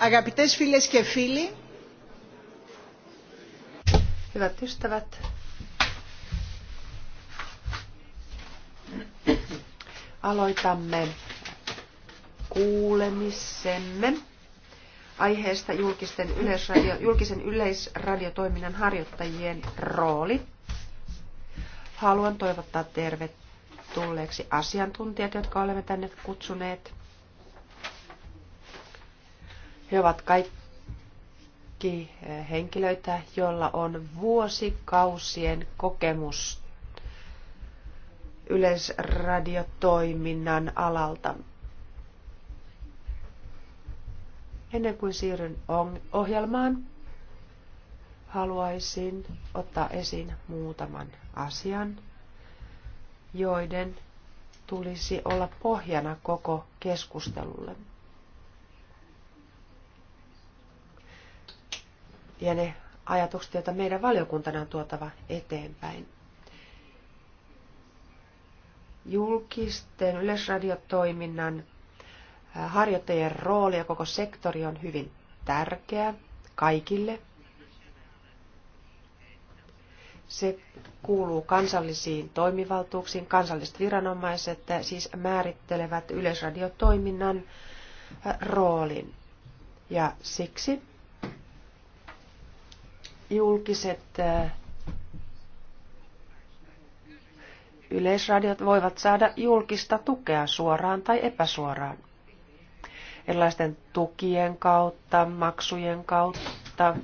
Αγαπητές φίλες και φίλοι. Hyvät ystävät. Aloitamme kuulemisemme aiheesta julkisten yleisradio, julkisen yleisradiotoiminnan harjoittajien rooli. Haluan toivottaa tervetulleeksi asiantuntijat, jotka olemme tänne kutsuneet. He ovat kaikki eh, henkilöitä, joilla on vuosikausien kokemus yleisradiotoiminnan alalta. Ennen kuin siirryn ohjelmaan, haluaisin ottaa esiin muutaman asian, joiden tulisi olla pohjana koko keskustelulle. ja ne ajatukset, joita meidän valiokuntana on tuotava eteenpäin. Julkisten yleisradiotoiminnan harjoittajien rooli ja koko sektori on hyvin tärkeä kaikille. Se kuuluu kansallisiin toimivaltuuksiin. Kansalliset viranomaiset siis määrittelevät yleisradiotoiminnan roolin. Ja siksi julkiset äh, yleisradiot voivat saada julkista tukea suoraan tai epäsuoraan. Erilaisten tukien kautta, maksujen kautta,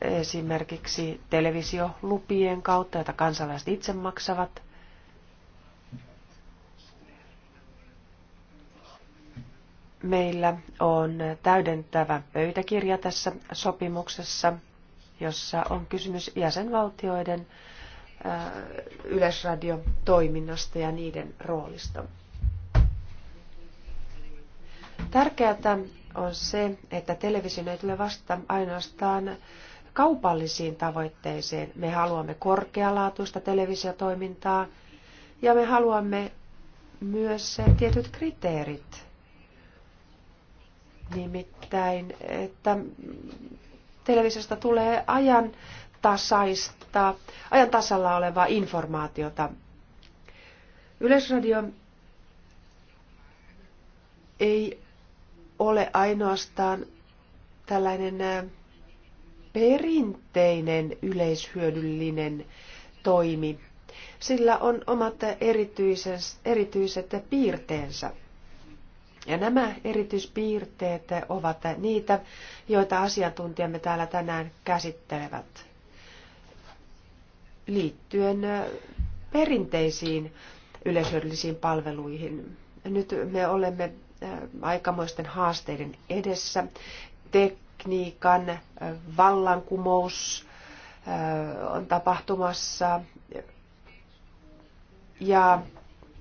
esimerkiksi televisiolupien kautta, joita kansalaiset itse maksavat. Meillä on täydentävä pöytäkirja tässä sopimuksessa – jossa on kysymys jäsenvaltioiden yleisradiotoiminnasta ja niiden roolista. Tärkeää on se, että televisio ei tule vasta ainoastaan kaupallisiin tavoitteisiin. Me haluamme korkealaatuista televisiotoimintaa ja me haluamme myös tietyt kriteerit. Nimittäin, että televisiosta tulee ajan tasaista, ajan tasalla olevaa informaatiota. Yleisradio ei ole ainoastaan tällainen äh, perinteinen yleishyödyllinen toimi. Sillä on omat erityiset, piirteensä. Ja nämä erityispiirteet ovat niitä, joita asiantuntijamme täällä tänään käsittelevät liittyen perinteisiin yleishyödyllisiin palveluihin. Nyt me olemme aikamoisten haasteiden edessä. Tekniikan vallankumous on tapahtumassa ja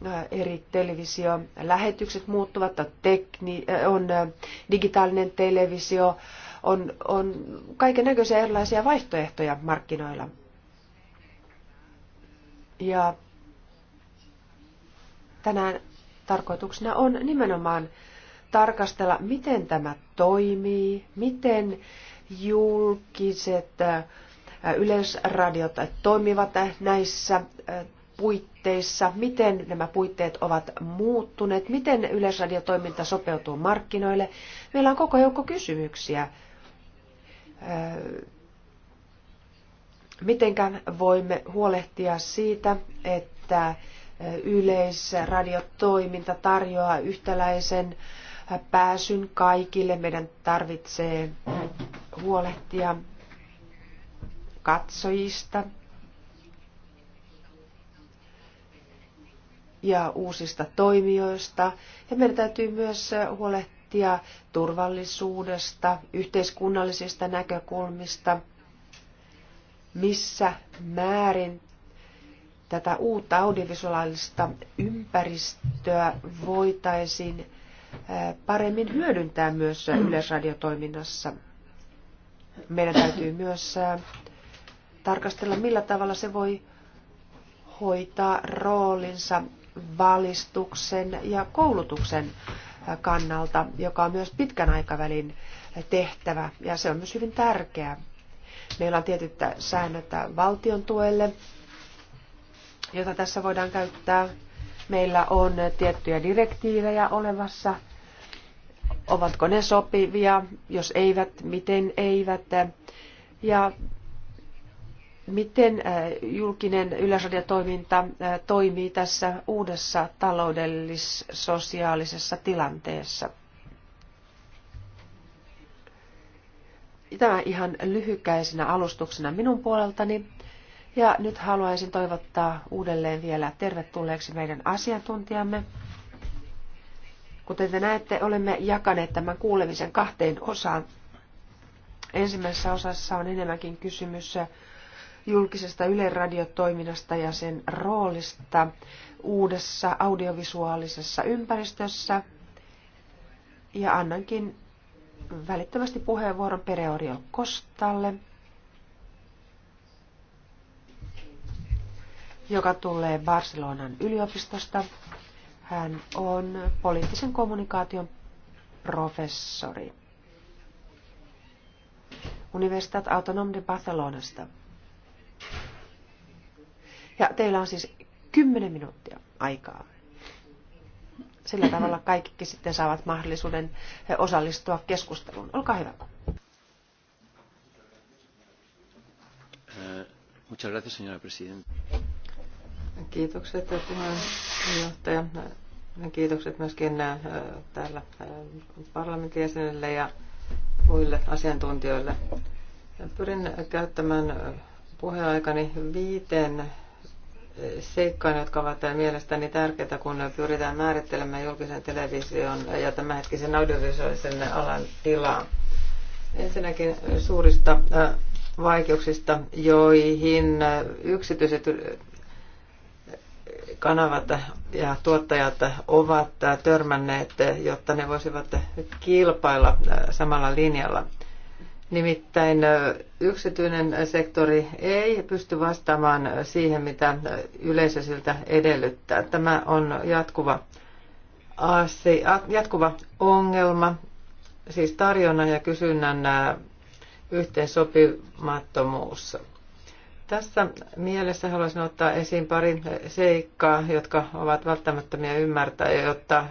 Äh, eri televisiolähetykset muuttuvat, tekni, äh, on äh, digitaalinen televisio, on, on kaiken näköisiä erilaisia vaihtoehtoja markkinoilla. Ja tänään tarkoituksena on nimenomaan tarkastella, miten tämä toimii, miten julkiset yleisradiot toimivat näissä puitteissa puitteissa, miten nämä puitteet ovat muuttuneet, miten yleisradiotoiminta sopeutuu markkinoille. Meillä on koko joukko kysymyksiä. Öö, mitenkä voimme huolehtia siitä, että yleisradiotoiminta tarjoaa yhtäläisen pääsyn kaikille. Meidän tarvitsee huolehtia katsojista, ja uusista toimijoista. Ja meidän täytyy myös huolehtia turvallisuudesta, yhteiskunnallisista näkökulmista, missä määrin tätä uutta audiovisuaalista ympäristöä voitaisiin paremmin hyödyntää myös yleisradiotoiminnassa. Meidän täytyy myös tarkastella, millä tavalla se voi hoitaa roolinsa valistuksen ja koulutuksen kannalta, joka on myös pitkän aikavälin tehtävä ja se on myös hyvin tärkeä. Meillä on tietyt säännöt valtion tuelle, jota tässä voidaan käyttää. Meillä on tiettyjä direktiivejä olemassa. Ovatko ne sopivia? Jos eivät, miten eivät? Ja Miten äh, julkinen yleisradiotoiminta äh, toimii tässä uudessa taloudellis-sosiaalisessa tilanteessa? Tämä ihan lyhykäisenä alustuksena minun puoleltani. Ja nyt haluaisin toivottaa uudelleen vielä tervetulleeksi meidän asiantuntijamme. Kuten te näette, olemme jakaneet tämän kuulemisen kahteen osaan. Ensimmäisessä osassa on enemmänkin kysymys äh, julkisesta yleradiotoiminnasta ja sen roolista uudessa audiovisuaalisessa ympäristössä. Ja annankin välittömästi puheenvuoron Pereoriol Kostalle, joka tulee Barcelonan yliopistosta. Hän on poliittisen kommunikaation professori. Universitat Autonom de Barcelonasta. Ja teillä on siis 10 minuuttia aikaa. Sillä tavalla kaikki sitten saavat mahdollisuuden osallistua keskusteluun. Olkaa hyvä. Eh, gracias, señora Kiitokset eh, puheenjohtaja. Eh, kiitokset myöskin täällä parlamentin jäsenille ja muille asiantuntijoille. Pyrin käyttämään puheaikani viiten seikkaan, jotka ovat mielestäni tärkeitä, kun pyritään määrittelemään julkisen television ja tämänhetkisen audiovisuaalisen alan tilaa. Ensinnäkin suurista äh, vaikeuksista, joihin yksityiset kanavat ja tuottajat ovat törmänneet, jotta ne voisivat kilpailla äh, samalla linjalla. Nimittäin yksityinen sektori ei pysty vastaamaan siihen, mitä yleisö siltä edellyttää. Tämä on jatkuva, asi jatkuva ongelma, siis tarjonnan ja kysynnän yhteensopimattomuus. Tässä mielessä haluaisin ottaa esiin pari seikkaa, jotka ovat välttämättömiä ymmärtää, jotta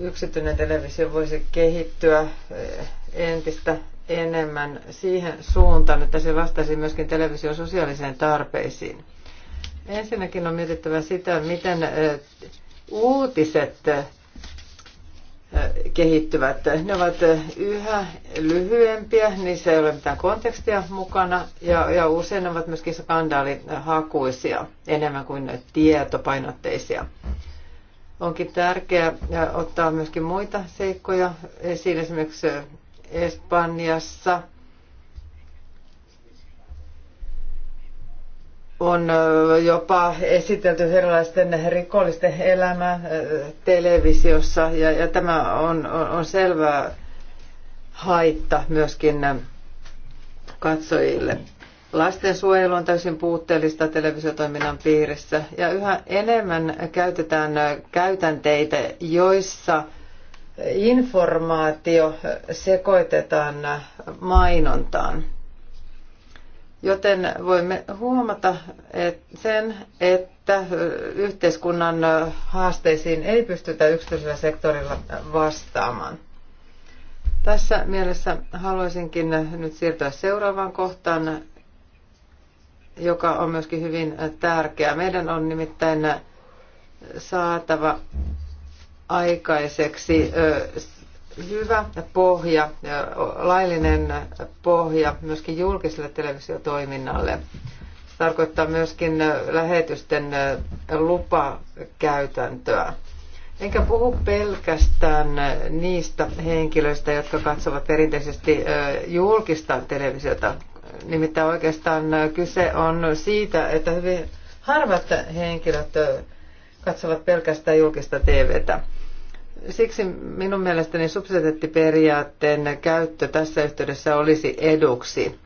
yksityinen televisio voisi kehittyä entistä enemmän siihen suuntaan, että se vastaisi myöskin television sosiaaliseen tarpeisiin. Ensinnäkin on mietittävä sitä, miten uutiset kehittyvät. Ne ovat yhä lyhyempiä, niissä ei ole mitään kontekstia mukana ja, ja usein ne ovat myöskin skandaalihakuisia enemmän kuin tietopainotteisia. Onkin tärkeää ottaa myöskin muita seikkoja esiin, esimerkiksi Espanjassa on jopa esitelty erilaisten rikollisten elämää televisiossa ja, ja tämä on, on, on selvä haitta myöskin katsojille. Lastensuojelu on täysin puutteellista televisiotoiminnan piirissä ja yhä enemmän käytetään käytänteitä, joissa – informaatio sekoitetaan mainontaan. Joten voimme huomata sen, että yhteiskunnan haasteisiin ei pystytä yksityisellä sektorilla vastaamaan. Tässä mielessä haluaisinkin nyt siirtyä seuraavaan kohtaan, joka on myöskin hyvin tärkeä. Meidän on nimittäin saatava aikaiseksi hyvä pohja, laillinen pohja myöskin julkiselle televisiotoiminnalle. Se tarkoittaa myöskin lähetysten lupakäytäntöä. Enkä puhu pelkästään niistä henkilöistä, jotka katsovat perinteisesti julkista televisiota. Nimittäin oikeastaan kyse on siitä, että hyvin harvat henkilöt katsovat pelkästään julkista TVtä. Siksi minun mielestäni subsidiariteettiperiaatteen käyttö tässä yhteydessä olisi eduksi.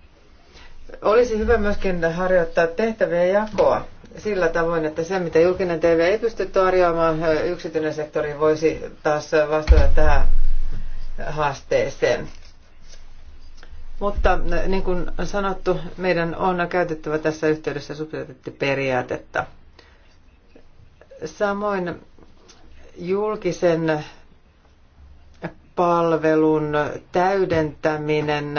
Olisi hyvä myöskin harjoittaa tehtävien jakoa sillä tavoin, että se mitä julkinen TV ei pysty tarjoamaan, yksityinen sektori voisi taas vastata tähän haasteeseen. Mutta niin kuin sanottu, meidän on käytettävä tässä yhteydessä subsidiariteettiperiaatetta. Samoin julkisen palvelun täydentäminen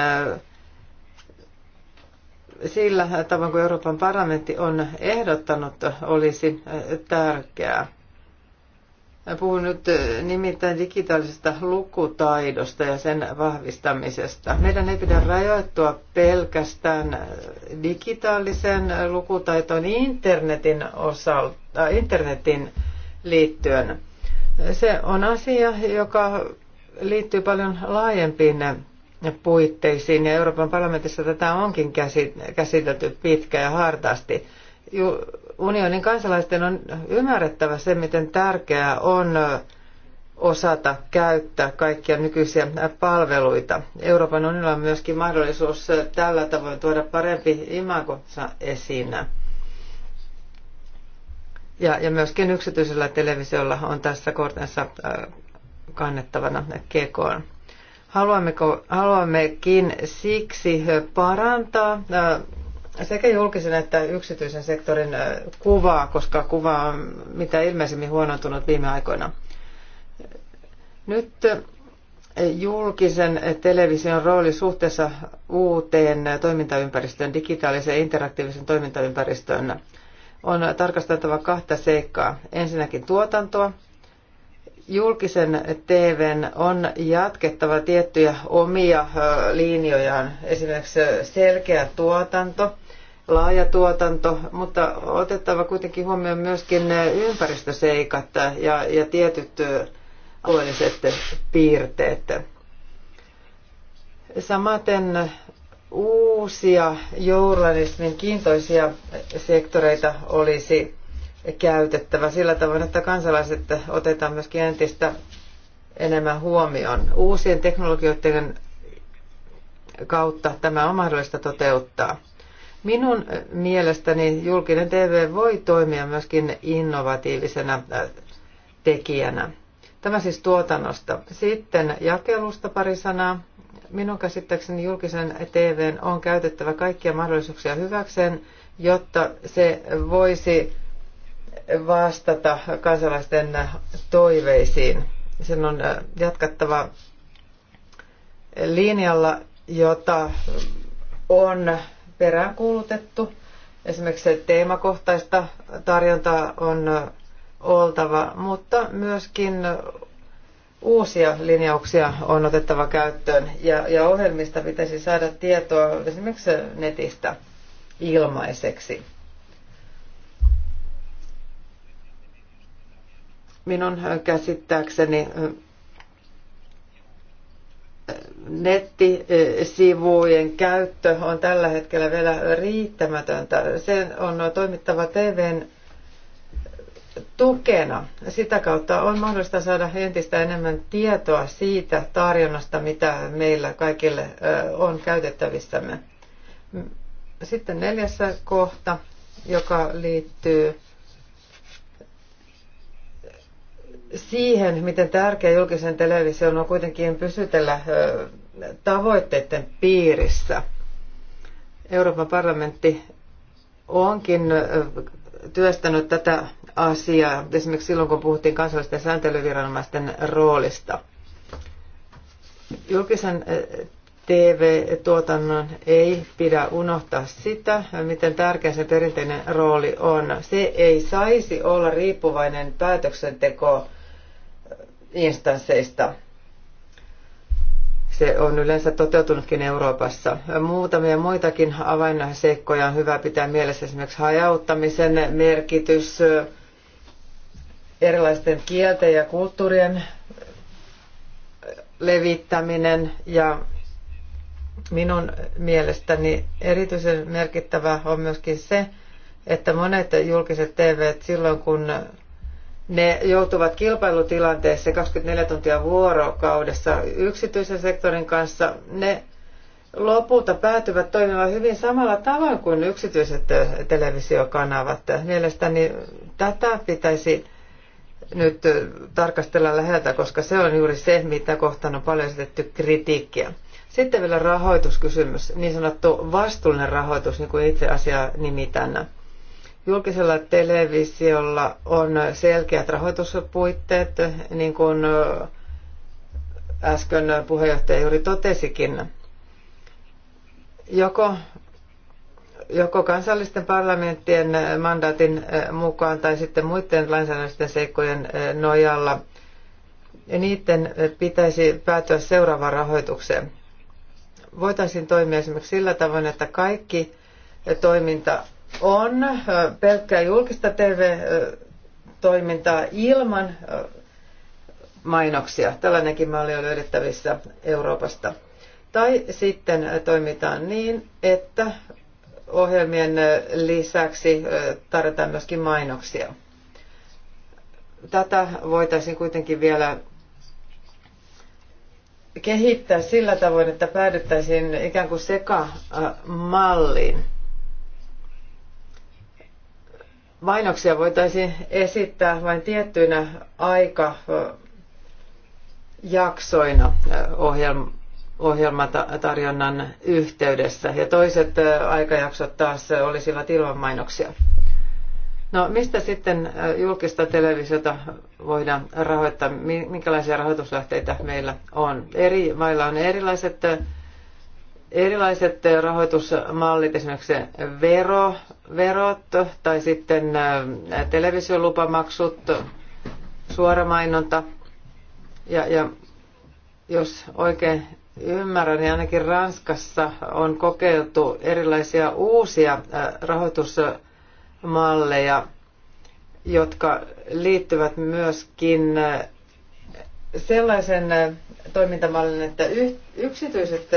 sillä tavoin kuin Euroopan parlamentti on ehdottanut olisi tärkeää. Puhun nyt nimittäin digitaalisesta lukutaidosta ja sen vahvistamisesta. Meidän ei pidä rajoittua pelkästään digitaaliseen lukutaitoon internetin, osalta, äh, internetin liittyen. Se on asia, joka liittyy paljon laajempiin puitteisiin ja Euroopan parlamentissa tätä onkin käsitelty pitkä ja hartaasti. Unionin kansalaisten on ymmärrettävä se, miten tärkeää on osata käyttää kaikkia nykyisiä palveluita. Euroopan unionilla on myöskin mahdollisuus tällä tavoin tuoda parempi imagonsa esiin. Ja, ja myöskin yksityisellä televisiolla on tässä kortensa äh, kannettavana kekoon. Haluammeko, haluammekin siksi parantaa äh, sekä julkisen että yksityisen sektorin äh, kuvaa, koska kuva on mitä ilmeisemmin huonontunut viime aikoina. Nyt julkisen television rooli suhteessa uuteen toimintaympäristöön, digitaalisen interaktiivisen toimintaympäristöön on tarkasteltava kahta seikkaa. Ensinnäkin tuotantoa. Julkisen TVn on jatkettava tiettyjä omia linjojaan, esimerkiksi selkeä tuotanto, laaja tuotanto, mutta otettava kuitenkin huomioon myöskin ympäristöseikat ja, ja tietyt alueelliset piirteet. Samaten uusia journalismin kiintoisia sektoreita olisi käytettävä sillä tavoin, että kansalaiset otetaan myöskin entistä enemmän huomioon. Uusien teknologioiden kautta tämä on mahdollista toteuttaa. Minun mielestäni julkinen TV voi toimia myöskin innovatiivisena äh, tekijänä. Tämä siis tuotannosta. Sitten jakelusta pari sanaa. Minun käsittääkseni julkisen TVn on käytettävä kaikkia mahdollisuuksia hyväkseen, jotta se voisi vastata kansalaisten toiveisiin. Sen on äh, jatkattava linjalla, jota on peräänkuulutettu. Esimerkiksi teemakohtaista tarjontaa on äh, oltava, mutta myöskin uusia linjauksia on otettava käyttöön ja, ja ohjelmista pitäisi saada tietoa esimerkiksi netistä ilmaiseksi. Minun käsittääkseni nettisivujen käyttö on tällä hetkellä vielä riittämätöntä. Sen on toimittava TVn tukena. Sitä kautta on mahdollista saada entistä enemmän tietoa siitä tarjonnasta, mitä meillä kaikille on käytettävissämme. Sitten neljäs kohta, joka liittyy siihen, miten tärkeä julkisen television on kuitenkin pysytellä tavoitteiden piirissä. Euroopan parlamentti onkin työstänyt tätä asiaa, esimerkiksi silloin kun puhuttiin kansallisten sääntelyviranomaisten roolista. Julkisen eh, TV-tuotannon ei pidä unohtaa sitä, miten tärkeä se perinteinen rooli on. Se ei saisi olla riippuvainen päätöksenteko instansseista se on yleensä toteutunutkin Euroopassa. Muutamia muitakin avainseikkoja on hyvä pitää mielessä, esimerkiksi hajauttamisen merkitys, erilaisten kielten ja kulttuurien levittäminen ja minun mielestäni erityisen merkittävä on myöskin se, että monet julkiset TV, silloin kun ne joutuvat kilpailutilanteessa 24 tuntia vuorokaudessa yksityisen sektorin kanssa. Ne lopulta päätyvät toimimaan hyvin samalla tavoin kuin yksityiset televisiokanavat. Mielestäni tätä pitäisi nyt tarkastella läheltä, koska se on juuri se, mitä kohtaan on paljon esitetty kritiikkiä. Sitten vielä rahoituskysymys, niin sanottu vastuullinen rahoitus, niin kuin itse asia nimitän. Julkisella televisiolla on selkeät rahoituspuitteet, niin kuin äsken puheenjohtaja juuri totesikin. Joko, joko kansallisten parlamenttien mandaatin mukaan tai sitten muiden lainsäädännöllisten seikkojen nojalla niiden pitäisi päätyä seuraavaan rahoitukseen. Voitaisiin toimia esimerkiksi sillä tavoin, että kaikki toiminta on pelkkää julkista TV-toimintaa ilman mainoksia. Tällainenkin malli on löydettävissä Euroopasta. Tai sitten toimitaan niin, että ohjelmien lisäksi tarjotaan myöskin mainoksia. Tätä voitaisiin kuitenkin vielä kehittää sillä tavoin, että päädyttäisiin ikään kuin sekamalliin. mainoksia voitaisiin esittää vain tiettyinä aikajaksoina ohjelmatarjonnan yhteydessä ja toiset aikajaksot taas olisivat ilman mainoksia. No mistä sitten julkista televisiota voidaan rahoittaa? Minkälaisia rahoituslähteitä meillä on? Eri mailla on erilaiset Erilaiset rahoitusmallit, esimerkiksi vero, verot tai sitten televisiolupamaksut, suoramainonta. Ja, ja jos oikein ymmärrän, niin ainakin Ranskassa on kokeiltu erilaisia uusia rahoitusmalleja, jotka liittyvät myöskin sellaisen toimintamallin, että yksityiset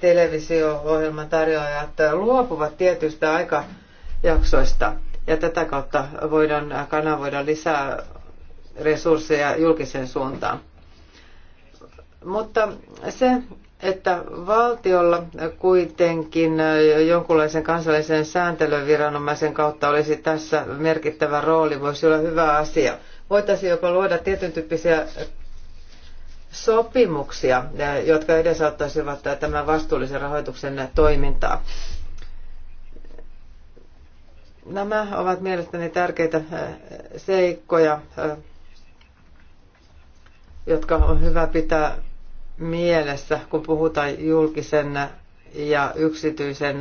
televisio-ohjelman tarjoajat luopuvat tietystä aikajaksoista ja tätä kautta voidaan kanavoida lisää resursseja julkisen suuntaan. Mutta se, että valtiolla kuitenkin jonkunlaisen kansallisen sääntelyviranomaisen kautta olisi tässä merkittävä rooli, voisi olla hyvä asia. Voitaisiin jopa luoda tietyn tyyppisiä sopimuksia, eh, jotka edesauttaisivat tämän vastuullisen rahoituksen toimintaa. Nämä ovat mielestäni tärkeitä eh, seikkoja, eh, jotka on hyvä pitää mielessä, kun puhutaan julkisen ja yksityisen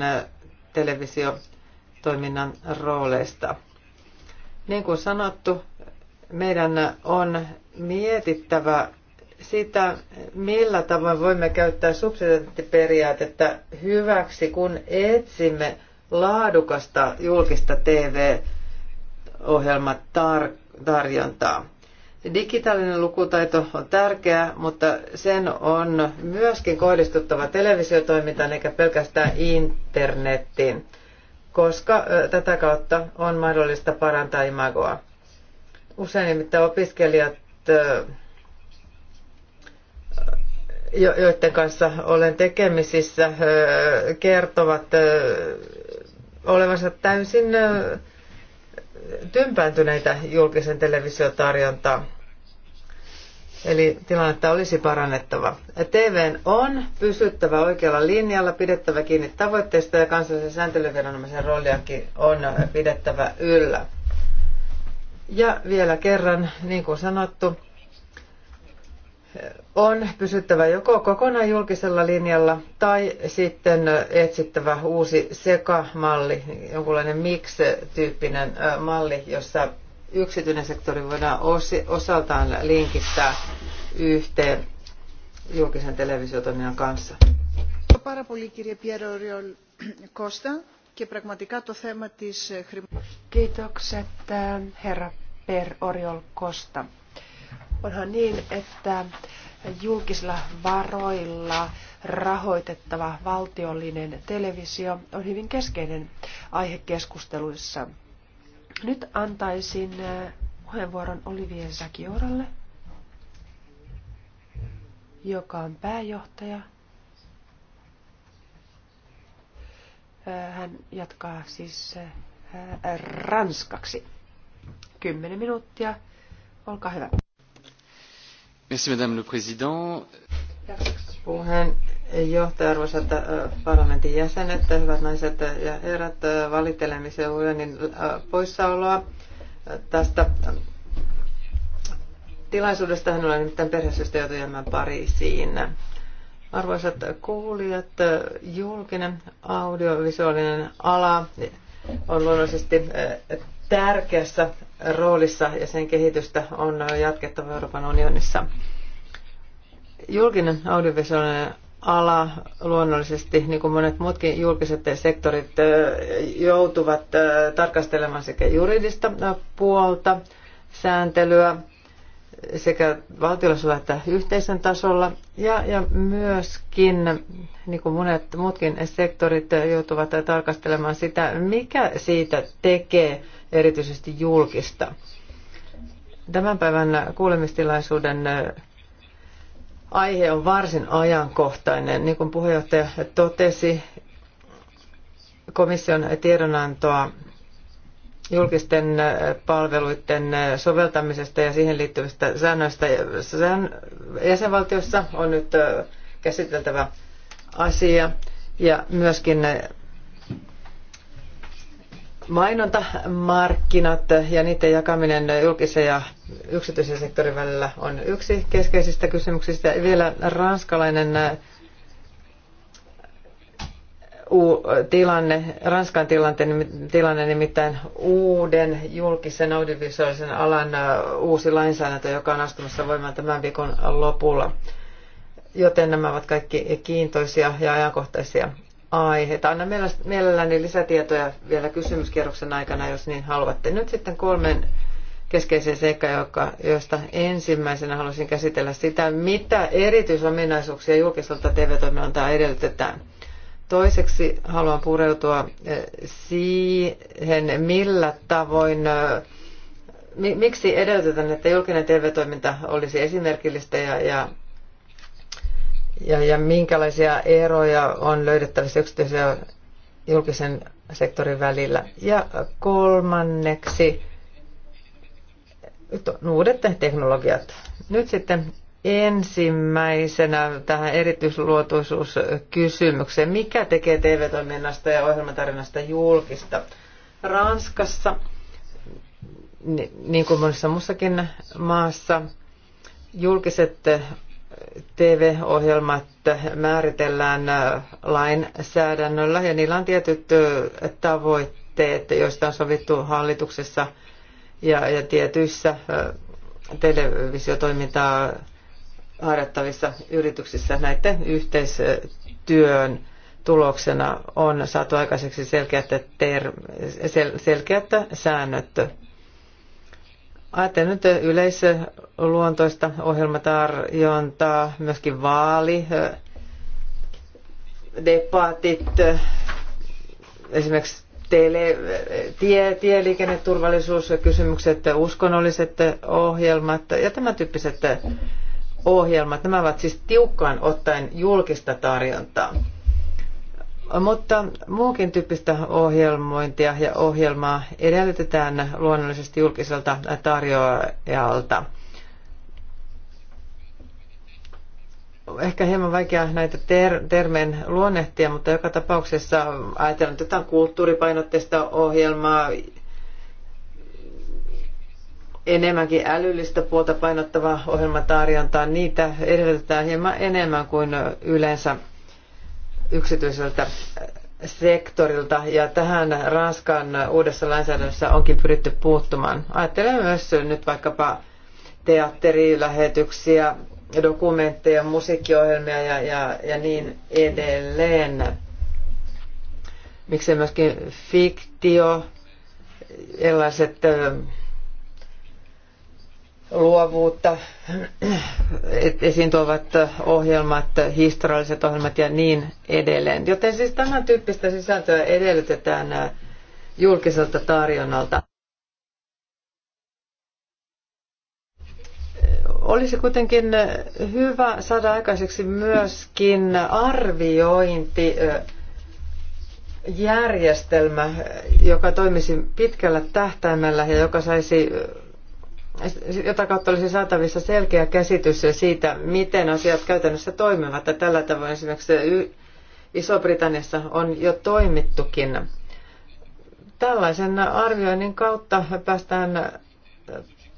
televisiotoiminnan rooleista. Niin kuin sanottu, meidän on mietittävä sitä, millä tavoin voimme käyttää subsidiariteettiperiaatetta hyväksi, kun etsimme laadukasta julkista TV-ohjelmatarjontaa. Digitaalinen lukutaito on tärkeää, mutta sen on myöskin kohdistuttava televisiotoimintaan eikä pelkästään internettiin, koska tätä kautta on mahdollista parantaa imagoa. Usein nimittäin opiskelijat joiden kanssa olen tekemisissä, kertovat olevansa täysin tympääntyneitä julkisen televisiotarjontaan. Eli tilannetta olisi parannettava. TVn on pysyttävä oikealla linjalla, pidettävä kiinni tavoitteista ja kansallisen sääntelyviranomaisen rooliakin on pidettävä yllä. Ja vielä kerran, niin kuin sanottu, on pysyttävä joko kokonaan julkisella linjalla tai sitten etsittävä uusi sekamalli, jonkunlainen mix-tyyppinen malli, jossa yksityinen sektori voidaan osaltaan linkittää yhteen julkisen televisiotoiminnan kanssa. Kiitokset herra Per Oriol Kosta. Onhan niin, että julkisilla varoilla rahoitettava valtiollinen televisio on hyvin keskeinen aihe keskusteluissa. Nyt antaisin äh, puheenvuoron Olivier Sakioralle, joka on pääjohtaja. Äh, hän jatkaa siis äh, ranskaksi. Kymmenen minuuttia. Olkaa hyvä. Merci, Madame le Président. johtaja, arvoisat äh, parlamentin jäsenet, hyvät naiset ja herrat, äh, valittelemisen unionin äh, poissaoloa tästä tilaisuudesta hän oli nimittäin perhesystä joutujamme Pariisiin. Arvoisat kuulijat, julkinen audiovisuaalinen ala on luonnollisesti tärkeässä roolissa ja sen kehitystä on jatkettava Euroopan unionissa. Julkinen audiovisuaalinen ala luonnollisesti, niin kuin monet muutkin julkiset sektorit, joutuvat tarkastelemaan sekä juridista puolta, sääntelyä, sekä valtiollisella että yhteisön tasolla. Ja, ja myöskin, niin kuin monet muutkin sektorit joutuvat tarkastelemaan sitä, mikä siitä tekee erityisesti julkista. Tämän päivän kuulemistilaisuuden aihe on varsin ajankohtainen. Niin kuin puheenjohtaja totesi, komission tiedonantoa julkisten äh, palveluiden äh, soveltamisesta ja siihen liittyvistä säännöistä jäsenvaltiossa on nyt äh, käsiteltävä asia ja myöskin mainontamarkkinat ja niiden jakaminen julkisen ja yksityisen sektorin välillä on yksi keskeisistä kysymyksistä. Vielä ranskalainen tilanne, Ranskan tilanne, tilanne nimittäin uuden julkisen audiovisuaalisen alan uusi lainsäädäntö, joka on astumassa voimaan tämän viikon lopulla. Joten nämä ovat kaikki kiintoisia ja ajankohtaisia aiheita. Anna mielelläni lisätietoja vielä kysymyskierroksen aikana, jos niin haluatte. Nyt sitten kolmen keskeisen seikkaan, joka, josta ensimmäisenä haluaisin käsitellä sitä, mitä erityisominaisuuksia julkiselta TV-toiminnalta edellytetään – Toiseksi haluan pureutua eh, siihen, millä tavoin, eh, miksi edellytetään, että julkinen TV-toiminta olisi esimerkillistä ja, ja, ja, ja minkälaisia eroja on löydettävissä yksityisen ja julkisen sektorin välillä. Ja kolmanneksi uudet teknologiat. Nyt sitten ensimmäisenä tähän erityisluotuisuuskysymykseen. Mikä tekee TV-toiminnasta ja ohjelmatarinasta julkista? Ranskassa, niin kuin monessa muussakin maassa, julkiset TV-ohjelmat määritellään lainsäädännöllä ja niillä on tietyt tavoitteet, joista on sovittu hallituksessa ja, ja tietyissä televisiotoimintaa harjoittavissa yrityksissä näiden yhteistyön tuloksena on saatu aikaiseksi selkeät, ter- sel- selkeät säännöt. Ajattelen nyt yleisluontoista ohjelmatarjontaa, myöskin vaali, debatit, esimerkiksi tele, tie, tieliikenneturvallisuuskysymykset, uskonnolliset ohjelmat ja tämän tyyppiset ohjelmat. Nämä ovat siis tiukkaan ottaen julkista tarjontaa. Mutta muunkin tyyppistä ohjelmointia ja ohjelmaa edellytetään luonnollisesti julkiselta tarjoajalta. Ehkä hieman vaikea näitä ter- termen luonnehtia, mutta joka tapauksessa ajatellaan tätä kulttuuripainotteista ohjelmaa, enemmänkin älyllistä puolta painottavaa ohjelmatarjontaa, niitä edellytetään hieman enemmän kuin yleensä yksityiseltä sektorilta ja tähän Ranskan uudessa lainsäädännössä onkin pyritty puuttumaan. Ajattelen myös nyt vaikkapa teatterilähetyksiä, dokumentteja, musiikkiohjelmia ja, ja, ja niin edelleen. Miksei myöskin fiktio, erilaiset luovuutta, esiin tuovat ohjelmat, historialliset ohjelmat ja niin edelleen. Joten siis tämän tyyppistä sisältöä edellytetään äh, julkiselta tarjonnalta. Olisi kuitenkin äh, hyvä saada aikaiseksi myöskin arviointi äh, järjestelmä, joka toimisi pitkällä tähtäimellä ja joka saisi jota kautta olisi saatavissa selkeä käsitys siitä, miten asiat käytännössä toimivat. Ja tällä tavoin esimerkiksi Iso-Britanniassa on jo toimittukin. Tällaisen arvioinnin kautta päästään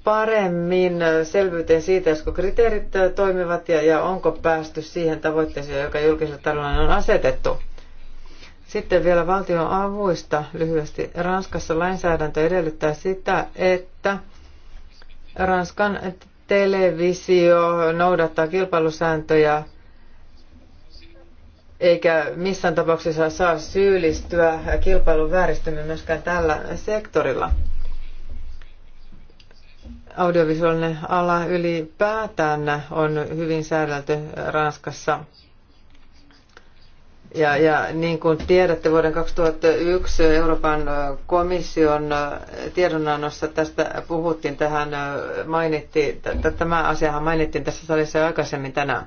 paremmin selvyyteen siitä, josko kriteerit toimivat ja, ja onko päästy siihen tavoitteeseen, joka julkiselle taloudelle on asetettu. Sitten vielä valtion avuista lyhyesti. Ranskassa lainsäädäntö edellyttää sitä, että Ranskan televisio noudattaa kilpailusääntöjä eikä missään tapauksessa saa syyllistyä kilpailun vääristymiin myöskään tällä sektorilla. Audiovisuaalinen ala ylipäätään on hyvin säädelty Ranskassa ja, ja niin kuin tiedätte, vuoden 2001 Euroopan komission tiedonannossa tästä puhuttiin, tähän mainittiin, tämä asiahan mainittiin tässä salissa jo aikaisemmin tänään.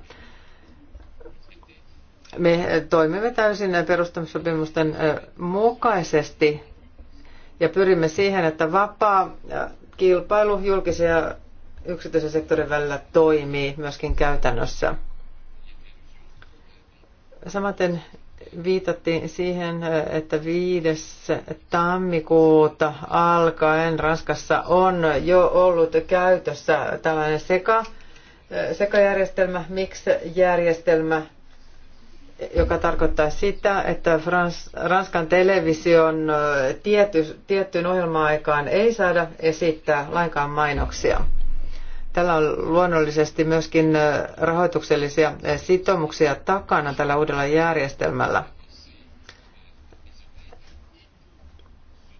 Me toimimme täysin perustamissopimusten mukaisesti ja pyrimme siihen, että vapaa kilpailu julkisen ja yksityisen sektorin välillä toimii myöskin käytännössä. Samaten viitattiin siihen, että 5. tammikuuta alkaen Ranskassa on jo ollut käytössä tällainen seka, sekajärjestelmä, miksi järjestelmä joka tarkoittaa sitä, että Frans, Ranskan television äh, tietty, tiettyyn ohjelma-aikaan ei saada esittää lainkaan mainoksia. Tällä on luonnollisesti myöskin rahoituksellisia sitoumuksia takana tällä uudella järjestelmällä.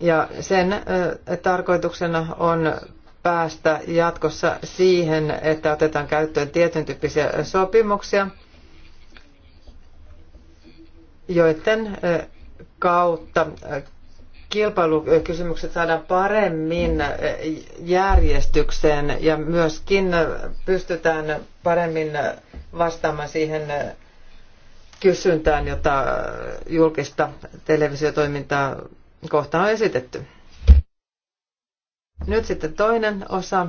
Ja sen tarkoituksena on päästä jatkossa siihen, että otetaan käyttöön tietyn tyyppisiä sopimuksia, joiden kautta kilpailukysymykset saadaan paremmin eh, järjestykseen ja myöskin pystytään paremmin vastaamaan siihen eh, kysyntään, jota julkista televisiotoimintaa kohtaan on esitetty. Nyt sitten toinen osa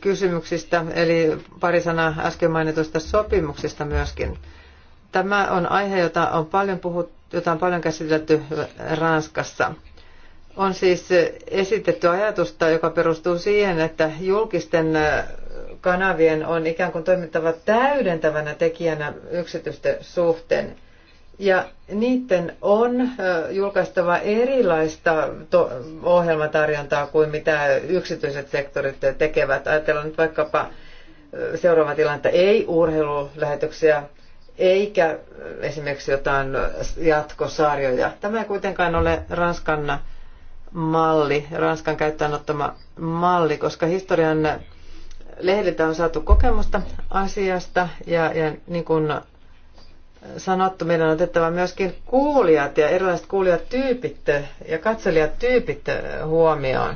kysymyksistä, eli pari sanaa äsken mainitusta sopimuksista myöskin. Tämä on aihe, jota on paljon puhuttu jota on paljon käsitelty Ranskassa. On siis esitetty ajatusta, joka perustuu siihen, että julkisten kanavien on ikään kuin toimittava täydentävänä tekijänä yksityisten suhteen. Ja niiden on julkaistava erilaista ohjelmatarjontaa kuin mitä yksityiset sektorit tekevät. Ajatellaan nyt vaikkapa seuraava tilannetta, ei urheilulähetyksiä eikä esimerkiksi jotain jatkosarjoja. Tämä ei kuitenkaan ole Ranskan malli, Ranskan käyttäjän ottama malli, koska historian lehdiltä on saatu kokemusta asiasta ja, ja niin kuin sanottu, meidän on otettava myöskin kuulijat ja erilaiset kuulijatyypit ja katselijatyypit huomioon.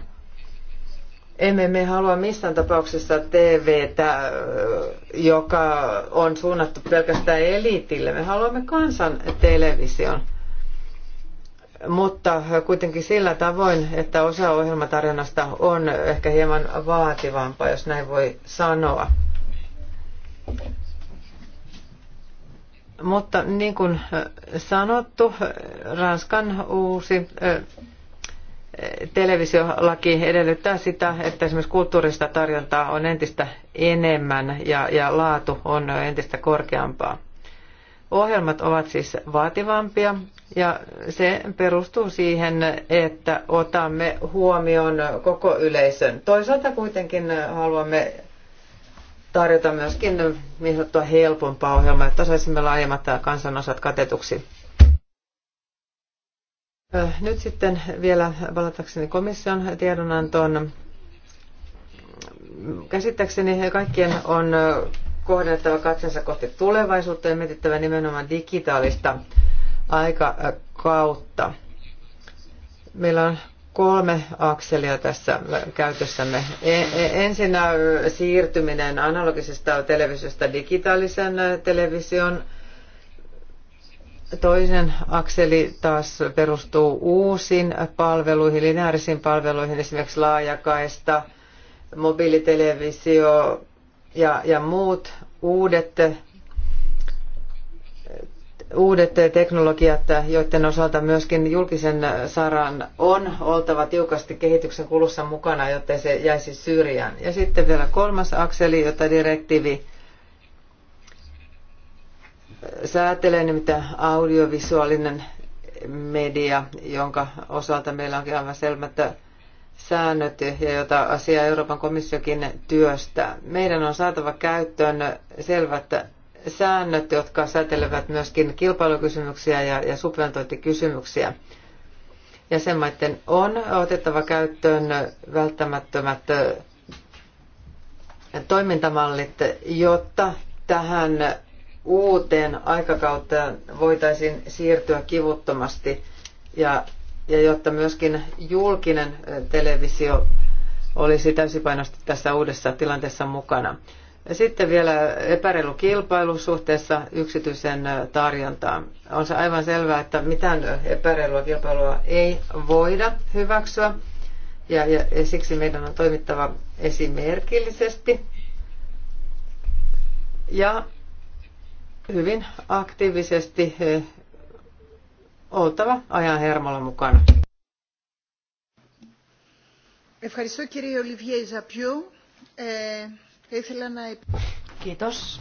Emme me halua missään tapauksessa TVtä, joka on suunnattu pelkästään eliitille. Me haluamme kansan television, mutta kuitenkin sillä tavoin, että osa ohjelmatarjonnasta on ehkä hieman vaativampaa, jos näin voi sanoa. Mutta niin kuin sanottu, Ranskan uusi televisiolaki edellyttää sitä, että esimerkiksi kulttuurista tarjontaa on entistä enemmän ja, ja laatu on entistä korkeampaa. Ohjelmat ovat siis vaativampia ja se perustuu siihen, että otamme huomioon koko yleisön. Toisaalta kuitenkin haluamme tarjota myöskin niin sanottua helpompaa ohjelmaa, että saisimme laajemmat kansanosat katetuksi. Nyt sitten vielä valitakseni komission tiedonantoon. Käsittääkseni kaikkien on kohdennettava katsensa kohti tulevaisuutta ja mietittävä nimenomaan digitaalista aikakautta. Meillä on kolme akselia tässä käytössämme. E, e, Ensinnä siirtyminen analogisesta televisiosta digitaalisen television Toinen akseli taas perustuu uusiin palveluihin, lineaarisiin palveluihin, esimerkiksi laajakaista, mobiilitelevisio ja, ja muut uudet, uudet teknologiat, joiden osalta myöskin julkisen saran on oltava tiukasti kehityksen kulussa mukana, jotta se jäisi syrjään. Ja sitten vielä kolmas akseli, jota direktiivi säätelee, nimittäin audiovisuaalinen media, jonka osalta meillä onkin aivan selvät säännöt ja jota asiaa Euroopan komissiokin työstää. Meidän on saatava käyttöön selvät säännöt, jotka säätelevät myöskin kilpailukysymyksiä ja, ja subventointikysymyksiä. Jäsenmaiden on otettava käyttöön välttämättömät toimintamallit, jotta tähän uuteen aikakauteen voitaisiin siirtyä kivuttomasti ja, ja jotta myöskin julkinen televisio olisi täysipainoisesti tässä uudessa tilanteessa mukana. Sitten vielä epäreilu kilpailu suhteessa yksityisen tarjontaan. On se aivan selvää, että mitään epäreilua kilpailua ei voida hyväksyä. Ja, ja, ja siksi meidän on toimittava esimerkillisesti. Ja hyvin aktiivisesti eh, oltava ajan hermolla mukana. Kiitos.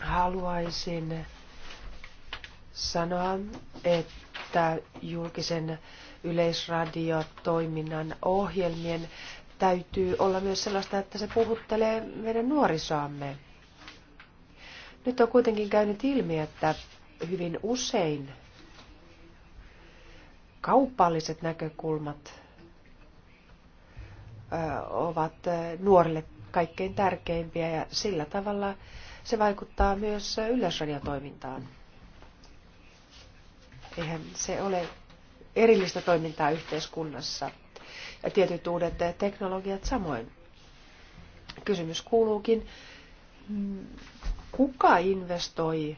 Haluaisin sanoa, että julkisen yleisradiotoiminnan ohjelmien täytyy olla myös sellaista, että se puhuttelee meidän nuorisoamme. Nyt on kuitenkin käynyt ilmi, että hyvin usein kaupalliset näkökulmat ovat nuorille kaikkein tärkeimpiä ja sillä tavalla se vaikuttaa myös yleisradiotoimintaan. Eihän se ole erillistä toimintaa yhteiskunnassa ja tietyt uudet teknologiat samoin. Kysymys kuuluukin, kuka investoi,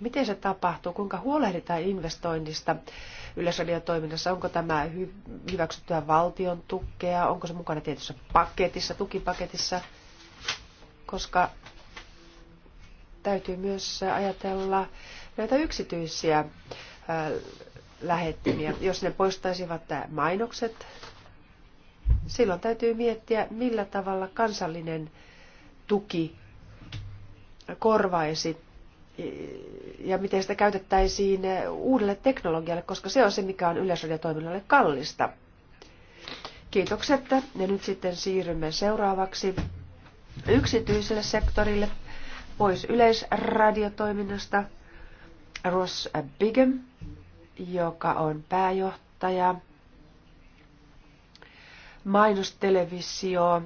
miten se tapahtuu, kuinka huolehditaan investoinnista yleisradiotoiminnassa, onko tämä hyväksyttyä valtion tukea, onko se mukana tietyssä paketissa, tukipaketissa, koska täytyy myös ajatella näitä yksityisiä lähettimiä. Jos ne poistaisivat mainokset silloin täytyy miettiä, millä tavalla kansallinen tuki korvaisi e, ja miten sitä käytettäisiin uudelle teknologialle, koska se on se, mikä on yleisradiotoiminnalle kallista. Kiitokset. Ja nyt sitten siirrymme seuraavaksi yksityiselle sektorille pois yleisradiotoiminnasta. Ross Bigham, joka on pääjohtaja mainostelevisio äh,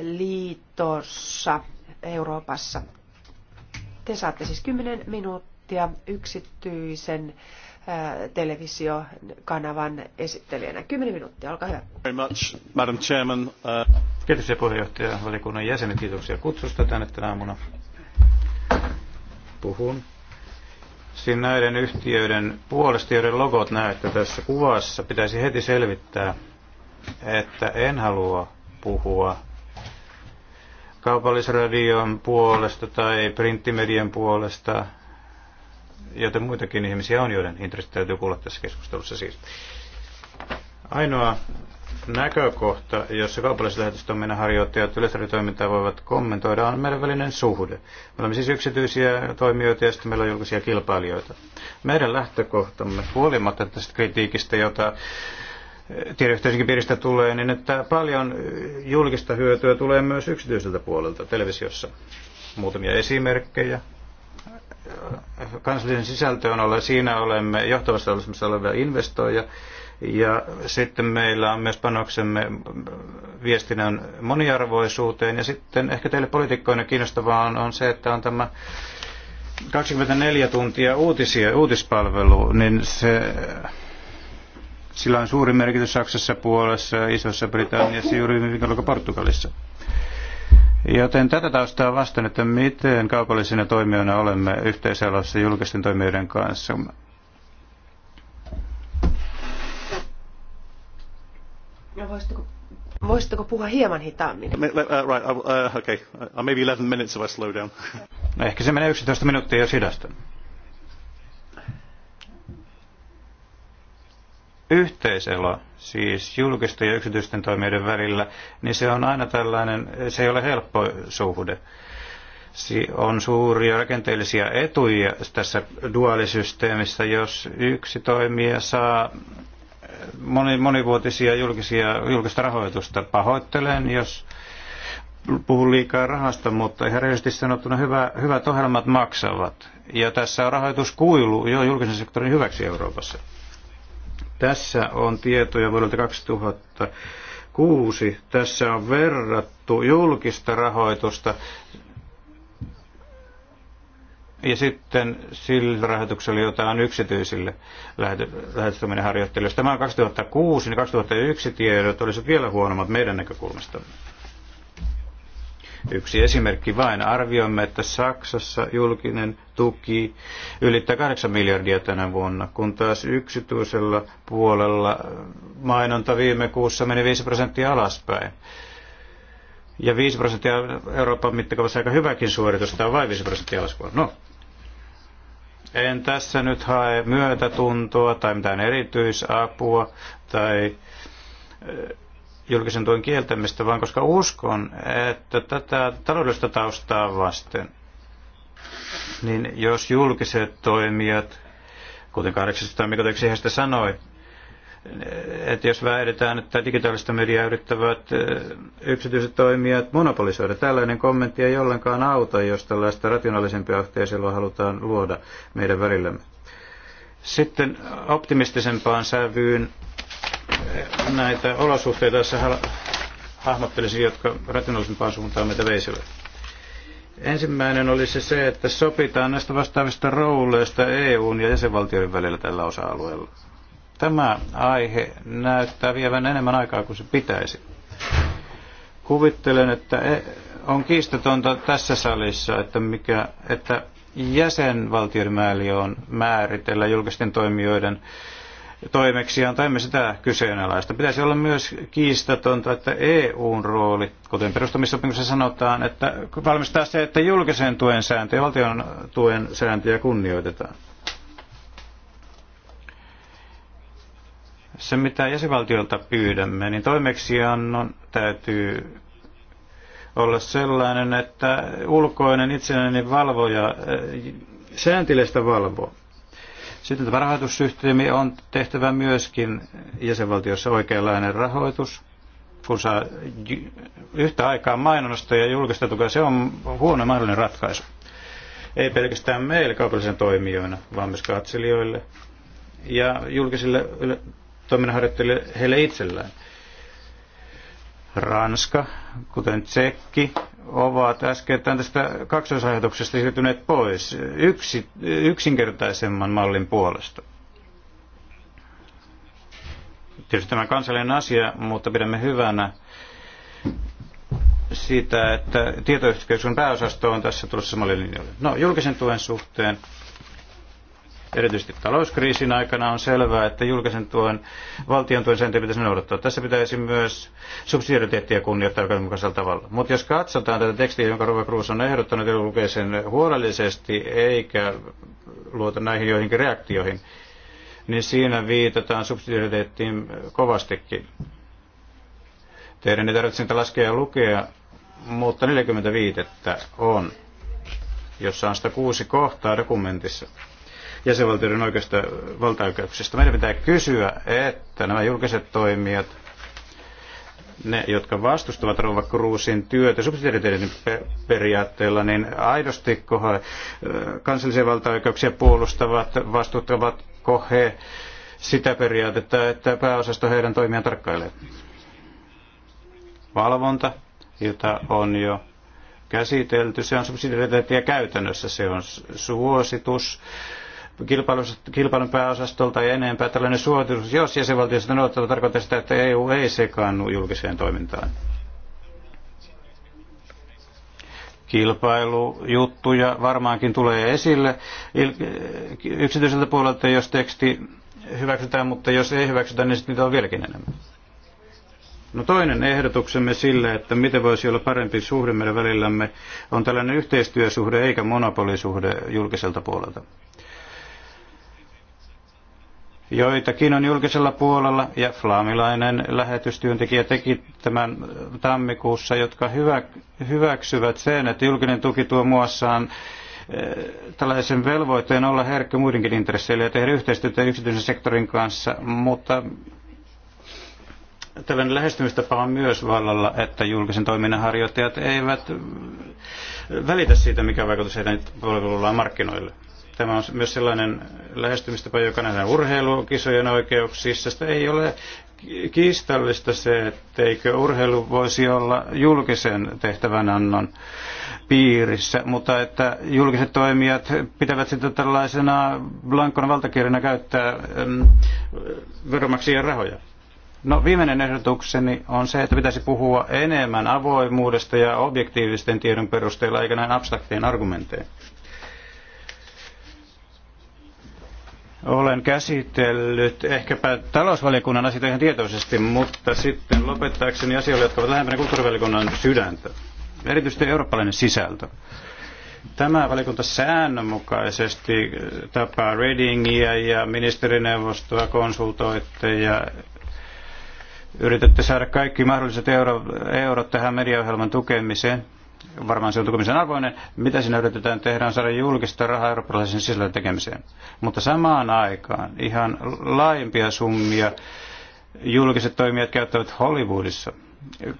liitossa Euroopassa. Te saatte siis 10 minuuttia yksityisen äh, televisiokanavan esittelijänä. 10 minuuttia, olkaa hyvä. Very much, Madam Chairman. Uh, kiitoksia puheenjohtaja, valikunnan jäsenet, kiitoksia kutsusta tänne tänä aamuna. Puhun siinä näiden yhtiöiden puolesta, joiden logot näette tässä kuvassa, pitäisi heti selvittää, että en halua puhua kaupallisradion puolesta tai printtimedian puolesta, joten muitakin ihmisiä on, joiden intressit täytyy kuulla tässä keskustelussa siis. Ainoa näkökohta, jossa kaupallislähetystoiminnan harjoittajat yleisradiotoimintaa voivat kommentoida, on meidän välinen suhde. Me olemme siis yksityisiä toimijoita ja sitten meillä on julkisia kilpailijoita. Meidän lähtökohtamme, huolimatta tästä kritiikistä, jota tiedeyhteisönkin piiristä tulee, niin että paljon julkista hyötyä tulee myös yksityiseltä puolelta televisiossa. Muutamia esimerkkejä. Kansallisen sisältöön olla, siinä olemme johtavassa asemassa olevia investoija Ja sitten meillä on myös panoksemme viestinnän moniarvoisuuteen. Ja sitten ehkä teille poliitikkoina kiinnostavaa on, on se, että on tämä 24 tuntia uutisia, uutispalvelu, niin se sillä on suuri merkitys Saksassa, Puolassa, Isossa Britanniassa, juuri viikolla Portugalissa. Joten tätä taustaa vastaan, että miten kaupallisina toimijoina olemme yhteiselossa julkisten toimijoiden kanssa. No voisitko, voisitko puhua hieman hitaammin? Uh, right, uh, okay. Uh, maybe minutes if I slow down. No, ehkä se menee 11 minuuttia, jos hidastan. yhteiselo, siis julkisten ja yksityisten toimijoiden välillä, niin se on aina tällainen, se ei ole helppo suhde. On suuria rakenteellisia etuja tässä duaalisysteemissä, jos yksi toimija saa monivuotisia julkisia, julkista rahoitusta. Pahoittelen, jos puhun liikaa rahasta, mutta ihan rehellisesti sanottuna hyvä, hyvät ohjelmat maksavat. Ja tässä on rahoituskuilu jo julkisen sektorin hyväksi Euroopassa. Tässä on tietoja vuodelta 2006. Tässä on verrattu julkista rahoitusta ja sitten sillä rahoituksella, jota on yksityisille lähetystoiminnan harjoittelijoille. tämä on 2006, niin 2001 tiedot olisivat vielä huonommat meidän näkökulmastamme. Yksi esimerkki vain. Arvioimme, että Saksassa julkinen tuki ylittää 8 miljardia tänä vuonna, kun taas yksityisellä puolella mainonta viime kuussa meni 5 prosenttia alaspäin. Ja 5 prosenttia Euroopan mittakaavassa aika hyväkin suoritus, tämä on vain 5 prosenttia alaspäin. No, en tässä nyt hae myötätuntoa tai mitään erityisapua tai julkisen tuen kieltämistä, vaan koska uskon, että tätä taloudellista taustaa vasten, niin jos julkiset toimijat, kuten 800 Mikoteksi heistä sanoi, että jos väitetään, että digitaalista mediaa yrittävät yksityiset toimijat monopolisoida, tällainen kommentti ei ollenkaan auta, jos tällaista rationaalisempia yhteisöä halutaan luoda meidän välillämme. Sitten optimistisempaan sävyyn näitä olosuhteita tässä hahmottelisin, jotka rationaalisempaan suuntaan meitä veisivät. Ensimmäinen oli se, että sopitaan näistä vastaavista rooleista EUn ja jäsenvaltioiden välillä tällä osa-alueella. Tämä aihe näyttää vievän enemmän aikaa kuin se pitäisi. Kuvittelen, että e- on kiistatonta tässä salissa, että, mikä, että jäsenvaltioiden määli on määritellä julkisten toimijoiden toimeksianto, emme sitä kyseenalaista. Pitäisi olla myös kiistatonta, että EUn rooli, kuten perustamissopimuksessa sanotaan, että valmistaa se, että julkisen tuen sääntöjä, valtion tuen sääntöjä kunnioitetaan. Se, mitä jäsenvaltiolta pyydämme, niin toimeksiannon täytyy olla sellainen, että ulkoinen itsenäinen valvoja sääntilestä valvoo sitten tämä rahoitussysteemi on tehtävä myöskin jäsenvaltiossa oikeanlainen rahoitus. Kun saa yhtä aikaa mainosta ja julkista tukea, se on huono mahdollinen ratkaisu. Ei pelkästään meille kaupallisen toimijoina, vaan myös katselijoille ja julkisille toiminnanharjoittajille heille itsellään. Ranska, kuten Tsekki, ovat äskettäin tästä kaksoisrahoituksesta siirtyneet pois yksi, yksinkertaisemman mallin puolesta. Tietysti tämä on kansallinen asia, mutta pidämme hyvänä siitä, että tietoyhteiskunnan pääosasto on tässä tulossa samalle linjoille. No, julkisen tuen suhteen erityisesti talouskriisin aikana on selvää, että julkisen tuen, valtion tuen sääntöjä pitäisi noudattaa. Tässä pitäisi myös subsidiariteettia kunnioittaa oikeudenmukaisella tavalla. Mutta jos katsotaan tätä tekstiä, jonka Rova Cruz on ehdottanut ja lukee sen huolellisesti, eikä luota näihin joihinkin reaktioihin, niin siinä viitataan subsidiariteettiin kovastikin. Teidän ei tarvitse niitä laskea ja lukea, mutta 45 on, jossa on 106 kohtaa dokumentissa jäsenvaltioiden oikeasta valtaoikeuksista. Meidän pitää kysyä, että nämä julkiset toimijat, ne, jotka vastustavat Rova Cruzin työtä subsidiariteetin periaatteella, niin aidosti he kansallisia valtaoikeuksia puolustavat, vastustavat he sitä periaatetta, että pääosasto heidän toimiaan tarkkailee. Valvonta, jota on jo käsitelty, se on subsidiariteettia käytännössä, se on suositus kilpailun pääosastolta ja enempää tällainen suositus, jos jäsenvaltio sitä noudattaa, tarkoittaa sitä, että EU ei sekaannu julkiseen toimintaan. Kilpailujuttuja varmaankin tulee esille yksityiseltä puolelta, jos teksti hyväksytään, mutta jos ei hyväksytä, niin sitten niitä on vieläkin enemmän. No toinen ehdotuksemme sille, että miten voisi olla parempi suhde meidän välillämme, on tällainen yhteistyösuhde eikä monopolisuhde julkiselta puolelta joitakin on julkisella puolella ja flaamilainen lähetystyöntekijä teki tämän tammikuussa, jotka hyvä, hyväksyvät sen, että julkinen tuki tuo muassaan eh, tällaisen velvoitteen olla herkkä muidenkin intresseille ja tehdä yhteistyötä yksityisen sektorin kanssa, mutta tällainen lähestymistapa on myös vallalla, että julkisen toiminnan harjoittajat eivät välitä siitä, mikä vaikutus heidän palvelullaan markkinoille. Tämä on myös sellainen lähestymistapa, joka nähdään urheilukisojen oikeuksissa. Sitä ei ole kiistallista se, etteikö urheilu voisi olla julkisen tehtävänannon piirissä, mutta että julkiset toimijat pitävät sitä tällaisena blankona valtakirjana käyttää mm, veromaksien rahoja. No viimeinen ehdotukseni on se, että pitäisi puhua enemmän avoimuudesta ja objektiivisten tiedon perusteella, eikä näin abstraktien argumentein. olen käsitellyt ehkäpä talousvaliokunnan asioita ihan tietoisesti, mutta sitten lopettaakseni asioille, jotka ovat lähempänä kulttuurivaliokunnan sydäntä. Erityisesti eurooppalainen sisältö. Tämä valiokunta säännönmukaisesti eh, tapaa Readingia ja ministerineuvostoa konsultoitte ja yritätte saada kaikki mahdolliset euro, eurot tähän mediaohjelman tukemiseen varmaan se on tukemisen arvoinen, mitä siinä yritetään tehdä on saada julkista rahaa eurooppalaisen sisällön tekemiseen. Mutta samaan aikaan ihan laajempia summia julkiset toimijat käyttävät Hollywoodissa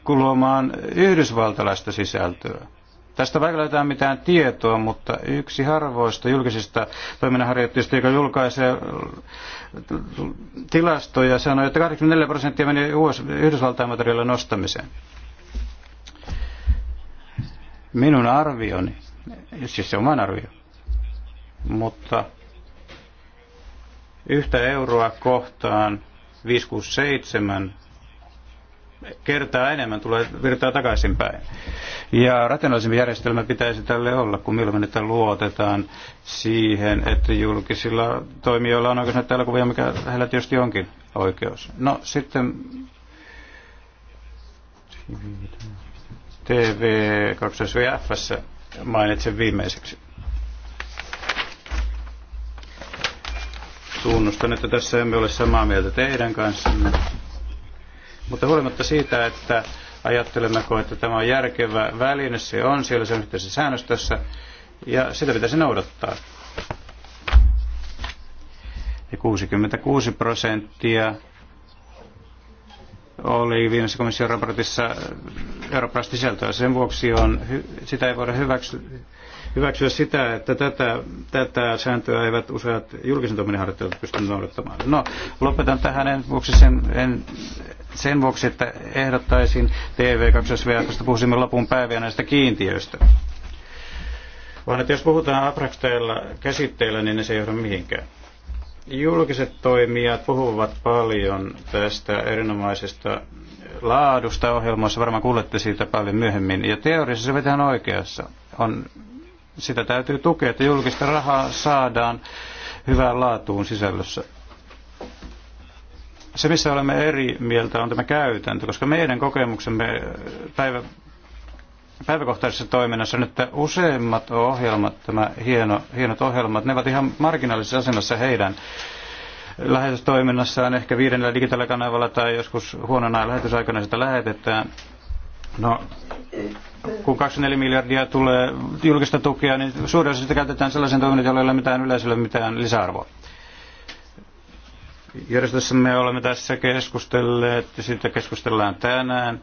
kulumaan yhdysvaltalaista sisältöä. Tästä vaikka löytää mitään tietoa, mutta yksi harvoista julkisista toiminnanharjoittajista, joka julkaisee tilastoja, sanoi, että 84 prosenttia meni Yhdysvaltain materiaalin nostamiseen. Minun arvioni, siis se on oman arvio, mutta yhtä euroa kohtaan 567 kertaa enemmän tulee virtaa takaisinpäin. Ja rationaalisempi järjestelmä pitäisi tälle olla, kun milloin niitä luotetaan siihen, että julkisilla toimijoilla on oikeus näitä elokuvia, mikä heillä tietysti onkin oikeus. No sitten tv 2 f mainitsen viimeiseksi. Tunnustan, että tässä emme ole samaa mieltä teidän kanssanne. Mutta huolimatta siitä, että ajattelemmeko, että tämä on järkevä väline, se on siellä se on yhteisessä säännöstössä, ja sitä pitäisi noudattaa. Ja 66 prosenttia oli viimeisessä komission raportissa äh, eurooppalaista sisältöä. Sen vuoksi on, sitä ei voida hyväksyä, hyväksyä sitä, että tätä, tätä sääntöä eivät useat julkisen toiminnan harjoittajat pysty noudattamaan. No, lopetan tähän en vuoksi sen, en, sen vuoksi, että ehdottaisin TV2VFstä puhuisimme lopun päiviä näistä kiintiöistä. Vaan että jos puhutaan abstrakteilla käsitteillä, niin ne se ei johda mihinkään. Julkiset toimijat puhuvat paljon tästä erinomaisesta laadusta ohjelmassa. Varmaan kuulette siitä paljon myöhemmin. Ja teoriassa se ihan oikeassa. On, sitä täytyy tukea, että julkista rahaa saadaan hyvään laatuun sisällössä. Se, missä olemme eri mieltä, on tämä käytäntö, koska meidän kokemuksemme päivä, päiväkohtaisessa toiminnassa että useimmat ohjelmat, tämä hieno, hienot ohjelmat, ne ovat ihan marginaalisessa asemassa heidän lähetystoiminnassaan ehkä viidennellä digitaalikanavalla tai joskus huonona lähetysaikana sitä lähetetään. No, kun 24 miljardia tulee julkista tukea, niin suurin osa sitä käytetään sellaisen toiminnan, jolla ei ole mitään yleisölle mitään lisäarvoa. Järjestössä me olemme tässä keskustelleet, siitä keskustellaan tänään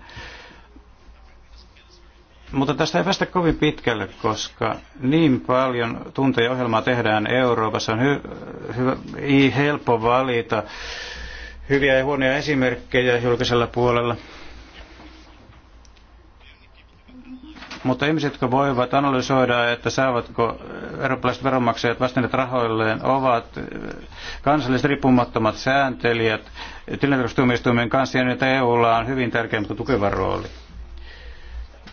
mutta tästä ei päästä kovin pitkälle, koska niin paljon tunteja ohjelmaa tehdään Euroopassa. On hy, hy, hy, helppo valita hyviä ja huonoja esimerkkejä julkisella puolella. Mutta ihmiset, jotka voivat analysoida, että saavatko eurooppalaiset veronmaksajat vastineet rahoilleen, ovat kansalliset riippumattomat sääntelijät tilintarkastustuomioistuimen kanssa, ja nyt EUlla on hyvin tärkeä mutta tukeva rooli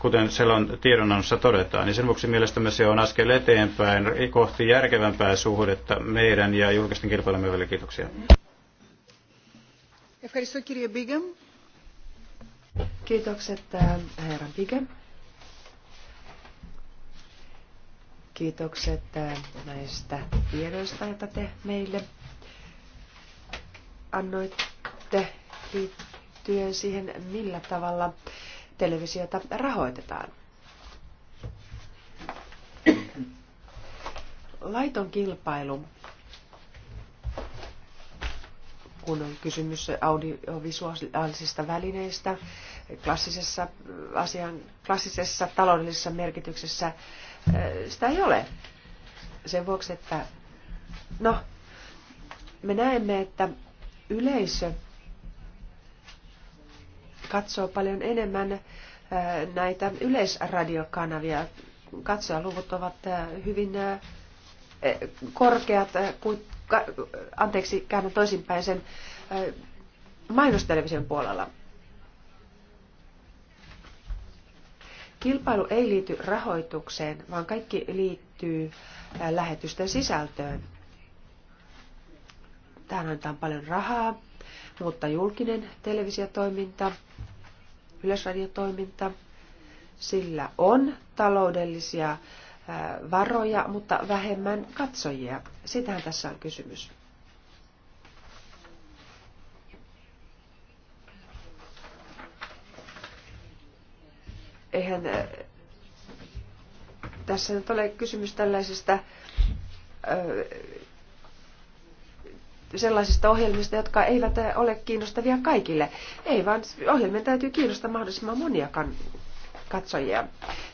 kuten selon tiedonannossa todetaan, niin sen vuoksi mielestämme se on askel eteenpäin kohti järkevämpää suhdetta meidän ja julkisten kilpailumme välillä. Kiitoksia. Kiitokset herra Bigem. Kiitokset näistä tiedoista, joita te meille annoitte liittyen siihen, millä tavalla televisiota rahoitetaan. Laiton kilpailu, kun on kysymys audiovisuaalisista välineistä, klassisessa, asian, klassisessa taloudellisessa merkityksessä, eh, sitä ei ole. Sen vuoksi, että no, me näemme, että yleisö katsoo paljon enemmän äh, näitä yleisradiokanavia. Katsojaluvut ovat äh, hyvin äh, korkeat, kuin, anteeksi, käännän toisinpäin sen mainostelevision puolella. Kilpailu ei liity rahoitukseen, vaan kaikki liittyy lähetysten sisältöön. Tähän annetaan paljon rahaa, mutta julkinen televisiotoiminta – yleisradiotoiminta. Sillä on taloudellisia äh, varoja, mutta vähemmän katsojia. Sitähän tässä on kysymys. Eihän äh, tässä nyt ole kysymys tällaisesta äh, sellaisista ohjelmista, jotka eivät eh, ole kiinnostavia kaikille. Ei, vaan ohjelmien täytyy kiinnostaa mahdollisimman monia katsojia.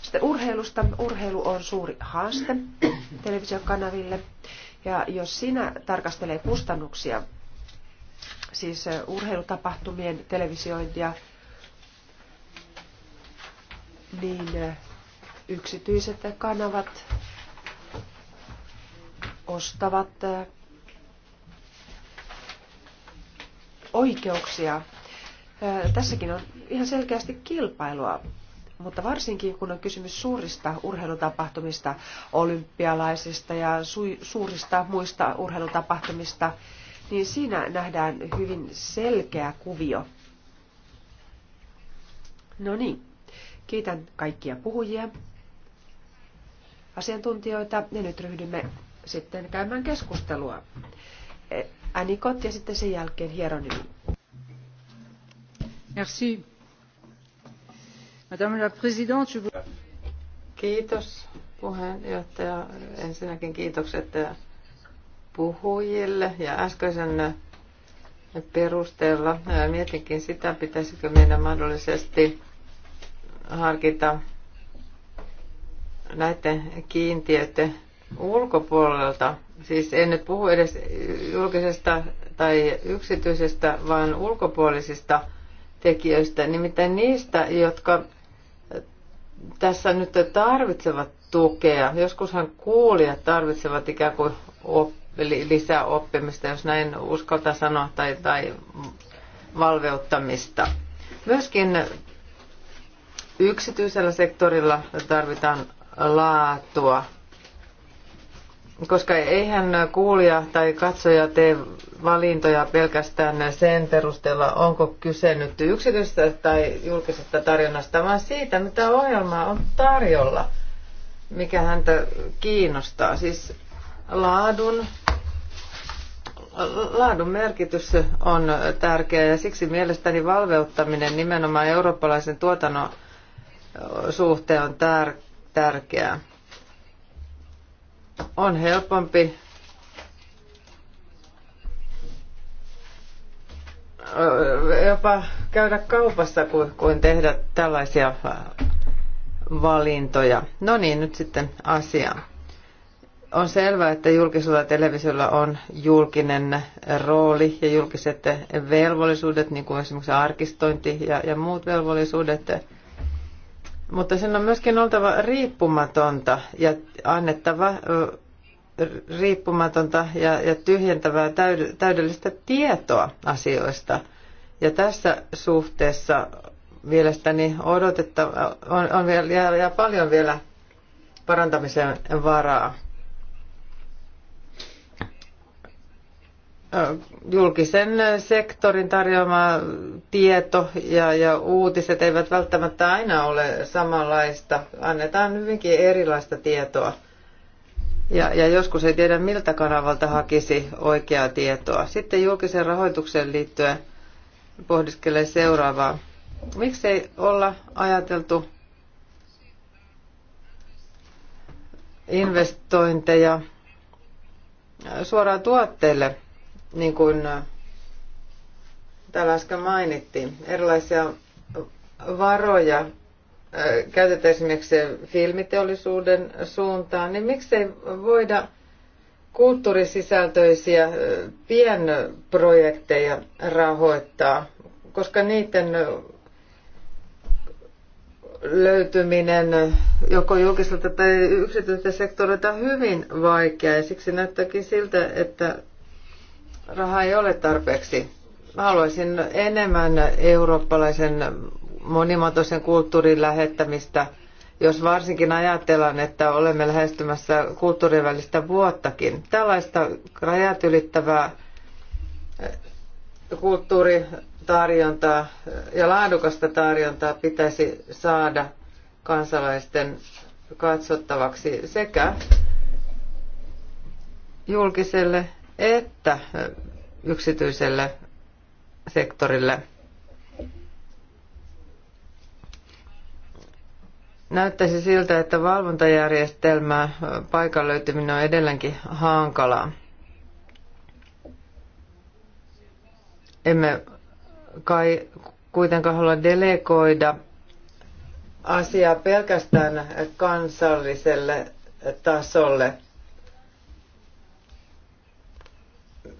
Sitten urheilusta. Urheilu on suuri haaste televisiokanaville. Ja jos sinä tarkastelee kustannuksia, siis eh, urheilutapahtumien televisiointia, niin eh, yksityiset kanavat ostavat oikeuksia. Tässäkin on ihan selkeästi kilpailua, mutta varsinkin kun on kysymys suurista urheilutapahtumista, olympialaisista ja suurista muista urheilutapahtumista, niin siinä nähdään hyvin selkeä kuvio. No niin, kiitän kaikkia puhujia, asiantuntijoita ja nyt ryhdymme sitten käymään keskustelua. Anikot ja sitten sen jälkeen Hieronymi. Merci. Madame la Présidente, je Kiitos puheenjohtaja. Ensinnäkin kiitokset puhujille ja äskeisen perusteella mietinkin sitä, pitäisikö meidän mahdollisesti harkita näiden kiintiöiden ulkopuolelta. Siis en nyt puhu edes julkisesta tai yksityisestä, vaan ulkopuolisista tekijöistä, nimittäin niistä, jotka tässä nyt tarvitsevat tukea. Joskushan kuulijat tarvitsevat ikään kuin op- lisää oppimista, jos näin uskalta sanoa, tai, tai valveuttamista. Myöskin yksityisellä sektorilla tarvitaan laatua koska eihän kuulija tai katsoja tee valintoja pelkästään sen perusteella, onko kyse nyt yksityistä tai julkisesta tarjonnasta, vaan siitä, mitä ohjelmaa on tarjolla, mikä häntä kiinnostaa. Siis laadun, laadun merkitys on tärkeä ja siksi mielestäni valveuttaminen nimenomaan eurooppalaisen tuotannon suhteen on tär- tärkeää on helpompi jopa käydä kaupassa kuin, kuin tehdä tällaisia valintoja. No niin, nyt sitten asiaan. On selvää, että julkisella televisiolla on julkinen rooli ja julkiset velvollisuudet, niin kuin esimerkiksi arkistointi ja, ja muut velvollisuudet – mutta sen on myöskin oltava riippumatonta ja annettava riippumatonta ja, ja tyhjentävää täydellistä tietoa asioista. Ja tässä suhteessa mielestäni odotettava, on, on vielä, jää, jää paljon vielä parantamisen varaa. julkisen sektorin tarjoama tieto ja, ja uutiset eivät välttämättä aina ole samanlaista. Annetaan hyvinkin erilaista tietoa. Ja, ja joskus ei tiedä, miltä kanavalta hakisi oikeaa tietoa. Sitten julkiseen rahoitukseen liittyen pohdiskelee seuraavaa. Miksei olla ajateltu investointeja suoraan tuotteille – niin kuin äh, täällä äsken mainittiin, erilaisia varoja äh, käytetään esimerkiksi filmiteollisuuden suuntaan, niin miksei voida kulttuurisisältöisiä äh, pienprojekteja rahoittaa, koska niiden löytyminen joko julkiselta tai yksityiseltä sektorilta on hyvin vaikea. Ja siksi näyttääkin siltä, että rahaa ei ole tarpeeksi. Mä haluaisin enemmän eurooppalaisen monimuotoisen kulttuurin lähettämistä, jos varsinkin ajatellaan, että olemme lähestymässä kulttuurien välistä vuottakin. Tällaista rajat ylittävää eh, kulttuuritarjontaa ja laadukasta tarjontaa pitäisi saada kansalaisten katsottavaksi sekä julkiselle että yksityiselle sektorille. Näyttäisi siltä, että valvontajärjestelmää paikan löytyminen on edelleenkin hankalaa. Emme kai kuitenkaan halua delegoida asiaa pelkästään kansalliselle tasolle –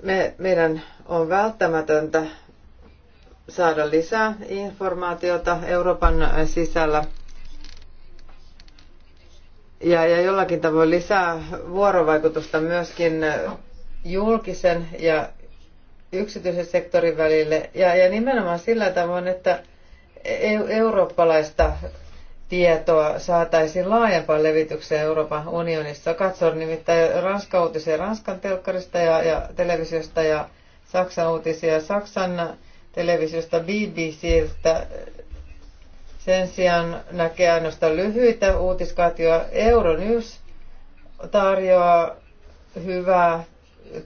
Me, meidän on välttämätöntä saada lisää informaatiota Euroopan sisällä ja, ja jollakin tavoin lisää vuorovaikutusta myöskin julkisen ja yksityisen sektorin välille ja, ja nimenomaan sillä tavoin, että eurooppalaista tietoa saataisiin laajempaan levitykseen Euroopan unionissa. Katsoin, nimittäin Ranska uutisia Ranskan telkkarista ja, ja televisiosta ja Saksan uutisia Saksan televisiosta BBCltä. Sen sijaan näkee ainoastaan lyhyitä uutiskatjoja. Euronews tarjoaa hyvää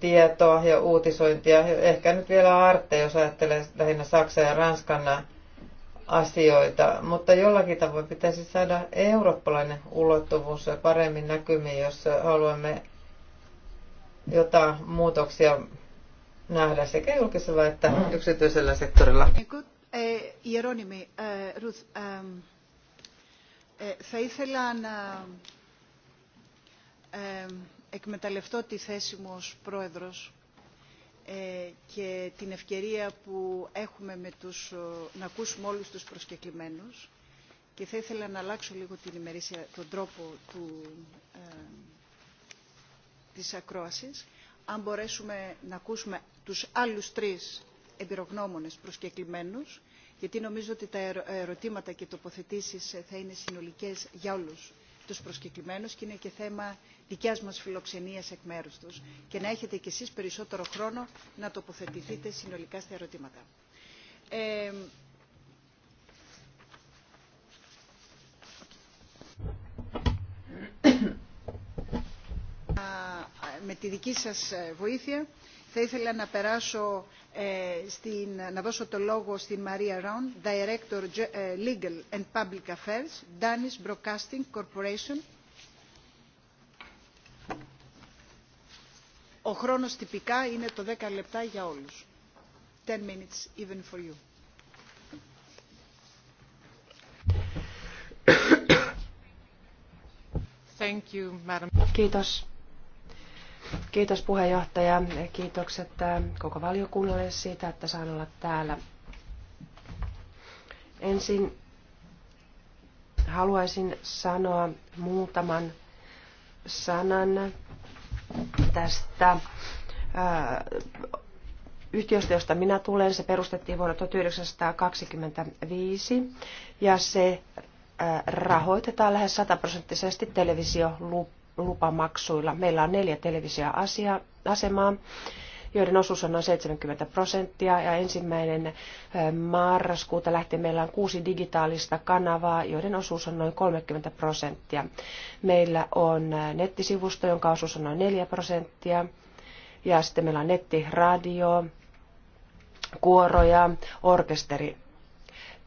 tietoa ja uutisointia. Ehkä nyt vielä Arte, jos ajattelee lähinnä Saksan ja Ranskan asioita, mutta jollakin tavoin pitäisi saada eurooppalainen ulottuvuus paremmin näkymiin, jos haluamme jotain muutoksia nähdä sekä julkisella että yksityisellä sektorilla. Ιερώνημη, niin Ρουθ, eh, eh, eh, θα ήθελα να εκμεταλλευτώ τη θέση μου ως πρόεδρος και την ευκαιρία που έχουμε με τους, να ακούσουμε όλους τους προσκεκλημένους και θα ήθελα να αλλάξω λίγο την ημερήσια, τον τρόπο του, ε, της ακρόασης. Αν μπορέσουμε να ακούσουμε τους άλλους τρεις εμπειρογνώμονες προσκεκλημένους, γιατί νομίζω ότι τα ερωτήματα και τοποθετήσεις θα είναι συνολικές για όλους τους προσκεκλημένους και είναι και θέμα δικιάς μας φιλοξενίας εκ μέρους τους και να έχετε κι εσείς περισσότερο χρόνο να τοποθετηθείτε συνολικά στα ερωτήματα. Ε, με τη δική σας βοήθεια θα ήθελα να περάσω στην, να δώσω το λόγο στην Μαρία Round, Director Legal and Public Affairs, Danish Broadcasting Corporation. Ο χρόνος τυπικά είναι το 10 λεπτά για όλους. 10 minutes even for you. Thank you, madam. Kiitos Kiitos puheenjohtaja. Kiitokset äh, koko valiokunnalle siitä, että saan olla täällä. Ensin haluaisin sanoa muutaman sanan tästä äh, yhtiöstä, josta minä tulen. Se perustettiin vuonna 1925 ja se äh, rahoitetaan lähes sataprosenttisesti televisiolupaa lupamaksuilla. Meillä on neljä televisioasemaa, joiden osuus on noin 70 prosenttia. Ja ensimmäinen marraskuuta lähtien meillä on kuusi digitaalista kanavaa, joiden osuus on noin 30 prosenttia. Meillä on nettisivusto, jonka osuus on noin 4 prosenttia. Ja sitten meillä on nettiradio, kuoroja, orkesteri.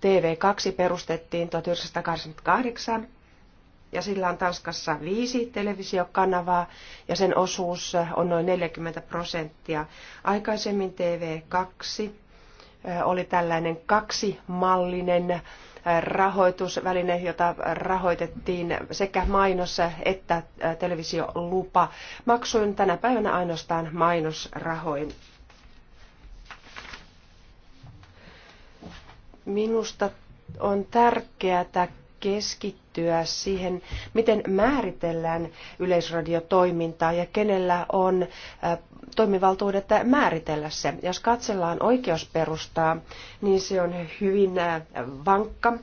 TV2 perustettiin 1988 ja sillä on Tanskassa viisi televisiokanavaa ja sen osuus on noin 40 prosenttia. Aikaisemmin TV2 oli tällainen kaksimallinen rahoitusväline, jota rahoitettiin sekä mainossa että televisiolupa. Maksuin tänä päivänä ainoastaan mainosrahoin. Minusta on tärkeää keskittyä siihen, miten määritellään yleisradiotoimintaa ja kenellä on äh, toimivaltuudet määritellä se. Jos katsellaan oikeusperustaa, niin se on hyvin äh, vankka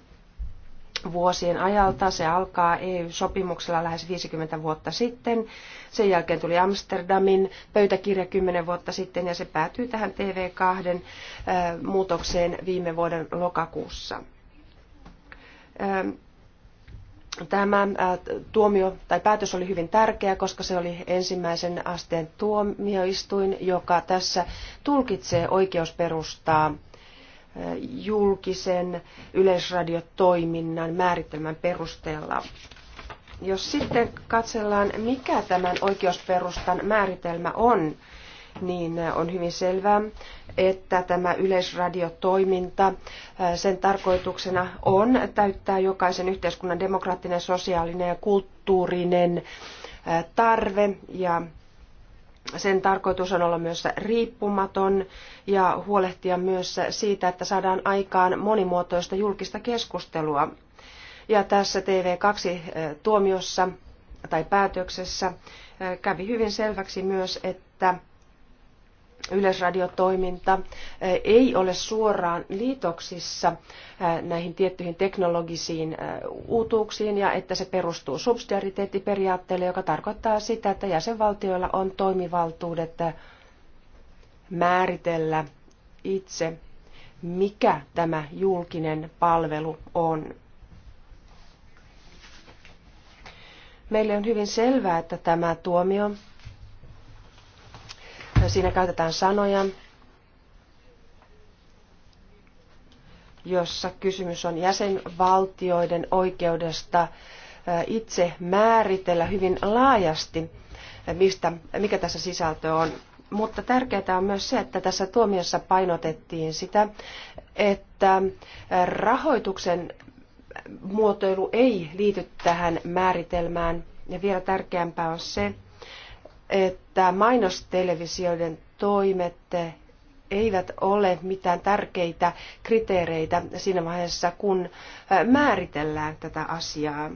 vuosien ajalta. Se alkaa EU-sopimuksella lähes 50 vuotta sitten. Sen jälkeen tuli Amsterdamin pöytäkirja 10 vuotta sitten ja se päätyy tähän TV2 äh, muutokseen viime vuoden lokakuussa ähm, Tämä äh, tuomio tai päätös oli hyvin tärkeä, koska se oli ensimmäisen asteen tuomioistuin, joka tässä tulkitsee oikeusperustaa äh, julkisen yleisradiotoiminnan määritelmän perusteella. Jos sitten katsellaan, mikä tämän oikeusperustan määritelmä on, niin äh, on hyvin selvää, että tämä yleisradiotoiminta, äh, sen tarkoituksena on täyttää jokaisen yhteiskunnan demokraattinen, sosiaalinen ja kulttuurinen äh, tarve ja sen tarkoitus on olla myös riippumaton ja huolehtia myös siitä, että saadaan aikaan monimuotoista julkista keskustelua. Ja tässä TV2-tuomiossa tai päätöksessä kävi hyvin selväksi myös, että yleisradiotoiminta eh, ei ole suoraan liitoksissa eh, näihin tiettyihin teknologisiin eh, uutuuksiin ja että se perustuu subsidiariteettiperiaatteelle, joka tarkoittaa sitä, että jäsenvaltioilla on toimivaltuudet määritellä itse, mikä tämä julkinen palvelu on. Meille on hyvin selvää, että tämä tuomio Siinä käytetään sanoja, jossa kysymys on jäsenvaltioiden oikeudesta itse määritellä hyvin laajasti, mistä, mikä tässä sisältö on. Mutta tärkeää on myös se, että tässä tuomiossa painotettiin sitä, että rahoituksen muotoilu ei liity tähän määritelmään. Ja vielä tärkeämpää on se, että mainostelevisioiden toimet eivät ole mitään tärkeitä kriteereitä siinä vaiheessa, kun määritellään tätä asiaa.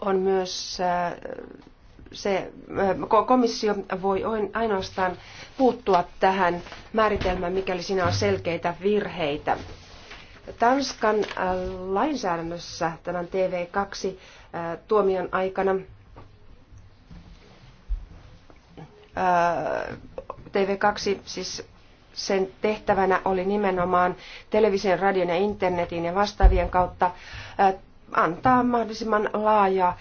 On myös se, komissio voi ainoastaan puuttua tähän määritelmään, mikäli siinä on selkeitä virheitä. Tanskan lainsäädännössä tämän TV2 tuomion aikana TV2, siis sen tehtävänä oli nimenomaan television, radion ja internetin ja vastaavien kautta antaa mahdollisimman laaja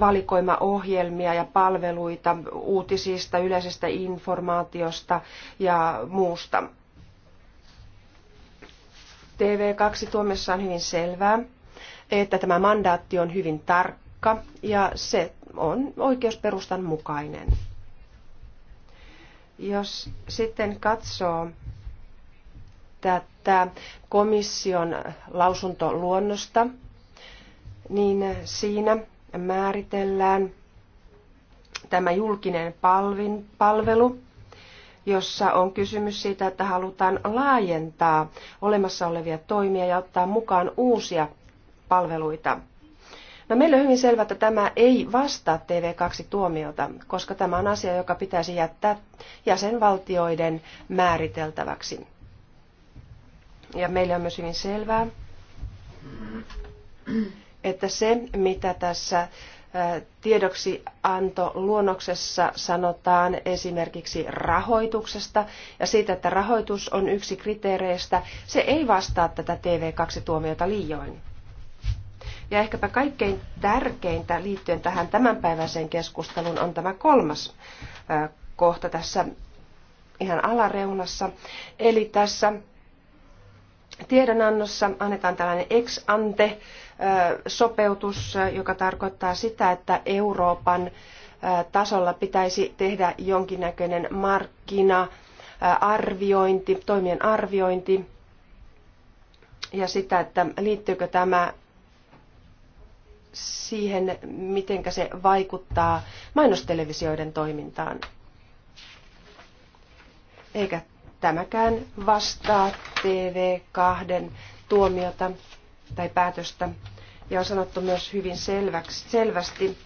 valikoima ohjelmia ja palveluita uutisista, yleisestä informaatiosta ja muusta. TV2 tuomessa on hyvin selvää, että tämä mandaatti on hyvin tarkka ja se on oikeusperustan mukainen. Jos sitten katsoo tätä komission lausuntoluonnosta, niin siinä määritellään tämä julkinen palvin, palvelu, jossa on kysymys siitä, että halutaan laajentaa olemassa olevia toimia ja ottaa mukaan uusia palveluita. No meille on hyvin selvää, että tämä ei vastaa TV2-tuomiota, koska tämä on asia, joka pitäisi jättää jäsenvaltioiden määriteltäväksi. Ja meille on myös hyvin selvää, että se, mitä tässä tiedoksianto luonnoksessa sanotaan esimerkiksi rahoituksesta ja siitä, että rahoitus on yksi kriteereistä, se ei vastaa tätä TV2-tuomiota liioin. Ja ehkäpä kaikkein tärkeintä liittyen tähän tämänpäiväiseen keskusteluun on tämä kolmas kohta tässä ihan alareunassa. Eli tässä tiedonannossa annetaan tällainen ex ante sopeutus, joka tarkoittaa sitä, että Euroopan tasolla pitäisi tehdä jonkinnäköinen markkina, arviointi, toimien arviointi ja sitä, että liittyykö tämä siihen, miten se vaikuttaa mainostelevisioiden toimintaan. Eikä tämäkään vastaa TV2 tuomiota tai päätöstä. Ja on sanottu myös hyvin selväksi, selvästi,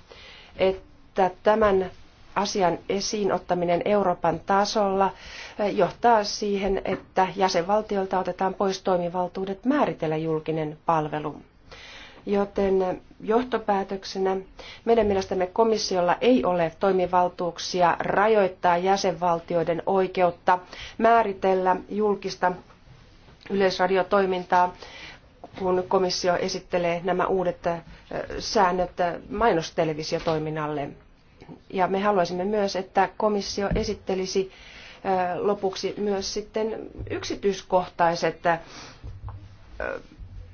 että tämän asian esiin ottaminen Euroopan tasolla eh, johtaa siihen, että jäsenvaltiolta otetaan pois toimivaltuudet määritellä julkinen palvelu. Joten johtopäätöksenä meidän mielestämme komissiolla ei ole toimivaltuuksia rajoittaa jäsenvaltioiden oikeutta määritellä julkista yleisradiotoimintaa, kun komissio esittelee nämä uudet säännöt mainostelevisiotoiminnalle. Ja me haluaisimme myös, että komissio esittelisi lopuksi myös sitten yksityiskohtaiset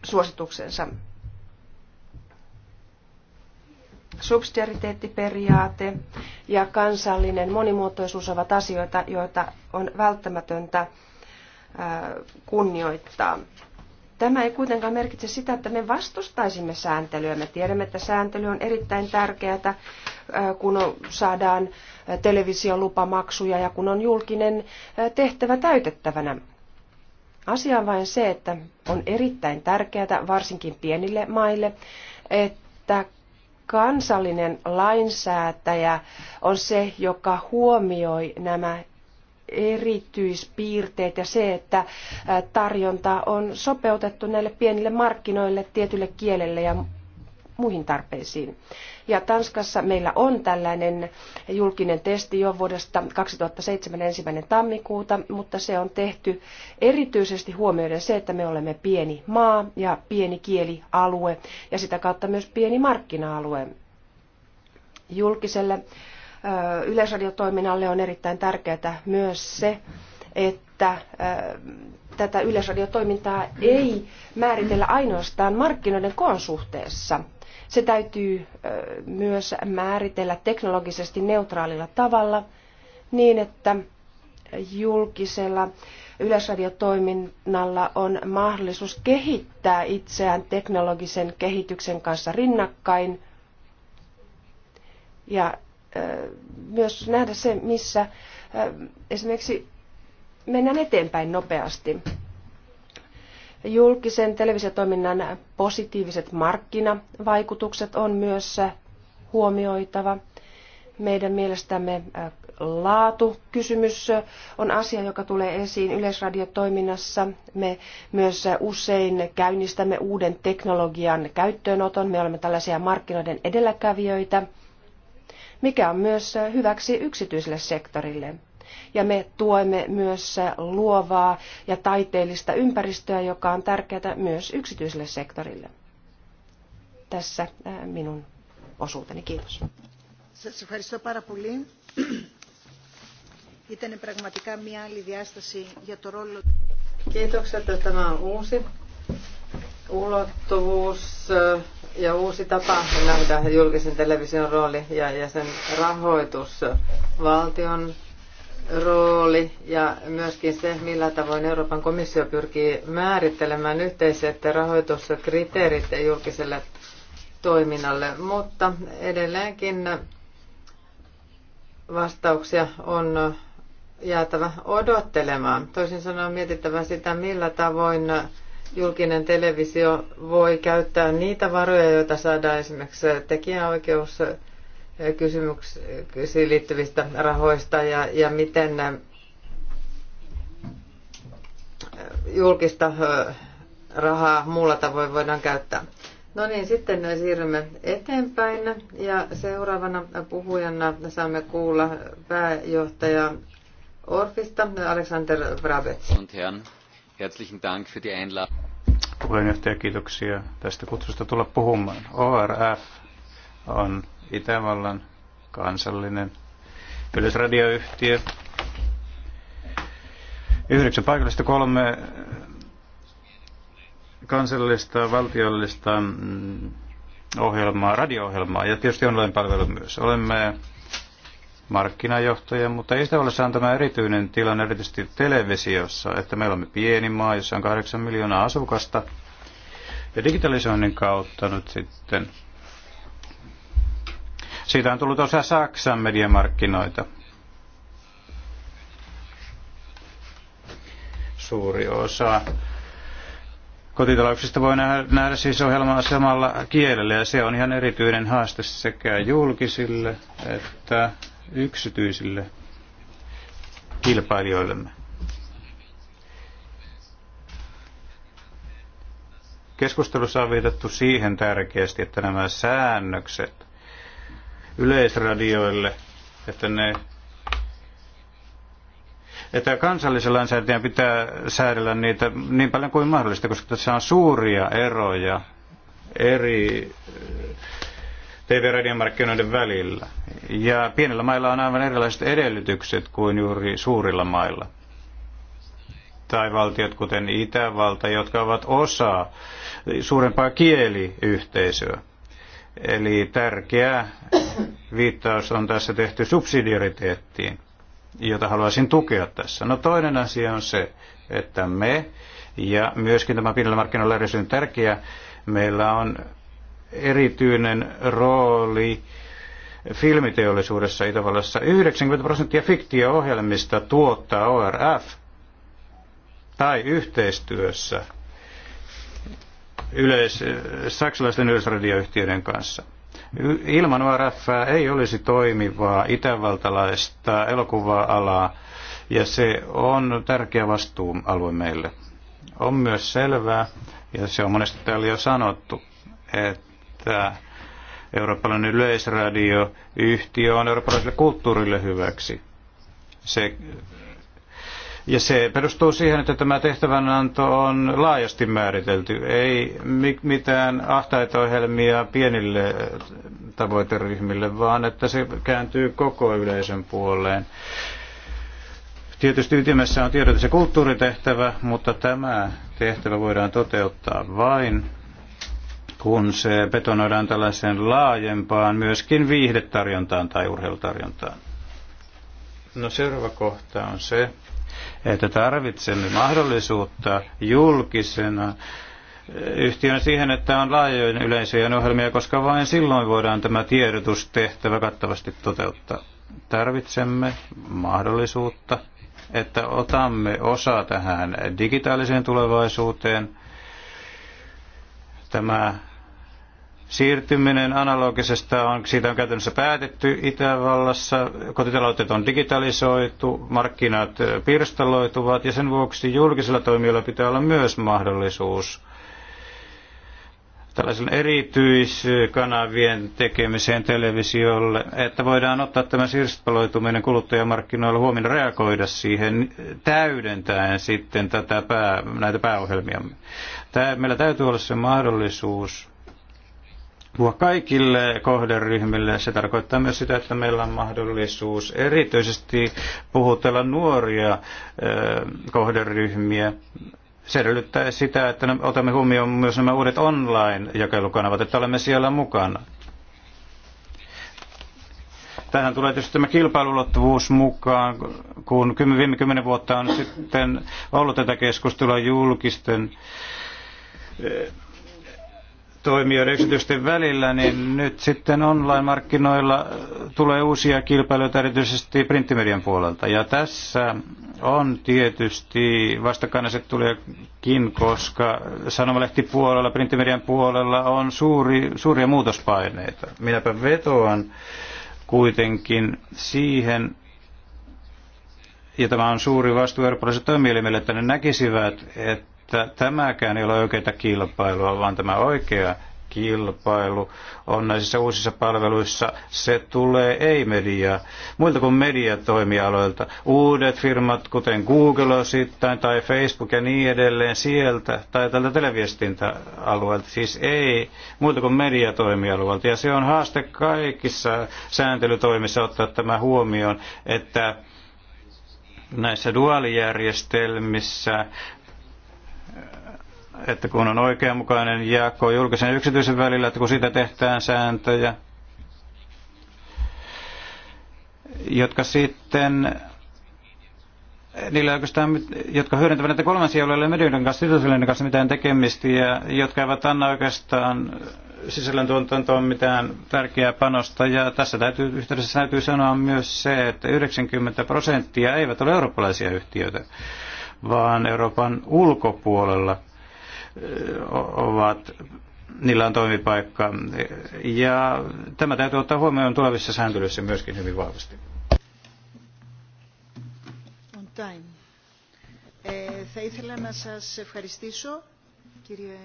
suosituksensa subsidiariteettiperiaate ja kansallinen monimuotoisuus ovat asioita, joita on välttämätöntä äh, kunnioittaa. Tämä ei kuitenkaan merkitse sitä, että me vastustaisimme sääntelyä. Me tiedämme, että sääntely on erittäin tärkeää, äh, kun saadaan televisiolupamaksuja ja kun on julkinen äh, tehtävä täytettävänä. Asia on vain se, että on erittäin tärkeää, varsinkin pienille maille, että kansallinen lainsäätäjä on se, joka huomioi nämä erityispiirteet ja se, että tarjonta on sopeutettu näille pienille markkinoille, tietylle kielelle ja muihin tarpeisiin. Ja Tanskassa meillä on tällainen julkinen testi jo vuodesta 2007 ensimmäinen tammikuuta, mutta se on tehty erityisesti huomioiden se, että me olemme pieni maa ja pieni kielialue ja sitä kautta myös pieni markkina-alue. Julkiselle yleisradiotoiminnalle on erittäin tärkeää myös se, että tätä yleisradiotoimintaa ei määritellä ainoastaan markkinoiden koon suhteessa, se täytyy myös määritellä teknologisesti neutraalilla tavalla niin, että julkisella yleisradiotoiminnalla on mahdollisuus kehittää itseään teknologisen kehityksen kanssa rinnakkain ja myös nähdä se, missä esimerkiksi mennään eteenpäin nopeasti. Julkisen televisiotoiminnan positiiviset markkinavaikutukset on myös huomioitava. Meidän mielestämme laatukysymys on asia, joka tulee esiin yleisradiotoiminnassa. Me myös usein käynnistämme uuden teknologian käyttöönoton. Me olemme tällaisia markkinoiden edelläkävijöitä, mikä on myös hyväksi yksityiselle sektorille ja me tuemme myös luovaa ja taiteellista ympäristöä, joka on tärkeää myös yksityiselle sektorille. Tässä äh, minun osuuteni. Kiitos. Ήταν πραγματικά μια άλλη διάσταση για το ρόλο... on uusi ulottuvuus äh, ja uusi tapa nähdä julkisen television rooli ja, ja sen rahoitus. Valtion rooli ja myöskin se, millä tavoin Euroopan komissio pyrkii määrittelemään yhteiset rahoituskriteerit julkiselle toiminnalle, mutta edelleenkin vastauksia on jäätävä odottelemaan. Toisin sanoen mietittävä sitä, millä tavoin julkinen televisio voi käyttää niitä varoja, joita saadaan esimerkiksi tekijänoikeus kysymyksiin liittyvistä rahoista ja, ja miten äh, julkista äh, rahaa muulla tavoin voidaan käyttää. No niin, sitten siirrymme eteenpäin ja seuraavana puhujana saamme kuulla pääjohtaja Orfista, Alexander Brabets. Herzlichen Dank für die Einladung. Puheenjohtaja, kiitoksia tästä kutsusta tulla puhumaan. ORF on Itävallan kansallinen yleisradioyhtiö. Yhdeksän paikallista kolme kansallista, valtiollista mm, ohjelmaa, radio-ohjelmaa ja tietysti online-palvelu myös. Olemme markkinajohtaja, mutta Itävallassa on tämä erityinen tilanne erityisesti televisiossa, että meillä on pieni maa, jossa on kahdeksan miljoonaa asukasta. Ja digitalisoinnin kautta nyt sitten siitä on tullut osa Saksan mediamarkkinoita. Suuri osa kotitalouksista voi nähdä, nähdä siis ohjelmaa samalla kielellä ja se on ihan erityinen haaste sekä julkisille että yksityisille kilpailijoillemme. Keskustelussa on viitattu siihen tärkeästi, että nämä säännökset yleisradioille, että ne että kansallisen lainsäätäjän pitää säädellä niitä niin paljon kuin mahdollista, koska tässä on suuria eroja eri eh, TV- radiomarkkinoiden välillä. Ja pienillä mailla on aivan erilaiset edellytykset kuin juuri suurilla mailla. Tai valtiot kuten Itävalta, jotka ovat osa suurempaa kieliyhteisöä. Eli tärkeä viittaus on tässä tehty subsidiariteettiin, jota haluaisin tukea tässä. No toinen asia on se, että me, ja myöskin tämä pienellä markkinoilla on tärkeä, meillä on erityinen rooli filmiteollisuudessa Itävallassa. 90 prosenttia fiktio-ohjelmista tuottaa ORF tai yhteistyössä yleis, saksalaisten yleisradioyhtiöiden kanssa. Ilman ORF ei olisi toimivaa itävaltalaista elokuva-alaa, ja se on tärkeä vastuualue meille. On myös selvää, ja se on monesti täällä jo sanottu, että eurooppalainen yleisradioyhtiö on eurooppalaiselle kulttuurille hyväksi. Se ja se perustuu siihen, että tämä tehtävänanto on laajasti määritelty. Ei mitään ahtaita ohjelmia pienille tavoiteryhmille, vaan että se kääntyy koko yleisön puoleen. Tietysti ytimessä on tiedotus- ja kulttuuritehtävä, mutta tämä tehtävä voidaan toteuttaa vain, kun se betonoidaan tällaiseen laajempaan myöskin viihdetarjontaan tai urheilutarjontaan. No seuraava kohta on se, että tarvitsemme mahdollisuutta julkisena yhtiön siihen, että on laajojen yleisöjen ohjelmia, koska vain silloin voidaan tämä tiedotustehtävä kattavasti toteuttaa. Tarvitsemme mahdollisuutta, että otamme osaa tähän digitaaliseen tulevaisuuteen. Tämä siirtyminen analogisesta on, siitä on käytännössä päätetty Itävallassa, kotitaloudet on digitalisoitu, markkinat pirstaloituvat ja sen vuoksi julkisilla toimijoilla pitää olla myös mahdollisuus tällaisen erityiskanavien tekemiseen televisiolle, että voidaan ottaa tämä sirstaloituminen kuluttajamarkkinoilla huomioon reagoida siihen täydentäen sitten tätä pää, näitä pääohjelmia. Tämä, meillä täytyy olla se mahdollisuus puhua kaikille kohderyhmille. Se tarkoittaa myös sitä, että meillä on mahdollisuus erityisesti puhutella nuoria kohderyhmiä. Se edellyttää sitä, että otamme huomioon myös nämä uudet online-jakelukanavat, että olemme siellä mukana. Tähän tulee tietysti tämä kilpailulottuvuus mukaan, kun viime kymmenen vuotta on sitten ollut tätä keskustelua julkisten toimijoiden yksityisten välillä, niin nyt sitten online-markkinoilla tulee uusia kilpailuja erityisesti printtimedian puolelta. Ja tässä on tietysti koska sanomalehti puolella, printtimedian puolella on suuri, suuria muutospaineita. Minäpä vetoan kuitenkin siihen, ja tämä on suuri vastuu eurooppalaisille toimielimille, että ne näkisivät, että että tämäkään ei ole oikeita kilpailua, vaan tämä oikea kilpailu on näissä uusissa palveluissa. Se tulee ei-mediaa, muilta kuin mediatoimialoilta. Uudet firmat, kuten Google osittain tai Facebook ja niin edelleen sieltä tai tältä televiestintäalueelta, siis ei muilta kuin mediatoimialueelta. Ja se on haaste kaikissa sääntelytoimissa ottaa tämä huomioon, että näissä duaalijärjestelmissä että kun on oikeanmukainen jako julkisen ja yksityisen välillä, että kun siitä tehtään sääntöjä, jotka sitten niillä oikeastaan, jotka hyödyntävät näitä kolmansia, joilla medioiden kanssa, sidosvälineiden kanssa mitään tekemistä ja jotka eivät anna oikeastaan sisällöntuotantoon mitään tärkeää panosta. Ja tässä täytyy, yhteydessä täytyy sanoa myös se, että 90 prosenttia eivät ole eurooppalaisia yhtiöitä, vaan Euroopan ulkopuolella – ovat, niillä on toimipaikka. Ja tämä täytyy ottaa huomioon tulevissa sääntelyissä myöskin hyvin vahvasti. On time. Ε, θα ήθελα να σας ευχαριστήσω, κύριε...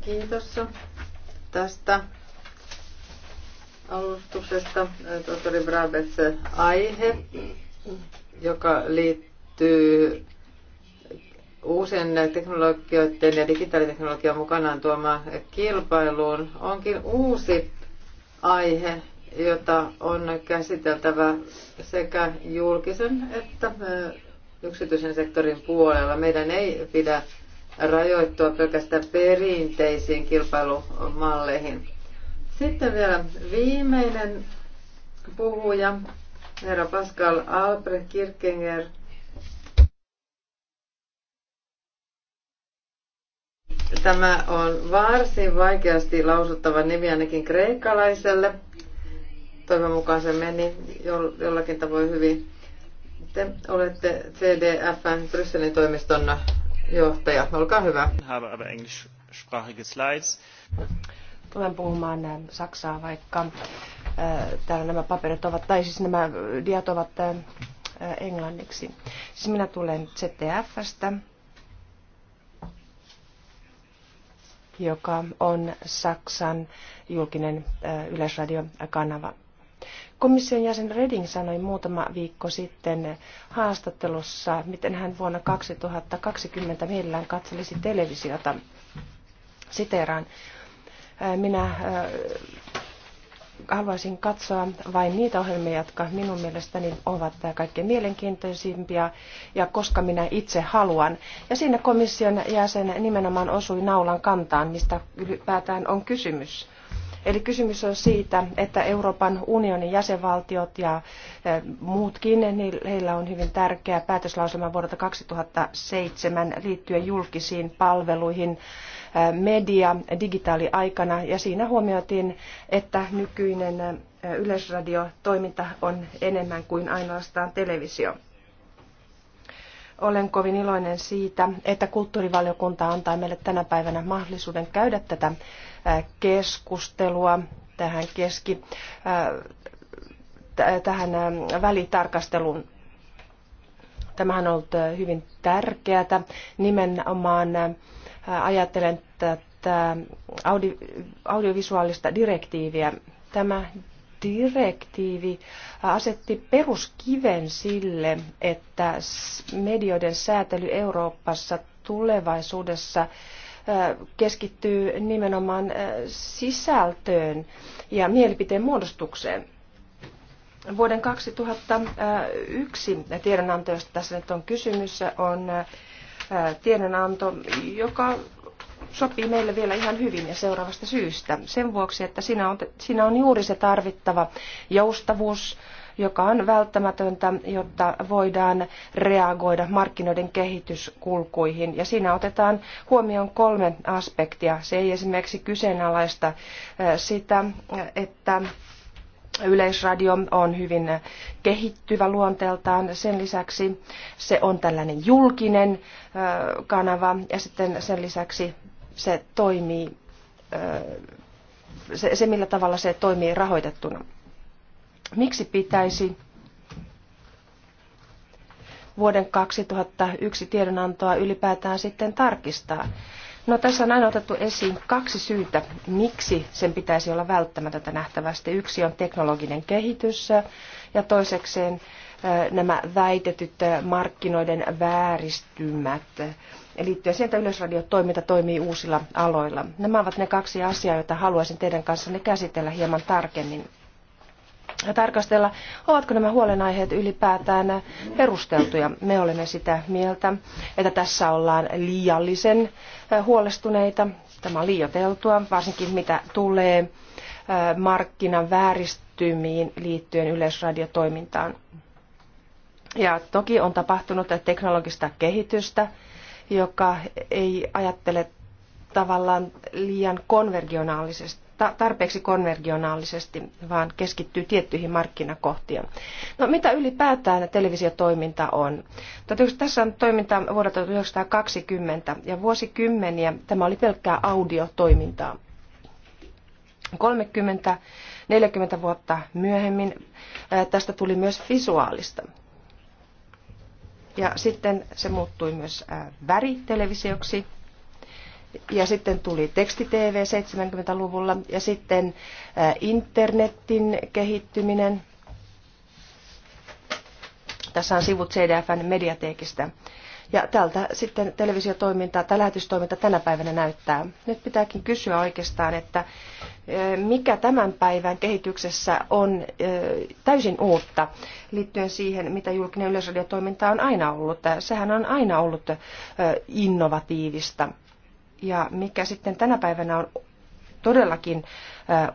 Kiitos tästä alustuksesta, tohtori Brabes, aihe, joka liittyy uusien teknologioiden ja digitaaliteknologian mukanaan tuoma kilpailuun onkin uusi aihe, jota on käsiteltävä sekä julkisen että yksityisen sektorin puolella. Meidän ei pidä rajoittua pelkästään perinteisiin kilpailumalleihin. Sitten vielä viimeinen puhuja, herra Pascal Albrecht Kirkenger, Tämä on varsin vaikeasti lausuttava nimi ainakin kreikkalaiselle. Toivon mukaan se meni jollakin tavoin hyvin. Te olette CDFn Brysselin toimiston johtaja. Olkaa hyvä. Habe slides. Tulen puhumaan äh, saksaa, vaikka äh, täällä nämä paperit ovat, tai siis nämä diat ovat äh, englanniksi. Siis minä tulen ZDFstä, joka on Saksan julkinen yleisradiokanava. Komission jäsen Reding sanoi muutama viikko sitten haastattelussa, miten hän vuonna 2020 mielellään katselisi televisiota. Siteeraan. Minä haluaisin katsoa vain niitä ohjelmia, jotka minun mielestäni ovat kaikkein mielenkiintoisimpia ja koska minä itse haluan. Ja siinä komission jäsen nimenomaan osui naulan kantaan, mistä ylipäätään on kysymys. Eli kysymys on siitä, että Euroopan unionin jäsenvaltiot ja e, muutkin, niin heillä on hyvin tärkeä päätöslauselma vuodelta 2007 liittyen julkisiin palveluihin media digitaaliaikana ja siinä huomioitiin, että nykyinen yleisradiotoiminta on enemmän kuin ainoastaan televisio. Olen kovin iloinen siitä, että kulttuurivaliokunta antaa meille tänä päivänä mahdollisuuden käydä tätä keskustelua tähän keski, tähän välitarkasteluun. Tämähän on ollut hyvin tärkeää nimenomaan ajatellen tätä audi, audiovisuaalista direktiiviä. Tämä direktiivi asetti peruskiven sille, että medioiden säätely Euroopassa tulevaisuudessa keskittyy nimenomaan sisältöön ja mielipiteen muodostukseen. Vuoden 2001 tiedonanto, josta tässä nyt on kysymys, on tiedonanto, joka sopii meille vielä ihan hyvin ja seuraavasta syystä. Sen vuoksi, että siinä on, siinä on juuri se tarvittava joustavuus, joka on välttämätöntä, jotta voidaan reagoida markkinoiden kehityskulkuihin. Ja siinä otetaan huomioon kolme aspektia. Se ei esimerkiksi kyseenalaista äh, sitä, äh, että Yleisradio on hyvin kehittyvä luonteeltaan. Sen lisäksi se on tällainen julkinen äh, kanava ja sitten sen lisäksi se toimii, se, se millä tavalla se toimii rahoitettuna. Miksi pitäisi vuoden 2001 tiedonantoa ylipäätään sitten tarkistaa? No tässä on aina otettu esiin kaksi syytä, miksi sen pitäisi olla välttämätöntä nähtävästi. Yksi on teknologinen kehitys ja toisekseen nämä väitetyt markkinoiden vääristymät liittyen siihen, että yleisradiotoiminta toimii uusilla aloilla. Nämä ovat ne kaksi asiaa, joita haluaisin teidän kanssanne käsitellä hieman tarkemmin ja tarkastella, ovatko nämä huolenaiheet ylipäätään perusteltuja. Me olemme sitä mieltä, että tässä ollaan liiallisen huolestuneita. Tämä on liioteltua, varsinkin mitä tulee markkinan vääristymiin liittyen yleisradiotoimintaan. Ja toki on tapahtunut teknologista kehitystä, joka ei ajattele tavallaan liian konvergionaalisesti tarpeeksi konvergionaalisesti, vaan keskittyy tiettyihin markkinakohtiin. No mitä ylipäätään televisiotoiminta on? Tässä on toiminta vuodelta 1920 ja vuosikymmeniä tämä oli pelkkää audiotoimintaa. 30-40 vuotta myöhemmin tästä tuli myös visuaalista. Ja sitten se muuttui myös väritelevisioksi. Ja sitten tuli tekstitv 70-luvulla ja sitten internetin kehittyminen. Tässä on sivut CDFn mediateekistä. Ja tältä sitten televisiotoiminta tai lähetystoiminta tänä päivänä näyttää. Nyt pitääkin kysyä oikeastaan, että mikä tämän päivän kehityksessä on täysin uutta liittyen siihen, mitä julkinen yleisradiotoiminta on aina ollut. Sehän on aina ollut innovatiivista. Ja mikä sitten tänä päivänä on todellakin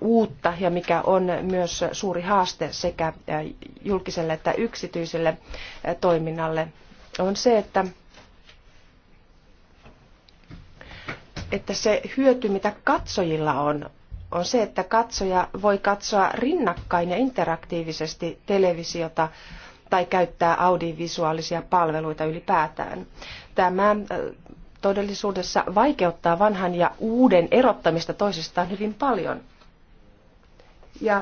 uutta ja mikä on myös suuri haaste sekä julkiselle että yksityiselle toiminnalle, on se, että että se hyöty, mitä katsojilla on, on se, että katsoja voi katsoa rinnakkain ja interaktiivisesti televisiota tai käyttää audiovisuaalisia palveluita ylipäätään. Tämä äh, todellisuudessa vaikeuttaa vanhan ja uuden erottamista toisistaan hyvin paljon. Ja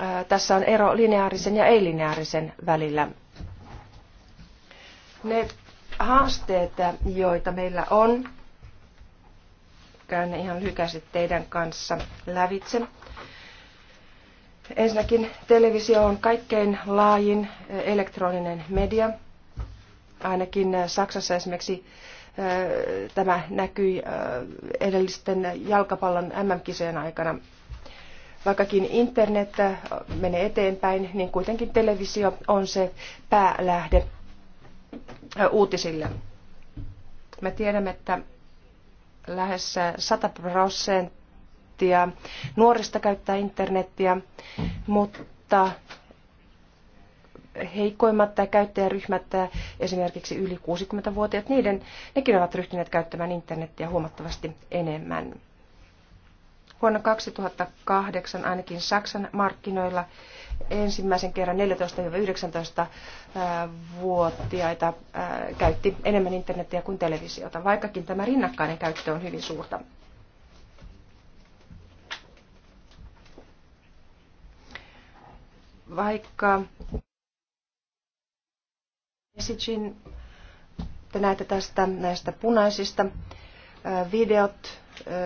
äh, tässä on ero lineaarisen ja ei-lineaarisen välillä. Ne haasteet, joita meillä on, käyn ne ihan lyhykäisesti teidän kanssa lävitse. Ensinnäkin televisio on kaikkein laajin eh, elektroninen media. Ainakin eh, Saksassa esimerkiksi eh, tämä näkyi edellisten jalkapallon MM-kisojen aikana. Vaikkakin internet menee eteenpäin, niin kuitenkin televisio on se päälähde uutisille. Me tiedämme, että lähes 100 prosenttia nuorista käyttää internettiä, mutta heikoimmat tai käyttäjäryhmät, esimerkiksi yli 60-vuotiaat, niiden, nekin ovat ryhtyneet käyttämään internettiä huomattavasti enemmän. Vuonna 2008 ainakin Saksan markkinoilla ensimmäisen kerran 14-19-vuotiaita käytti enemmän internetiä kuin televisiota, vaikkakin tämä rinnakkainen käyttö on hyvin suurta. Vaikka messaging, te näette tästä näistä punaisista videot,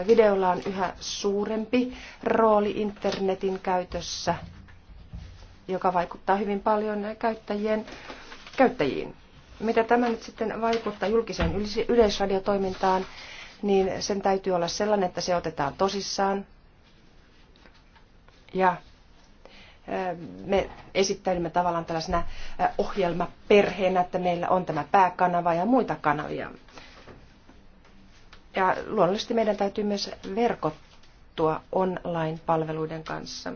videolla on yhä suurempi rooli internetin käytössä, joka vaikuttaa hyvin paljon käyttäjien, käyttäjiin. Mitä tämä nyt sitten vaikuttaa julkiseen yleisradiotoimintaan, niin sen täytyy olla sellainen, että se otetaan tosissaan. Ja me esittäydymme tavallaan tällaisena ohjelmaperheenä, että meillä on tämä pääkanava ja muita kanavia ja luonnollisesti meidän täytyy myös verkottua online-palveluiden kanssa.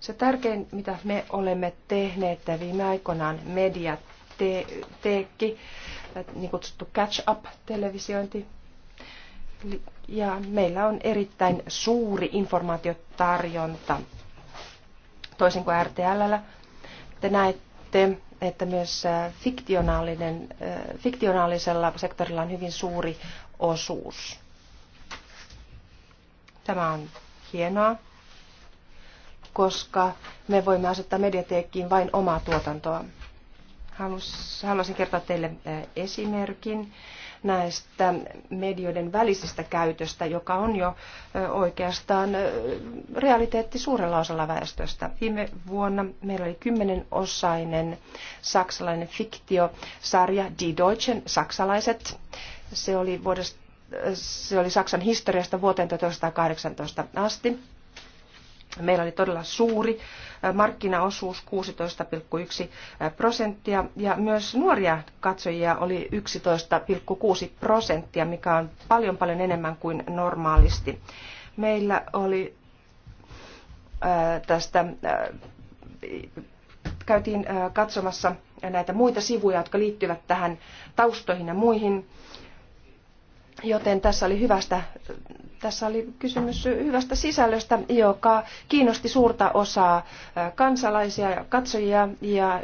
Se tärkein, mitä me olemme tehneet viime aikoinaan teekki, niin kutsuttu catch-up-televisiointi. Ja meillä on erittäin suuri informaatiotarjonta, toisin kuin RTL. Te näette Tiedätte, että myös äh, fiktionaalinen, äh, fiktionaalisella sektorilla on hyvin suuri osuus. Tämä on hienoa, koska me voimme asettaa mediateekkiin vain omaa tuotantoa. Haluaisin kertoa teille äh, esimerkin näistä medioiden välisestä käytöstä, joka on jo oikeastaan realiteetti suurella osalla väestöstä. Viime vuonna meillä oli kymmenen osainen saksalainen fiktiosarja Die Deutschen, saksalaiset. Se oli, vuodesta, se oli Saksan historiasta vuoteen 1918 asti Meillä oli todella suuri markkinaosuus 16,1 prosenttia ja myös nuoria katsojia oli 11,6 prosenttia, mikä on paljon paljon enemmän kuin normaalisti. Meillä oli tästä, käytiin katsomassa näitä muita sivuja, jotka liittyvät tähän taustoihin ja muihin Joten tässä oli, hyvästä, tässä oli kysymys hyvästä sisällöstä, joka kiinnosti suurta osaa kansalaisia ja katsojia ja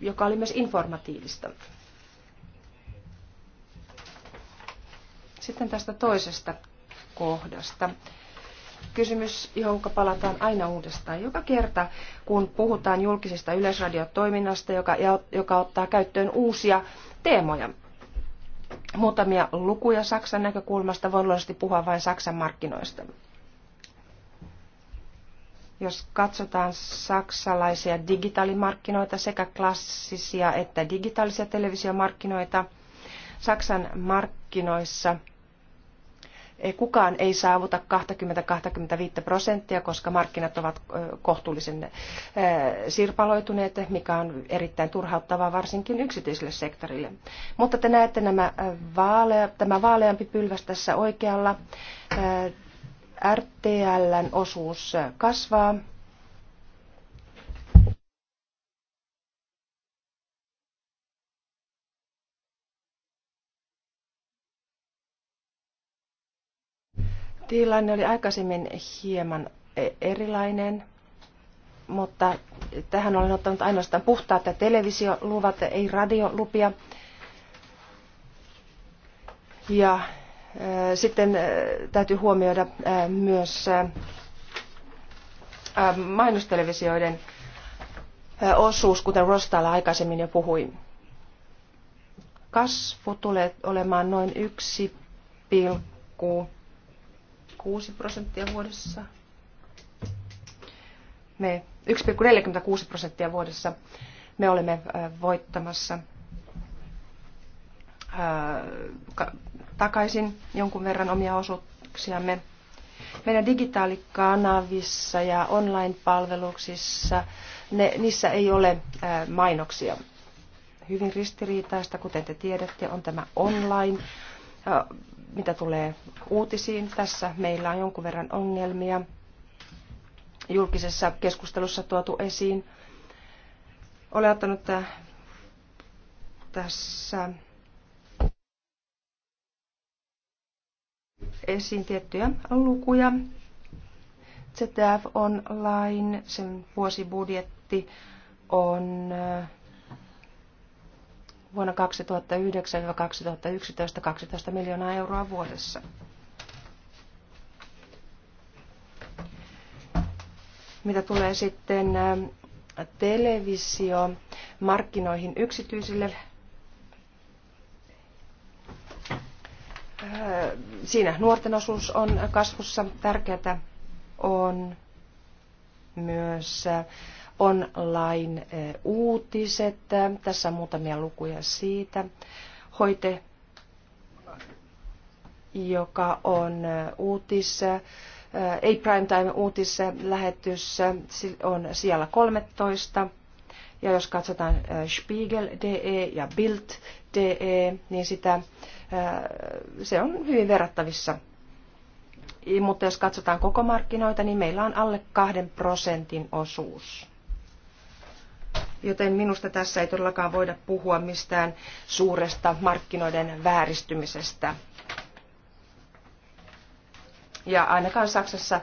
joka oli myös informatiivista. Sitten tästä toisesta kohdasta. Kysymys, johon palataan aina uudestaan. Joka kerta, kun puhutaan julkisesta yleisradiotoiminnasta, joka, joka ottaa käyttöön uusia teemoja – Muutamia lukuja Saksan näkökulmasta. Voin luonnollisesti puhua vain Saksan markkinoista. Jos katsotaan saksalaisia digitaalimarkkinoita, sekä klassisia että digitaalisia televisiomarkkinoita, Saksan markkinoissa – kukaan ei saavuta 20-25 prosenttia, koska markkinat ovat kohtuullisen sirpaloituneet, mikä on erittäin turhauttavaa varsinkin yksityiselle sektorille. Mutta te näette nämä vaalea, tämä vaaleampi pylväs tässä oikealla. RTLn osuus kasvaa Tilanne oli aikaisemmin hieman e- erilainen, mutta tähän olen ottanut ainoastaan puhtaat ja televisioluvat, ei radiolupia. Ja e, sitten e, täytyy huomioida myös mainostelevisioiden osuus, kuten Rostala aikaisemmin jo puhui. Kasvu tulee olemaan noin 1,6 1,46 prosenttia vuodessa. Me 1,46 prosenttia vuodessa me olemme voittamassa takaisin jonkun verran omia osuuksiamme. Meidän digitaalikanavissa ja online-palveluksissa, ne, niissä ei ole ää, mainoksia. Hyvin ristiriitaista, kuten te tiedätte, on tämä online mitä tulee uutisiin, tässä meillä on jonkun verran ongelmia julkisessa keskustelussa tuotu esiin. Olen ottanut äh, tässä esiin tiettyjä lukuja. ZDF Online, sen vuosibudjetti on äh, vuonna 2009-2011 12 miljoonaa euroa vuodessa. Mitä tulee sitten äh, televisio markkinoihin yksityisille äh, siinä nuorten osuus on kasvussa. Tärkeää on myös äh, online-uutiset. Eh, Tässä on muutamia lukuja siitä. Hoite, joka on eh, uutis, eh, ei prime-time primetime uutislähetys, on siellä 13. Ja jos katsotaan Spiegel.de ja Bild.de, niin sitä, se on hyvin verrattavissa mutta jos katsotaan koko markkinoita, niin meillä on alle kahden prosentin osuus. Joten minusta tässä ei todellakaan voida puhua mistään suuresta markkinoiden vääristymisestä. Ja ainakaan Saksassa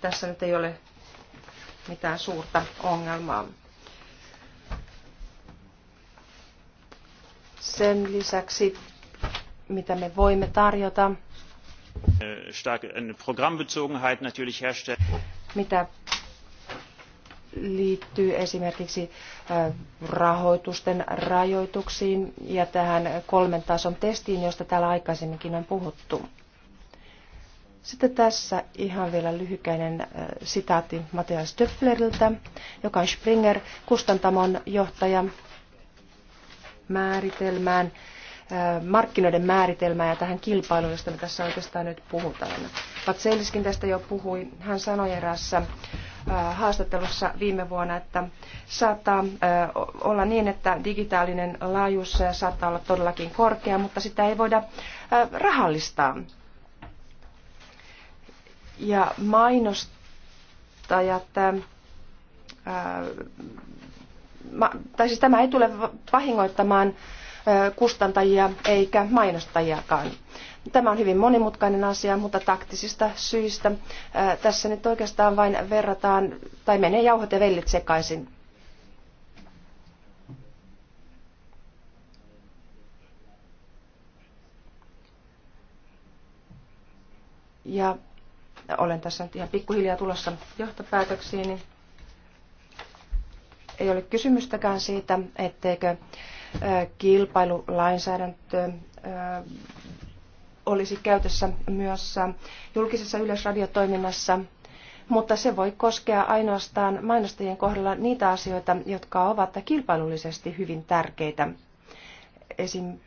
tässä nyt ei ole mitään suurta ongelmaa. Sen lisäksi, mitä me voimme tarjota, äh, äh, Mitä liittyy esimerkiksi rahoitusten rajoituksiin ja tähän kolmen tason testiin, josta täällä aikaisemminkin on puhuttu. Sitten tässä ihan vielä lyhykäinen sitaatti Matthias Stöffleriltä, joka on Springer kustantamon johtaja määritelmään, markkinoiden määritelmään ja tähän kilpailuun, josta me tässä oikeastaan nyt puhutaan. Patseliskin tästä jo puhui. Hän sanoi erässä haastattelussa viime vuonna, että saattaa olla niin, että digitaalinen laajuus saattaa olla todellakin korkea, mutta sitä ei voida rahallistaa. Ja mainostajat, tai siis tämä ei tule vahingoittamaan kustantajia eikä mainostajiakaan. Tämä on hyvin monimutkainen asia, mutta taktisista syistä tässä nyt oikeastaan vain verrataan tai menee jauhot ja vellit sekaisin. Ja olen tässä nyt ihan pikkuhiljaa tulossa johtopäätöksiin. Ei ole kysymystäkään siitä, etteikö kilpailulainsäädäntö olisi käytössä myös julkisessa yleisradiotoiminnassa, mutta se voi koskea ainoastaan mainostajien kohdalla niitä asioita, jotka ovat kilpailullisesti hyvin tärkeitä. Esim.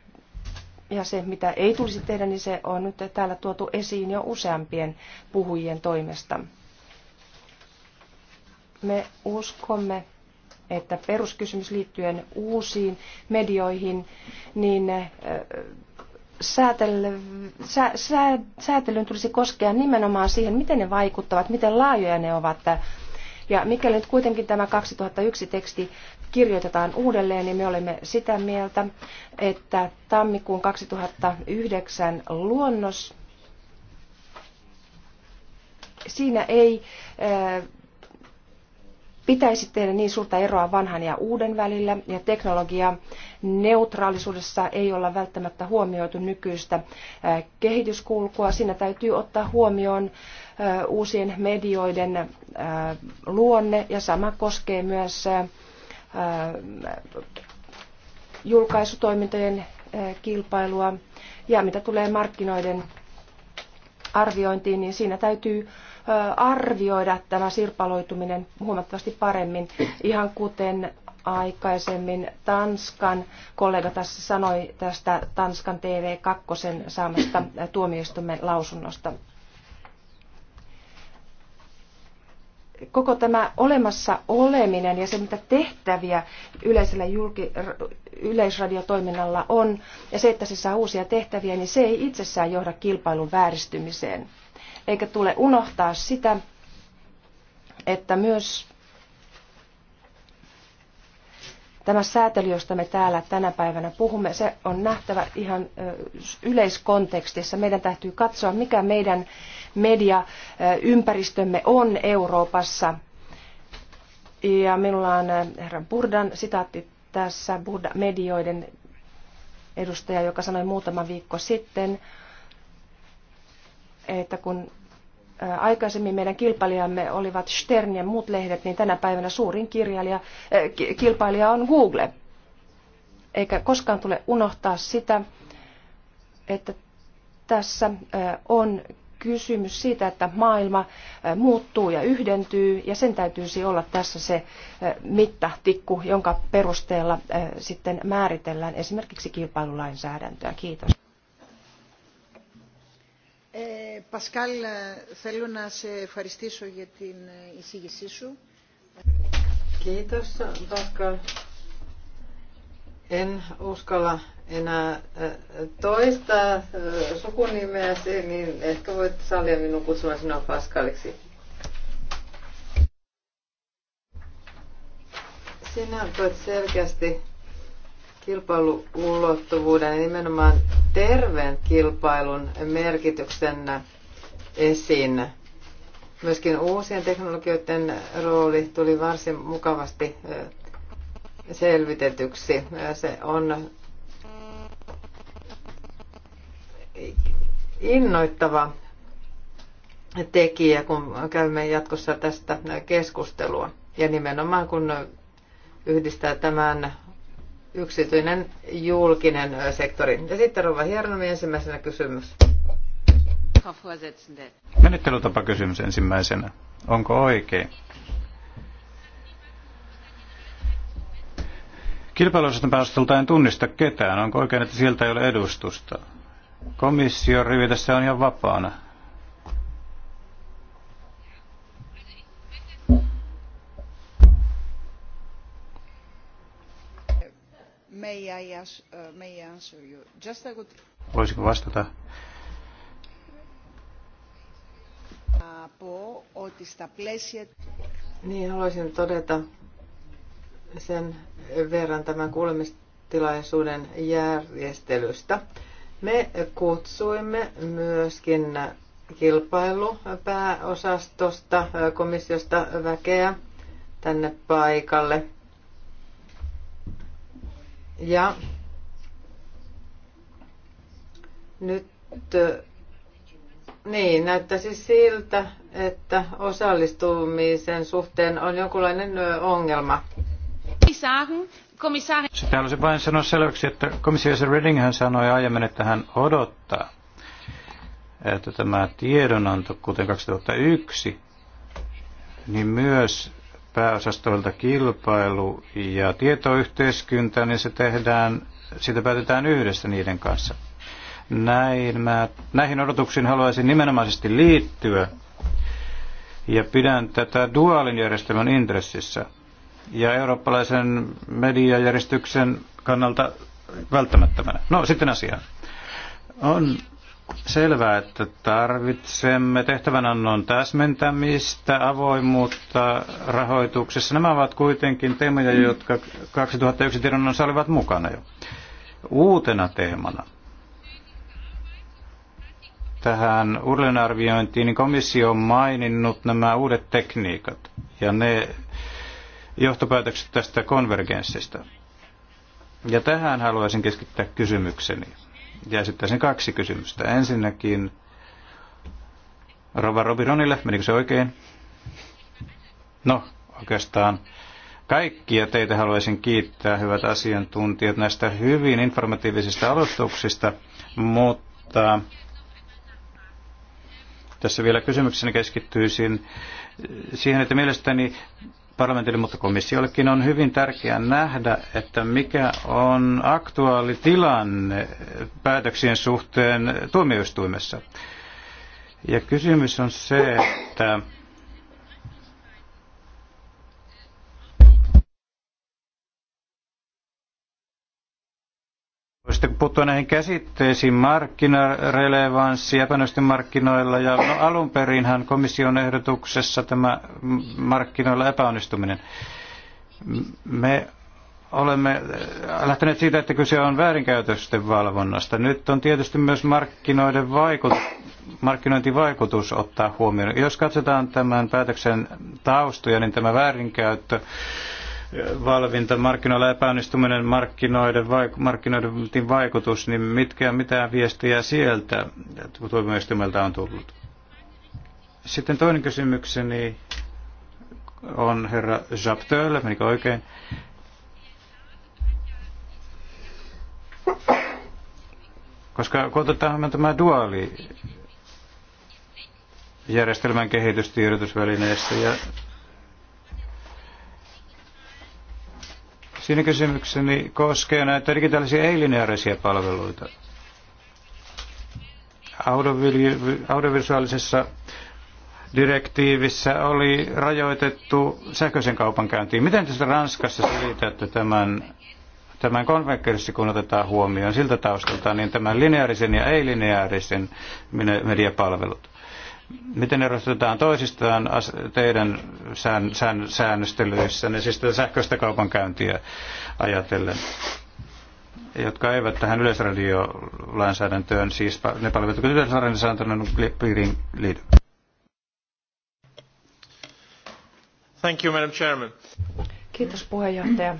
Ja se, mitä ei tulisi tehdä, niin se on nyt täällä tuotu esiin jo useampien puhujien toimesta. Me uskomme että peruskysymys liittyen uusiin medioihin, niin säätelyyn tulisi koskea nimenomaan siihen, miten ne vaikuttavat, miten laajoja ne ovat. Ja mikäli nyt kuitenkin tämä 2001 teksti kirjoitetaan uudelleen, niin me olemme sitä mieltä, että tammikuun 2009 luonnos, siinä ei pitäisi tehdä niin suurta eroa vanhan ja uuden välillä ja teknologia neutraalisuudessa ei olla välttämättä huomioitu nykyistä äh, kehityskulkua. Siinä täytyy ottaa huomioon äh, uusien medioiden äh, luonne ja sama koskee myös julkaisutoimintojen kilpailua. Ja mitä tulee markkinoiden arviointiin, niin siinä täytyy arvioida tämä sirpaloituminen huomattavasti paremmin, ihan kuten aikaisemmin Tanskan kollega tässä sanoi tästä Tanskan TV2 saamasta tuomioistuimen lausunnosta. Koko tämä olemassa oleminen ja se, mitä tehtäviä yleisellä julki, yleisradiotoiminnalla on, ja se, että se saa uusia tehtäviä, niin se ei itsessään johda kilpailun vääristymiseen eikä tule unohtaa sitä, että myös tämä säätely, josta me täällä tänä päivänä puhumme, se on nähtävä ihan yleiskontekstissa. Meidän täytyy katsoa, mikä meidän mediaympäristömme on Euroopassa. Ja minulla on herra Burdan sitaatti tässä, Burda medioiden edustaja, joka sanoi muutama viikko sitten, että kun aikaisemmin meidän kilpailijamme olivat Stern ja muut lehdet, niin tänä päivänä suurin kirjailija, kilpailija on Google. Eikä koskaan tule unohtaa sitä, että tässä on kysymys siitä, että maailma muuttuu ja yhdentyy ja sen täytyisi olla tässä se mittatikku, jonka perusteella sitten määritellään esimerkiksi kilpailulainsäädäntöä. Kiitos. Ε, Πασκάλ, θέλω να σε ευχαριστήσω για την εισήγησή σου. Kiitos, Pascal. En uskalla enää toista sukunimeäsi, niin ehkä voit salia minun kutsumaan sinua Pascaliksi. Sinä olet selkeästi kilpailuulottuvuuden ja nimenomaan terveen kilpailun merkityksen esiin. Myöskin uusien teknologioiden rooli tuli varsin mukavasti selvitetyksi. Se on innoittava tekijä, kun käymme jatkossa tästä keskustelua. Ja nimenomaan kun yhdistää tämän yksityinen julkinen sektori. Ja sitten Rova Hiernomi ensimmäisenä kysymys. Menettelytapa kysymys ensimmäisenä. Onko oikein? Kilpailuosaston päästöltä en tunnista ketään. Onko oikein, että sieltä ei ole edustusta? Komission rivi tässä on ihan vapaana. May uh, vastata? Niin, haluaisin todeta sen verran tämän kuulemistilaisuuden järjestelystä. Me kutsuimme myöskin kilpailupääosastosta komissiosta väkeä tänne paikalle – ja nyt niin, näyttäisi siltä, että osallistumisen suhteen on jonkunlainen ongelma. Sitä haluaisin vain sanoa selväksi, että komissiossa Reding hän sanoi aiemmin, että hän odottaa, että tämä tiedonanto, kuten 2001, niin myös pääosastoilta kilpailu ja tietoyhteiskunta, niin se tehdään, siitä päätetään yhdessä niiden kanssa. Näin mä, näihin odotuksiin haluaisin nimenomaisesti liittyä ja pidän tätä duaalin järjestelmän intressissä ja eurooppalaisen mediajärjestyksen kannalta välttämättömänä. No sitten asiaan. On selvää, että tarvitsemme tehtävänannon täsmentämistä, avoimuutta rahoituksessa. Nämä ovat kuitenkin teemoja, jotka 2001 tiedonannossa olivat mukana jo. Uutena teemana tähän uudelleenarviointiin, niin komissio on maininnut nämä uudet tekniikat ja ne johtopäätökset tästä konvergenssista. Ja tähän haluaisin keskittää kysymykseni. Ja esittäisin kaksi kysymystä. Ensinnäkin Rova Robironille, menikö se oikein? No, oikeastaan kaikkia teitä haluaisin kiittää, hyvät asiantuntijat, näistä hyvin informatiivisista aloituksista, mutta tässä vielä kysymyksenä keskittyisin siihen, että mielestäni parlamentille, mutta komissiollekin on hyvin tärkeää nähdä, että mikä on aktuaali tilanne päätöksien suhteen tuomioistuimessa. Ja kysymys on se, että Sitten puuttuu näihin käsitteisiin, markkinarelevanssi epäonnisti markkinoilla ja no, alun perinhän komission ehdotuksessa tämä markkinoilla epäonnistuminen. Me olemme lähteneet siitä, että kyse on väärinkäytösten valvonnasta. Nyt on tietysti myös markkinoiden vaikut, markkinointivaikutus ottaa huomioon. Jos katsotaan tämän päätöksen taustoja, niin tämä väärinkäyttö valvinta, markkinoilla epäonnistuminen, markkinoiden, vaik- markkinoiden vaikutus, niin mitkä, mitä viestejä sieltä tuomioistuimelta on tullut? Sitten toinen kysymykseni on herra Zaptöl, menikö oikein? Koska kun otetaan tämä duaali järjestelmän kehitystiedotusvälineessä ja Siinä kysymykseni koskee näitä digitaalisia ei-lineaarisia palveluita. Audiovisuaalisessa direktiivissä oli rajoitettu sähköisen käyntiin. Miten te Ranskassa selitätte tämän, tämän konvekkerissi, kun otetaan huomioon siltä taustalta, niin tämän lineaarisen ja ei-lineaarisen mediapalvelut? Miten erotetaan toisistaan teidän sään, sään, säännöstelyissä, ne siis sähköistä kaupankäyntiä ajatellen, jotka eivät tähän yleisradiolainsäädäntöön, siis ne palvelut, jotka yleisradiolainsäädännön piiriin liity? Thank you, Madam Chairman. Kiitos puheenjohtaja.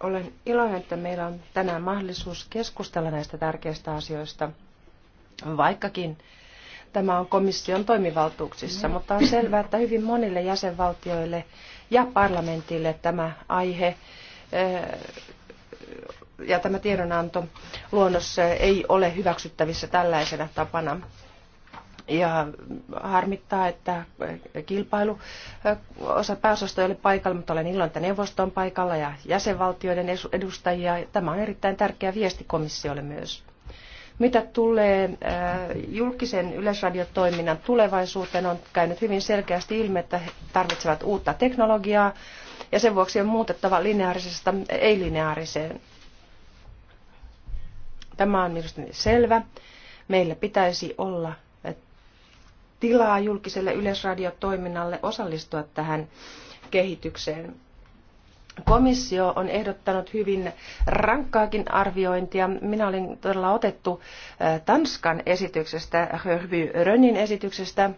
Olen iloinen, että meillä on tänään mahdollisuus keskustella näistä tärkeistä asioista, vaikkakin Tämä on komission toimivaltuuksissa, mutta on selvää, että hyvin monille jäsenvaltioille ja parlamentille tämä aihe eh, ja tämä tiedonanto luonnos ei ole hyväksyttävissä tällaisena tapana. Ja harmittaa, että kilpailu eh, osa pääosasto ei ole paikalla, mutta olen iloinen, että neuvosto on paikalla ja jäsenvaltioiden edustajia. Tämä on erittäin tärkeä viesti komissiolle myös. Mitä tulee äh, julkisen yleisradiotoiminnan tulevaisuuteen, on käynyt hyvin selkeästi ilmi, että he tarvitsevat uutta teknologiaa ja sen vuoksi on muutettava lineaarisesta ei-lineaariseen. Tämä on mielestäni selvä. Meillä pitäisi olla äh, tilaa julkiselle yleisradiotoiminnalle osallistua tähän kehitykseen. Komissio on ehdottanut hyvin rankkaakin arviointia. Minä olin todella otettu Tanskan esityksestä, Hörby Rönnin esityksestä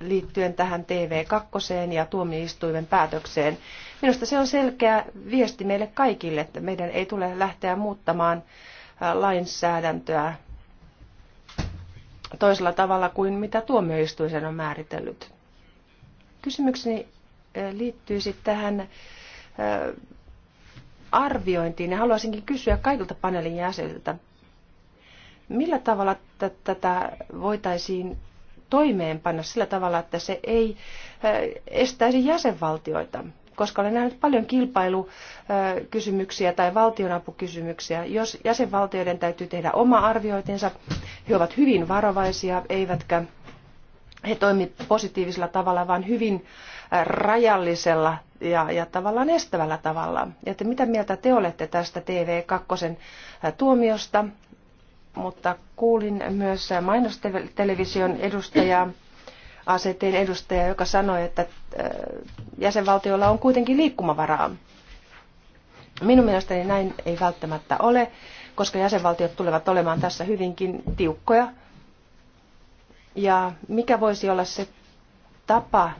liittyen tähän TV2 ja tuomioistuimen päätökseen. Minusta se on selkeä viesti meille kaikille, että meidän ei tule lähteä muuttamaan lainsäädäntöä toisella tavalla kuin mitä tuomioistuin on määritellyt. Kysymykseni liittyy sitten tähän arviointiin ja haluaisinkin kysyä kaikilta paneelin jäseniltä, millä tavalla tätä voitaisiin toimeenpanna sillä tavalla, että se ei estäisi jäsenvaltioita, koska olen nähnyt paljon kilpailukysymyksiä tai valtionapukysymyksiä. Jos jäsenvaltioiden täytyy tehdä oma arviointinsa, he ovat hyvin varovaisia, eivätkä he toimivat positiivisella tavalla, vaan hyvin rajallisella ja, ja tavallaan estävällä tavalla. Että mitä mieltä te olette tästä TV2 tuomiosta? Mutta kuulin myös mainostelevision edustajaa, ACTn edustajaa, joka sanoi, että jäsenvaltioilla on kuitenkin liikkumavaraa. Minun mielestäni näin ei välttämättä ole, koska jäsenvaltiot tulevat olemaan tässä hyvinkin tiukkoja – ja mikä voisi olla se tapa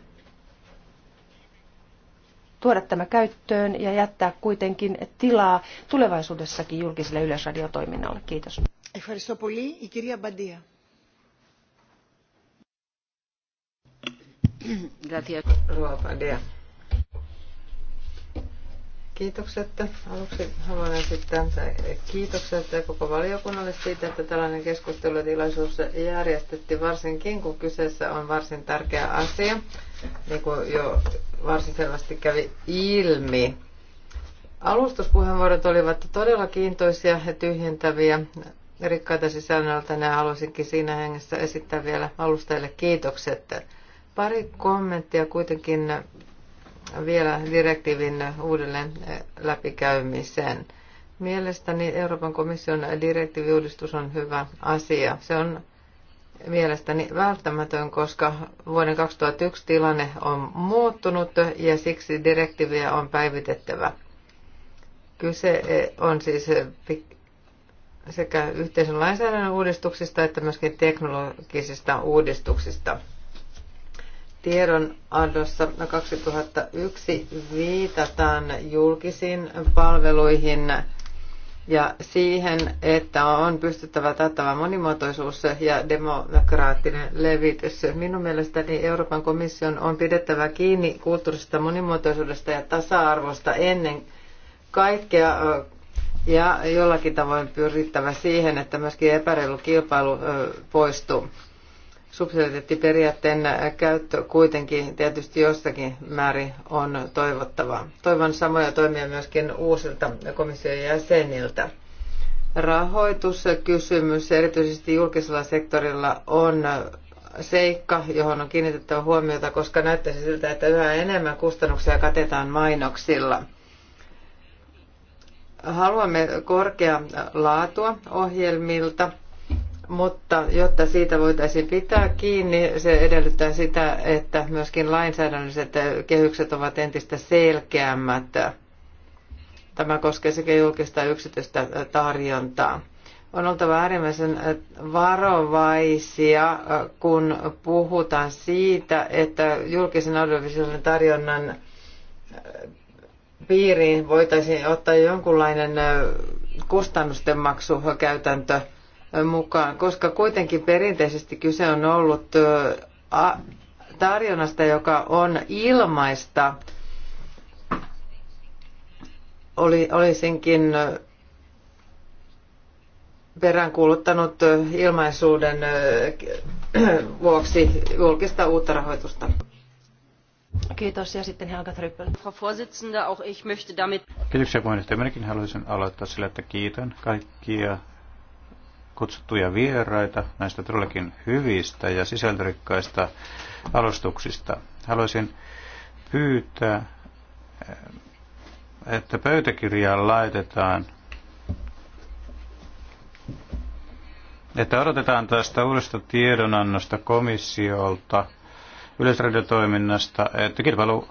tuoda tämä käyttöön ja jättää kuitenkin tilaa tulevaisuudessakin julkiselle yleisradiotoiminnalle. Kiitos. Gracias. Kiitokset. Aluksi haluan esittää kiitokset koko valiokunnalle siitä, että tällainen keskustelutilaisuus järjestettiin, varsinkin kun kyseessä on varsin tärkeä asia, niin kuin jo varsin selvästi kävi ilmi. Alustuspuheenvuorot olivat todella kiintoisia ja tyhjentäviä, rikkaita sisällöltä, ja haluaisinkin siinä hengessä esittää vielä alustajille kiitokset. Pari kommenttia kuitenkin vielä direktiivin uudelleen eh, läpikäymiseen. Mielestäni Euroopan komission direktiiviuudistus on hyvä asia. Se on mielestäni välttämätön, koska vuoden 2001 tilanne on muuttunut ja siksi direktiiviä on päivitettävä. Kyse eh, on siis eh, sekä yhteisön lainsäädännön uudistuksista että myöskin teknologisista uudistuksista tiedonannossa 2001 viitataan julkisiin palveluihin ja siihen, että on pystyttävä taattava monimuotoisuus ja demokraattinen levitys. Minun mielestäni Euroopan komission on pidettävä kiinni kulttuurisesta monimuotoisuudesta ja tasa-arvosta ennen kaikkea ja jollakin tavoin pyrittävä siihen, että myöskin epäreilu kilpailu poistuu subsidiariteettiperiaatteen käyttö kuitenkin tietysti jossakin määrin on toivottavaa. Toivon samoja toimia myöskin uusilta komission jäseniltä. Rahoituskysymys erityisesti julkisella sektorilla on seikka, johon on kiinnitettävä huomiota, koska näyttäisi siltä, että yhä enemmän kustannuksia katetaan mainoksilla. Haluamme korkeaa laatua ohjelmilta – mutta jotta siitä voitaisiin pitää kiinni, se edellyttää sitä, että myöskin lainsäädännölliset kehykset ovat entistä selkeämmät. Tämä koskee sekä julkista että yksityistä tarjontaa. On oltava äärimmäisen varovaisia, kun puhutaan siitä, että julkisen audiovisuaalisen tarjonnan piiriin voitaisiin ottaa jonkunlainen kustannustenmaksukäytäntö – mukaan, koska kuitenkin perinteisesti kyse on ollut tarjonnasta, joka on ilmaista. Oli, olisinkin peräänkuuluttanut ilmaisuuden vuoksi julkista uutta rahoitusta. Kiitos. Ja sitten Helga Tryppel. Frau Vorsitzende, auch ich möchte damit... Kiitoksia puheenjohtaja. Minäkin haluaisin aloittaa sillä, että kiitän kaikkia kutsuttuja vieraita näistä todellakin hyvistä ja sisältörikkaista alustuksista. Haluaisin pyytää, että pöytäkirjaan laitetaan, että odotetaan tästä uudesta tiedonannosta komissiolta – yleisradiotoiminnasta, että kilpailu,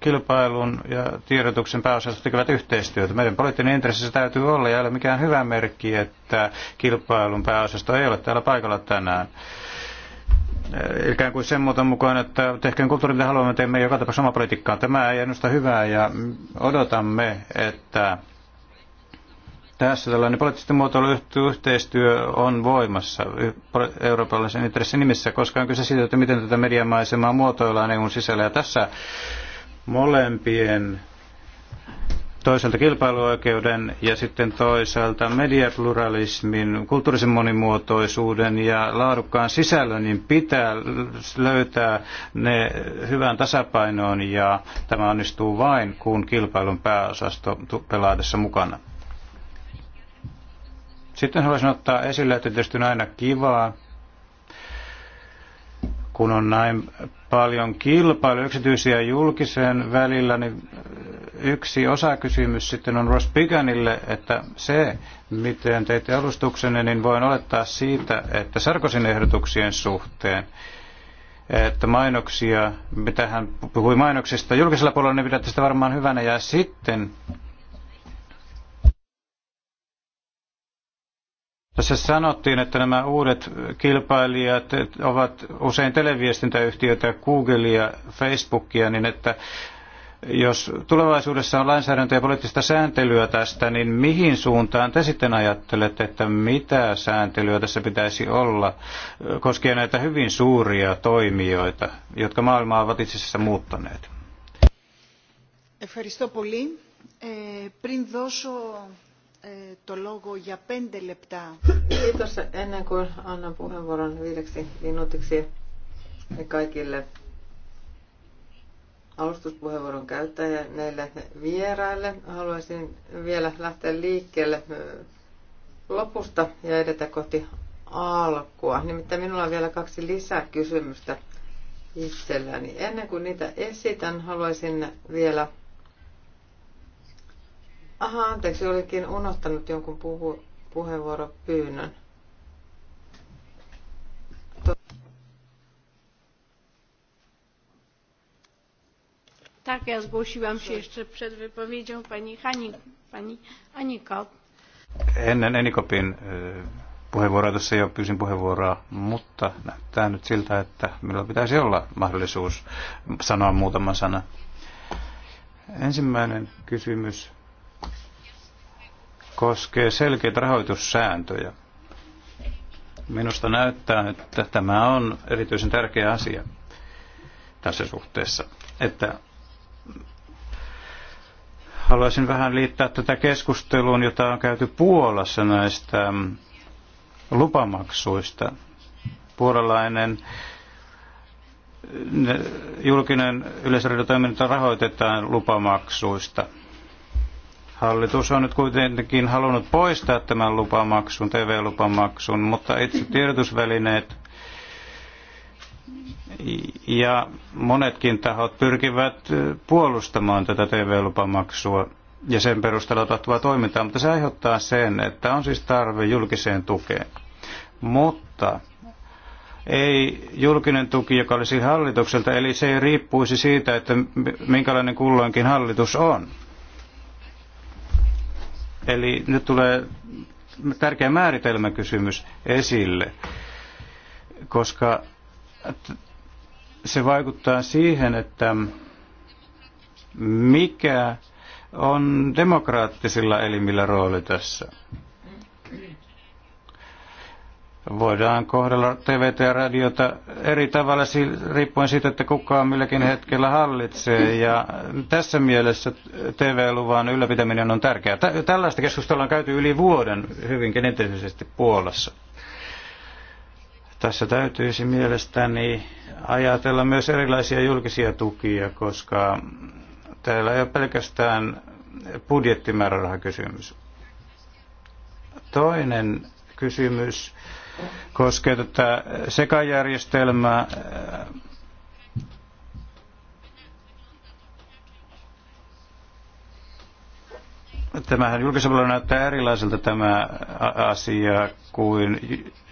kilpailun ja tiedotuksen pääosassa tekevät yhteistyötä. Meidän poliittinen intressissä täytyy olla, ja ei ole mikään hyvä merkki, että kilpailun pääosasto ei ole täällä paikalla tänään eh, ikään kuin sen muoton mukaan, että tehkään kulttuurille haluamme, teemme joka tapauksessa omaa politiikkaa. Tämä ei ennusta hyvää ja odotamme, että tässä tällainen poliittisten muotoiluyhteistyö yhteistyö on voimassa eurooppalaisen intressin nimissä, koska on kyse siitä, että miten tätä mediamaisemaa muotoillaan EUn sisällä. Ja tässä molempien toisaalta kilpailuoikeuden ja sitten toisaalta mediapluralismin, kulttuurisen monimuotoisuuden ja laadukkaan sisällön, niin pitää löytää ne hyvään tasapainoon ja tämä onnistuu vain, kun kilpailun pääosasto pelaa tässä mukana. Sitten haluaisin ottaa esille, että tietysti on aina kivaa, kun on näin paljon kilpailu yksityisiä julkiseen välillä, niin yksi osakysymys sitten on Ross Piganille, että se, miten teitte alustuksenne, niin voin olettaa siitä, että Sarkosin ehdotuksien suhteen, että mainoksia, mitä hän puhui mainoksista julkisella puolella, niin pidätte sitä varmaan hyvänä. Ja sitten Tässä sanottiin, että nämä uudet kilpailijat ovat usein televiestintäyhtiöitä, Googlea, Facebookia, niin että jos tulevaisuudessa on lainsäädäntöä ja poliittista sääntelyä tästä, niin mihin suuntaan te sitten ajattelette, että mitä sääntelyä tässä pitäisi olla koskien näitä hyvin suuria toimijoita, jotka maailmaa ovat itse asiassa muuttaneet? Ευχαριστώ πολύ. Ε, πριν δώσω το λόγο για πέντε λεπτά. ennen kuin annan puheenvuoron viideksi minuutiksi kaikille alustuspuheenvuoron käyttäjille vieraille. Haluaisin vielä lähteä liikkeelle eh, lopusta ja edetä kohti alkua. Nimittäin minulla on vielä kaksi lisäkysymystä itselläni. Ennen kuin niitä esitän, haluaisin vielä Aha, anteeksi, olikin unohtanut jonkun puhu, puheenvuoropyynnön. Tak, ja zgłosiłam się jeszcze przed wypowiedzią pani, Hani, pani Anikop. Ennen Enikopin puheenvuoroa tässä jo pyysin puheenvuoroa, mutta näyttää nyt siltä, että minulla pitäisi olla mahdollisuus sanoa muutama sana. Ensimmäinen kysymys koskee selkeitä rahoitussääntöjä. Minusta näyttää, että tämä on erityisen tärkeä asia tässä suhteessa, että haluaisin vähän liittää tätä keskusteluun, jota on käyty Puolassa näistä lupamaksuista. Puolalainen julkinen yleisradiotoiminta rahoitetaan lupamaksuista – Hallitus on nyt kuitenkin halunnut poistaa tämän lupamaksun, TV-lupamaksun, mutta itse tiedotusvälineet ja monetkin tahot pyrkivät eh, puolustamaan tätä TV-lupamaksua ja sen perusteella tapahtuvaa toimintaa, mutta se aiheuttaa sen, että on siis tarve julkiseen tukeen. Mutta ei julkinen tuki, joka olisi hallitukselta, eli se ei riippuisi siitä, että minkälainen kulloinkin hallitus on. Eli nyt tulee tärkeä määritelmäkysymys esille, koska se vaikuttaa siihen, että mikä on demokraattisilla elimillä rooli tässä voidaan kohdella TVT ja radiota eri tavalla riippuen siitä, että kuka milläkin hetkellä hallitsee. Ja tässä mielessä TV-luvan ylläpitäminen on tärkeää. Tällaista keskustelua on käyty yli vuoden hyvinkin intensiivisesti Puolassa. Tässä täytyisi mielestäni ajatella myös erilaisia julkisia tukia, koska täällä ei ole pelkästään budjettimäärärahakysymys. Toinen kysymys koskee tätä sekajärjestelmää. Tämähän julkisella näyttää erilaiselta tämä asia kuin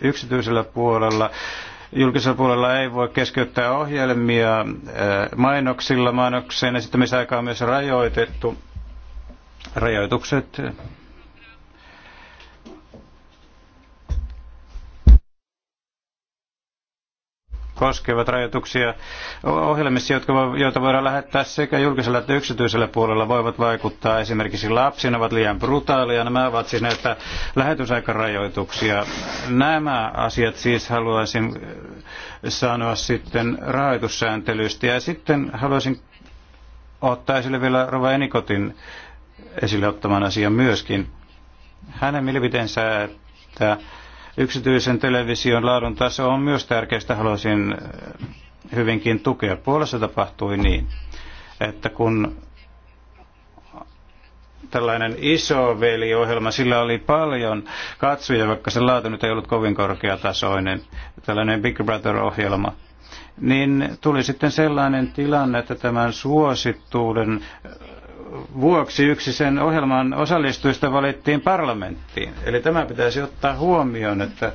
yksityisellä puolella. Julkisella puolella ei voi keskeyttää ohjelmia mainoksilla. Mainoksen esittämisaika on myös rajoitettu. Rajoitukset koskevat rajoituksia ohjelmissa, jotka, joita voidaan lähettää sekä julkisella että yksityisellä puolella, voivat vaikuttaa esimerkiksi lapsiin, ovat liian brutaalia. Nämä ovat siis näitä lähetysaikarajoituksia. Nämä asiat siis haluaisin eh, sanoa sitten rahoitussääntelystä. Ja sitten haluaisin ottaa esille vielä Rova Enikotin esille ottaman asian myöskin. Hänen mielipiteensä, että Yksityisen television laadun taso on myös tärkeä, sitä haluaisin eh, hyvinkin tukea. Puolessa tapahtui niin, että kun tällainen iso veliohjelma, sillä oli paljon katsoja, vaikka se laatu nyt ei ollut kovin korkeatasoinen, tällainen Big Brother-ohjelma, niin tuli sitten sellainen tilanne, että tämän suosittuuden vuoksi yksi sen ohjelman osallistujista valittiin parlamenttiin. Eli tämä pitäisi ottaa huomioon, että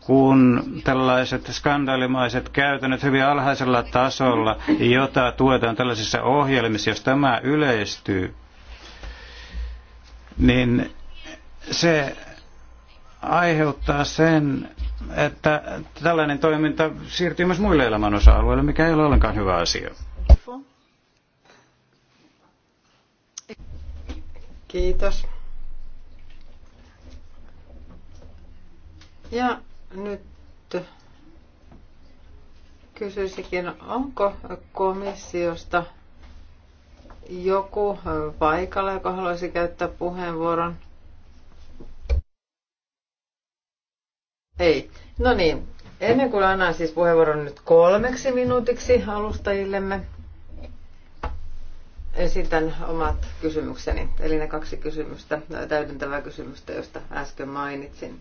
kun tällaiset skandaalimaiset käytännöt hyvin alhaisella tasolla, jota tuetaan tällaisissa ohjelmissa, jos tämä yleistyy, niin se aiheuttaa sen, että tällainen toiminta siirtyy myös muille elämän osa-alueille, mikä ei ole ollenkaan hyvä asia. Kiitos. Ja nyt kysyisikin, onko komissiosta joku paikalla, joka haluaisi käyttää puheenvuoron? Ei. No niin, ennen kuin annan siis puheenvuoron nyt kolmeksi minuutiksi alustajillemme, esitän omat kysymykseni, eli ne kaksi kysymystä, täydentävää kysymystä, josta äsken mainitsin.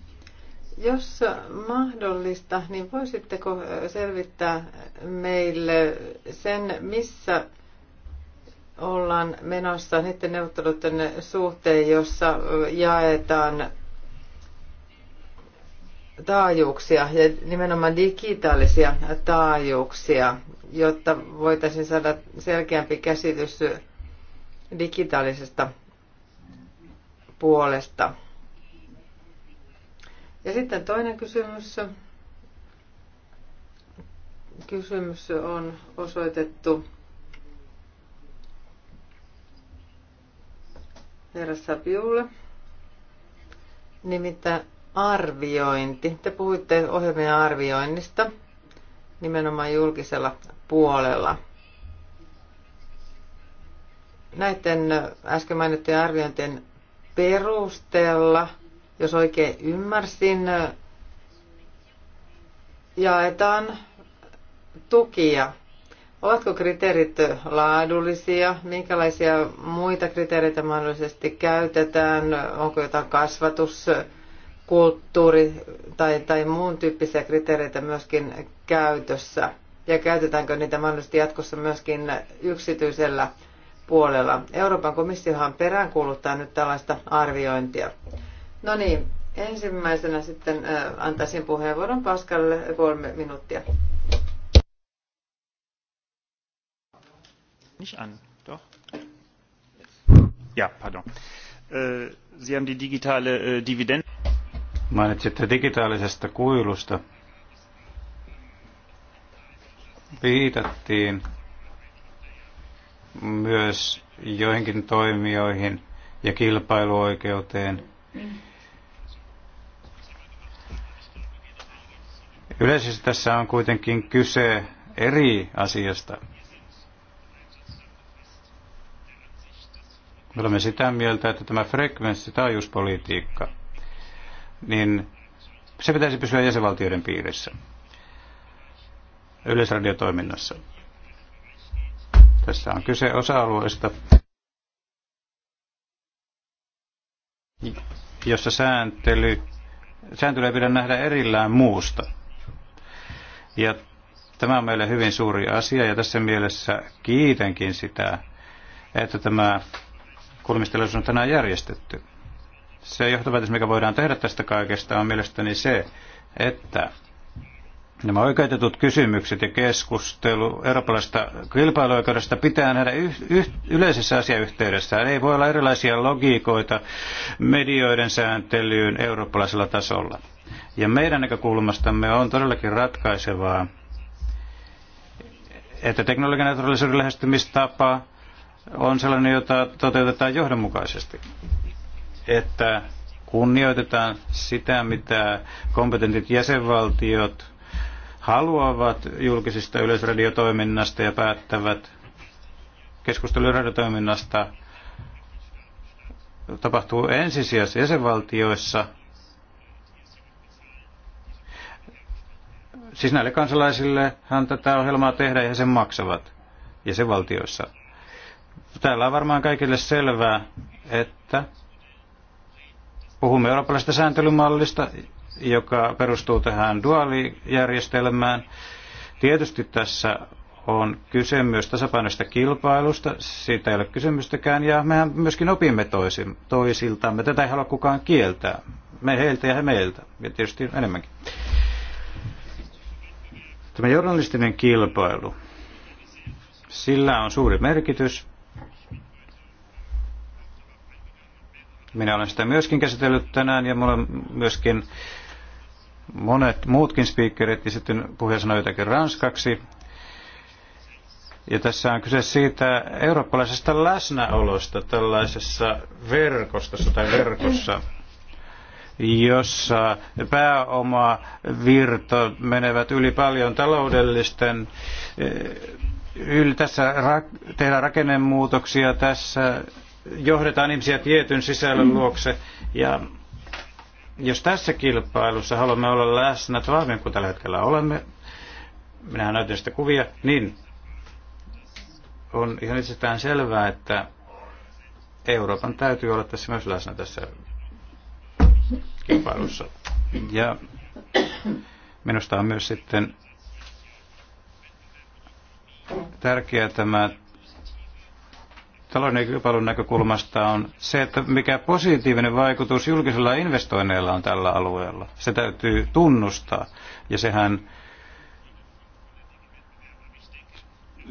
Jos mahdollista, niin voisitteko selvittää meille sen, missä ollaan menossa niiden neuvotteluiden suhteen, jossa jaetaan taajuuksia ja nimenomaan digitaalisia taajuuksia, jotta voitaisiin saada selkeämpi käsitys digitaalisesta puolesta. Ja sitten toinen kysymys. Kysymys on osoitettu herra Sabiulle. Nimittäin arviointi. Te puhuitte ohjelmien arvioinnista nimenomaan julkisella puolella. Näiden äsken mainittujen arviointien perusteella, jos oikein ymmärsin, jaetaan tukia. Ovatko kriteerit laadullisia? Minkälaisia muita kriteereitä mahdollisesti käytetään? Onko jotain kasvatus- kulttuuri tai, tai muun tyyppisiä kriteereitä myöskin käytössä? Ja käytetäänkö niitä mahdollisesti jatkossa myöskin yksityisellä puolella? Euroopan komissiohan peräänkuuluttaa nyt tällaista arviointia. No niin, ensimmäisenä sitten antaisin puheenvuoron Paskalle kolme minuuttia. Nicht an, doch. Ja, pardon. Äh, Sie haben die digitale äh, Dividende. Mainitsitte digitaalisesta kuilusta. Viitattiin myös joihinkin toimijoihin ja kilpailuoikeuteen. Yleisesti tässä on kuitenkin kyse eri asiasta. Me olemme sitä mieltä, että tämä frekvenssitaajuuspolitiikka – niin se pitäisi pysyä jäsenvaltioiden piirissä yleisradiotoiminnassa. Tässä on kyse osa-alueesta, jossa sääntely, sääntely ei pidä nähdä erillään muusta. Ja tämä on meille hyvin suuri asia ja tässä mielessä kiitänkin sitä, että tämä kulmistelu on tänään järjestetty se johtopäätös, mikä voidaan tehdä tästä kaikesta, on mielestäni se, että nämä oikeutetut kysymykset ja keskustelu eurooppalaisesta kilpailuoikeudesta pitää nähdä yh, yh, yleisessä asiayhteydessä. Ei voi olla erilaisia logiikoita medioiden sääntelyyn eurooppalaisella tasolla. Ja meidän näkökulmastamme on todellakin ratkaisevaa, että teknologian ja lähestymistapa on sellainen, jota toteutetaan johdonmukaisesti että kunnioitetaan sitä, mitä kompetentit jäsenvaltiot haluavat julkisesta yleisradiotoiminnasta ja päättävät keskusteluradiotoiminnasta tapahtuu ensisijaisesti jäsenvaltioissa. Siis näille kansalaisillehan tätä ohjelmaa tehdä ja sen maksavat jäsenvaltioissa. Täällä on varmaan kaikille selvää, että Puhumme eurooppalaisesta sääntelymallista, joka perustuu tähän duaalijärjestelmään. Tietysti tässä on kyse myös tasapainoista kilpailusta, siitä ei ole kysymystäkään, ja mehän myöskin opimme toisin, toisiltamme. Tätä ei halua kukaan kieltää, me heiltä ja he meiltä, ja tietysti enemmänkin. Tämä journalistinen kilpailu, sillä on suuri merkitys, Minä olen sitä myöskin käsitellyt tänään ja minulla myöskin monet muutkin speakerit ja sitten puhuja sanoi jotakin ranskaksi. Ja tässä on kyse siitä eurooppalaisesta läsnäolosta tällaisessa verkostossa tai verkossa, jossa pääomavirta menevät yli paljon taloudellisten. Eh, yli tässä ra- tehdään rakennemuutoksia, tässä johdetaan ihmisiä tietyn sisällön luokse. Ja jos tässä kilpailussa haluamme olla läsnä vahvemmin kuin tällä hetkellä olemme, minä näytän sitä kuvia, niin on ihan itsestään selvää, että Euroopan täytyy olla tässä myös läsnä tässä kilpailussa. Ja minusta on myös sitten tärkeää tämä talouden kilpailun näkökulmasta on se, että mikä positiivinen vaikutus julkisella investoinneilla on tällä alueella. Se täytyy tunnustaa. Ja sehän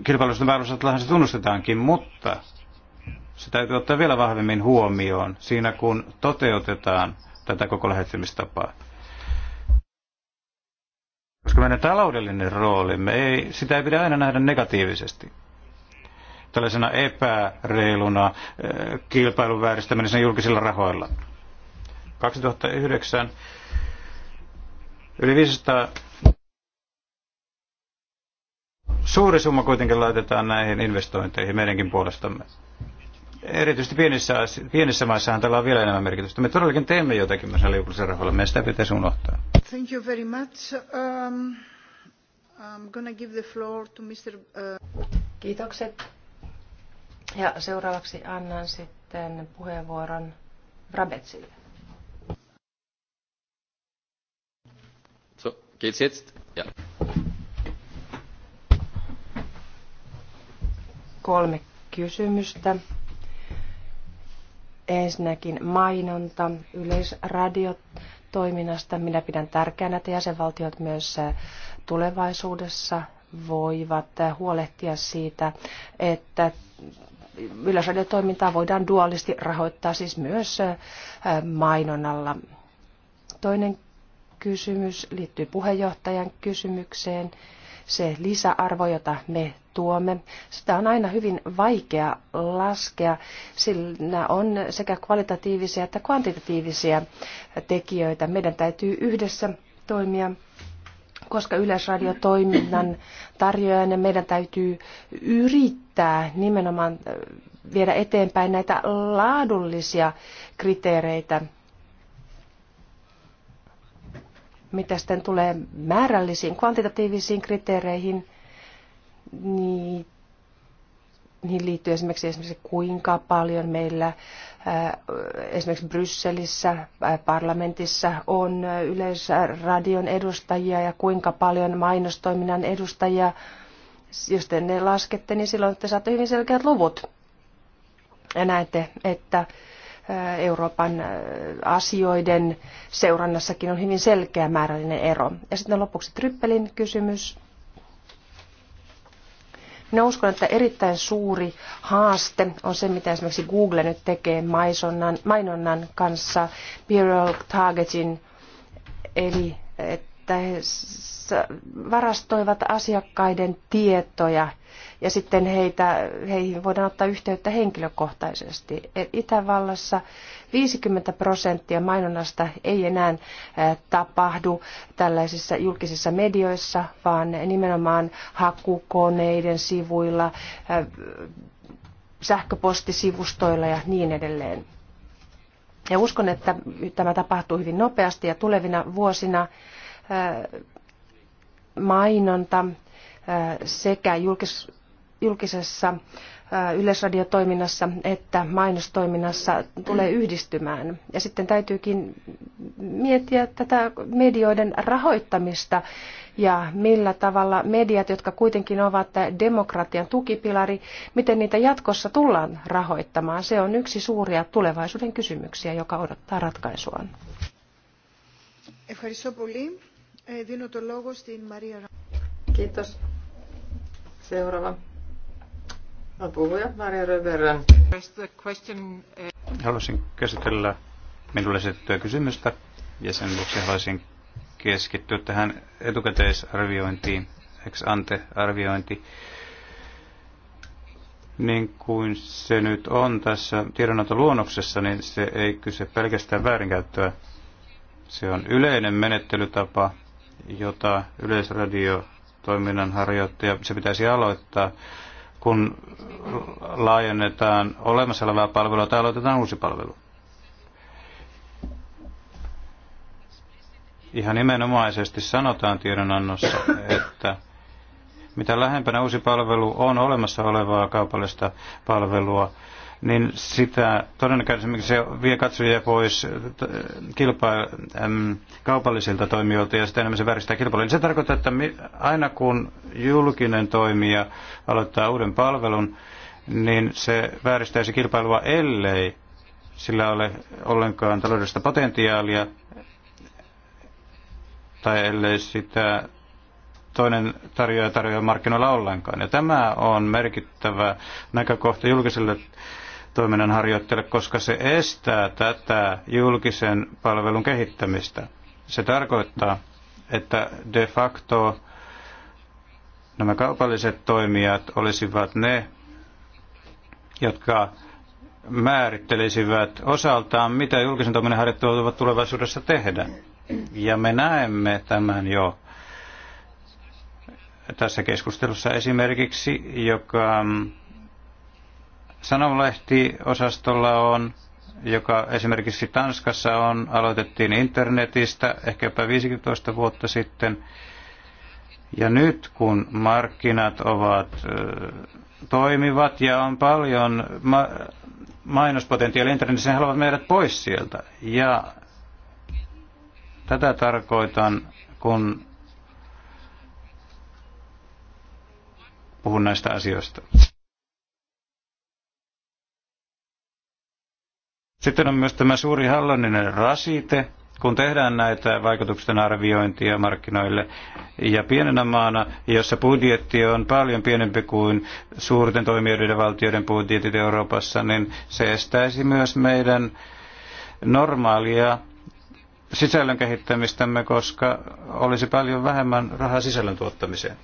kilpailusta määräysatlahan se tunnustetaankin, mutta se täytyy ottaa vielä vahvemmin huomioon siinä, kun toteutetaan tätä koko lähestymistapaa. Koska meidän taloudellinen roolimme, ei, sitä ei pidä aina nähdä negatiivisesti tällaisena epäreiluna eh, kilpailun vääristämisenä julkisilla rahoilla. 2009 yli 500 suuri summa kuitenkin laitetaan näihin investointeihin meidänkin puolestamme. Erityisesti pienissä, pienissä maissahan tällä on vielä enemmän merkitystä. Me todellakin teemme jotakin myös liukuisen rahoilla. Meidän sitä pitäisi unohtaa. Thank you very much. Um, I'm give the floor to Mr. Uh... Kiitokset. Ja seuraavaksi annan sitten puheenvuoron Brabetsille. So, geht's jetzt? Ja. Kolme kysymystä. Ensinnäkin mainonta yleisradiotoiminnasta. Minä pidän tärkeänä, että jäsenvaltiot myös tulevaisuudessa voivat huolehtia siitä, että toimintaa voidaan duaalisti rahoittaa siis myös mainonnalla. Toinen kysymys liittyy puheenjohtajan kysymykseen. Se lisäarvo, jota me tuomme, sitä on aina hyvin vaikea laskea. Sillä on sekä kvalitatiivisia että kvantitatiivisia tekijöitä. Meidän täytyy yhdessä toimia koska yleisradiotoiminnan tarjoajana meidän täytyy yrittää yrittää nimenomaan äh, viedä eteenpäin näitä laadullisia kriteereitä, mitä sitten tulee määrällisiin, kvantitatiivisiin kriteereihin, niin niihin liittyy esimerkiksi, esimerkiksi kuinka paljon meillä äh, esimerkiksi Brysselissä äh, parlamentissa on yleisradion edustajia ja kuinka paljon mainostoiminnan edustajia jos te ne laskette, niin silloin te saatte hyvin selkeät luvut. Ja näette, että Euroopan asioiden seurannassakin on hyvin selkeä määrällinen ero. Ja sitten lopuksi Tryppelin kysymys. Minä uskon, että erittäin suuri haaste on se, mitä esimerkiksi Google nyt tekee mainonnan, kanssa, Bureau Targetin, eli että että he varastoivat asiakkaiden tietoja ja sitten heitä, heihin voidaan ottaa yhteyttä henkilökohtaisesti. E, Itävallassa 50 prosenttia mainonnasta ei enää tapahdu tällaisissa julkisissa medioissa, vaan nimenomaan hakukoneiden sivuilla, sähköpostisivustoilla ja niin edelleen. Ja uskon, että tämä tapahtuu hyvin nopeasti ja tulevina vuosina mainonta sekä julkisessa yleisradiotoiminnassa että mainostoiminnassa tulee yhdistymään. Ja sitten täytyykin miettiä tätä medioiden rahoittamista ja millä tavalla mediat, jotka kuitenkin ovat demokratian tukipilari, miten niitä jatkossa tullaan rahoittamaan. Se on yksi suuria tulevaisuuden kysymyksiä, joka odottaa ratkaisuaan. Ευχαριστώ πολύ. Δίνω το λόγο στην Μαρία Kiitos. Seuraava on puhuja Maria Röverön. Haluaisin käsitellä minulle esitettyä kysymystä ja sen vuoksi haluaisin keskittyä tähän etukäteisarviointiin, ex ante arviointi, niin kuin se nyt on tässä tiedonantoluonnoksessa, niin se ei kyse pelkästään väärinkäyttöä. Se on yleinen menettelytapa, jota yleisradio toiminnan harjoittaja, se pitäisi aloittaa, kun laajennetaan olemassa olevaa palvelua tai aloitetaan uusi palvelu. Ihan nimenomaisesti sanotaan tiedonannossa, että mitä lähempänä uusi palvelu on olemassa olevaa kaupallista palvelua, niin sitä todennäköisemmin se vie katsojia pois kilpa- kaupallisilta toimijoilta ja sitä enemmän se vääristää kilpailua. Se tarkoittaa, että aina kun julkinen toimija aloittaa uuden palvelun, niin se vääristäisi kilpailua, ellei sillä ole ollenkaan taloudellista potentiaalia tai ellei sitä toinen tarjoaja tarjoa markkinoilla ollenkaan. Ja tämä on merkittävä näkökohta julkiselle toiminnanharjoittajille, koska se estää tätä julkisen palvelun kehittämistä. Se tarkoittaa, että de facto nämä kaupalliset toimijat olisivat ne, jotka määrittelisivät osaltaan, mitä julkisen toiminnan harjoittajat voivat tulevaisuudessa tehdä. Ja me näemme tämän jo tässä keskustelussa esimerkiksi, joka sanomalehtiosastolla osastolla on, joka esimerkiksi Tanskassa on, aloitettiin internetistä ehkä jopa 15 vuotta sitten. Ja nyt kun markkinat ovat toimivat ja on paljon ma- mainospotentiaalia internetissä, ne haluavat meidät pois sieltä. Ja tätä tarkoitan, kun puhun näistä asioista. Sitten on myös tämä suuri hallinnollinen rasite, kun tehdään näitä vaikutusten arviointia markkinoille. Ja pienenä maana, jossa budjetti on paljon pienempi kuin suurten toimijoiden ja valtioiden budjetit Euroopassa, niin se estäisi myös meidän normaalia sisällön kehittämistämme, koska olisi paljon vähemmän rahaa sisällön tuottamiseen.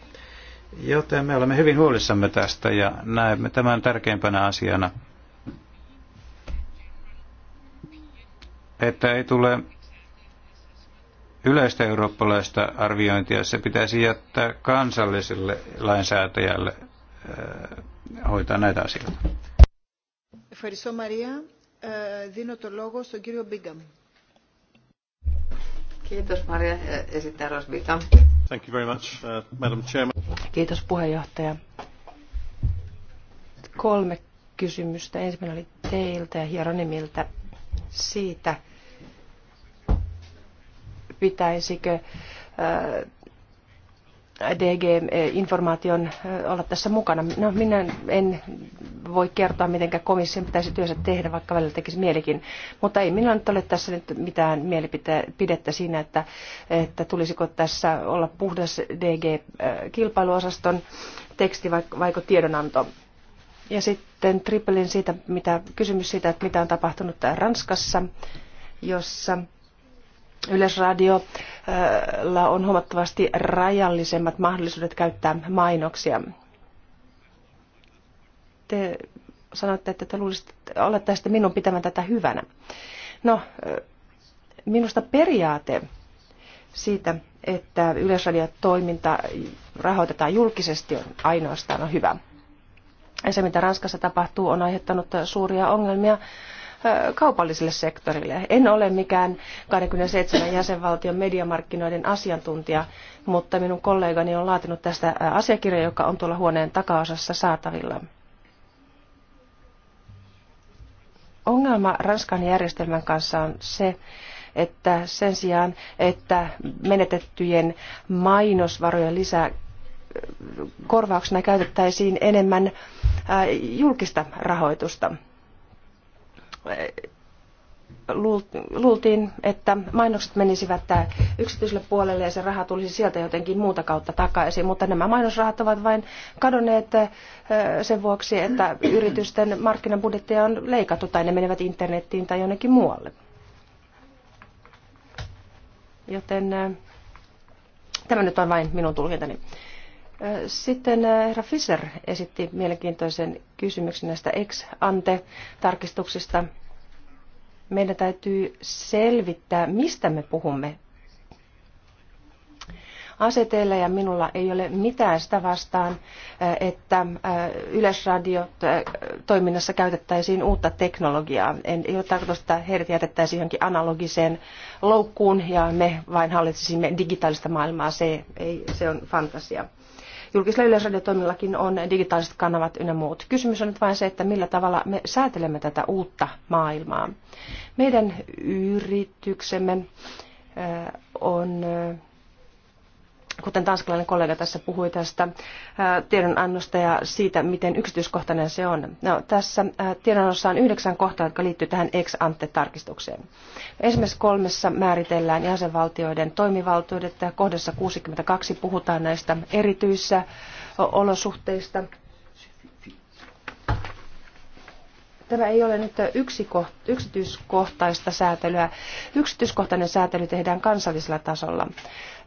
Joten me olemme hyvin huolissamme tästä ja näemme tämän tärkeimpänä asiana että ei tule yleistä eurooppalaista arviointia. Se pitäisi jättää kansalliselle lainsäätäjälle äh, hoitaa näitä asioita. Ευχαριστώ Μαρία. Δίνω το λόγο στον κύριο Μπίγκαμ. Kiitos Maria esittää Rosbika. Thank you very much, uh, Madam Chairman. Kiitos puheenjohtaja. Kolme kysymystä. Ensimmäinen oli teiltä ja Hieronimiltä siitä, pitäisikö äh, DG-informaation äh, äh, olla tässä mukana. No, minä en voi kertoa, miten komission pitäisi työnsä tehdä, vaikka välillä tekisi mielikin. Mutta ei minulla nyt ole tässä nyt mitään mielipidettä siinä, että, että tulisiko tässä olla puhdas DG-kilpailuosaston teksti vaiko tiedonanto. Ja sitten Trippelin siitä, mitä, kysymys siitä, että mitä on tapahtunut Ranskassa, jossa Yleisradiolla äh, on huomattavasti rajallisemmat mahdollisuudet käyttää mainoksia. Te sanoitte, että te luulisitte, että olette sitten minun pitämään tätä hyvänä. No, äh, minusta periaate siitä, että yleisradiotoiminta rahoitetaan julkisesti on ainoastaan hyvä. Ja se, mitä Ranskassa tapahtuu, on aiheuttanut suuria ongelmia kaupalliselle sektorille. En ole mikään 27 jäsenvaltion mediamarkkinoiden asiantuntija, mutta minun kollegani on laatinut tästä asiakirja, joka on tuolla huoneen takaosassa saatavilla. Ongelma Ranskan järjestelmän kanssa on se, että sen sijaan, että menetettyjen mainosvarojen lisää korvauksena käytettäisiin enemmän julkista rahoitusta. Luultiin, että mainokset menisivät yksityiselle puolelle ja se raha tulisi sieltä jotenkin muuta kautta takaisin, mutta nämä mainosrahat ovat vain kadonneet sen vuoksi, että yritysten markkinabudjetteja on leikattu tai ne menevät internettiin tai jonnekin muualle. Joten tämä nyt on vain minun tulkintani. Sitten eh, herra Fischer esitti mielenkiintoisen kysymyksen näistä ex-ante-tarkistuksista. Meidän täytyy selvittää, mistä me puhumme. Aseteilla ja minulla ei ole mitään sitä vastaan, eh, että eh, yleisradio toiminnassa käytettäisiin uutta teknologiaa. En, ei ole tarkoitus, että heidät jätettäisiin johonkin analogiseen loukkuun ja me vain hallitsisimme digitaalista maailmaa. Se, ei, se on fantasia julkisella yleisradiotoimillakin on digitaaliset kanavat ynnä muut. Kysymys on nyt vain se, että millä tavalla me säätelemme tätä uutta maailmaa. Meidän yrityksemme on kuten tanskalainen kollega tässä puhui tästä tiedonannosta ja siitä, miten yksityiskohtainen se on. No, tässä tiedonannossa on yhdeksän kohtaa, jotka liittyy tähän ex ante tarkistukseen. Ensimmäisessä kolmessa määritellään jäsenvaltioiden toimivaltuudet. Kohdassa 62 puhutaan näistä erityisissä olosuhteista. tämä ei ole nyt yksityiskohtaista säätelyä. Yksityiskohtainen säätely tehdään kansallisella tasolla.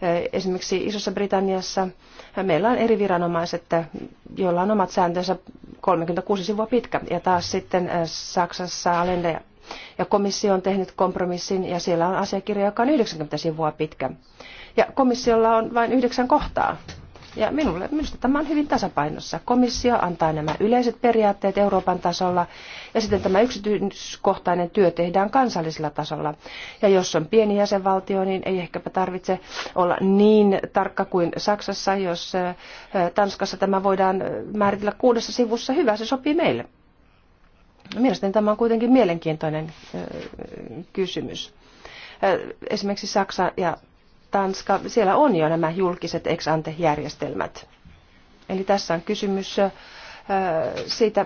Eh, esimerkiksi Isossa Britanniassa meillä on eri viranomaiset, eh, joilla on omat sääntönsä 36 sivua pitkä. Ja taas sitten eh, Saksassa Alende ja komissio on tehnyt kompromissin ja siellä on asiakirja, joka on 90 sivua pitkä. Ja komissiolla on vain yhdeksän kohtaa ja minulle, minusta tämä on hyvin tasapainossa. Komissio antaa nämä yleiset periaatteet Euroopan tasolla ja sitten tämä yksityiskohtainen työ tehdään kansallisella tasolla. Ja jos on pieni jäsenvaltio, niin ei ehkäpä tarvitse olla niin tarkka kuin Saksassa, jos Tanskassa tämä voidaan määritellä kuudessa sivussa. Hyvä, se sopii meille. Mielestäni tämä on kuitenkin mielenkiintoinen kysymys esimerkiksi Saksa ja Tanska, siellä on jo nämä julkiset ex ante järjestelmät. Eli tässä on kysymys siitä,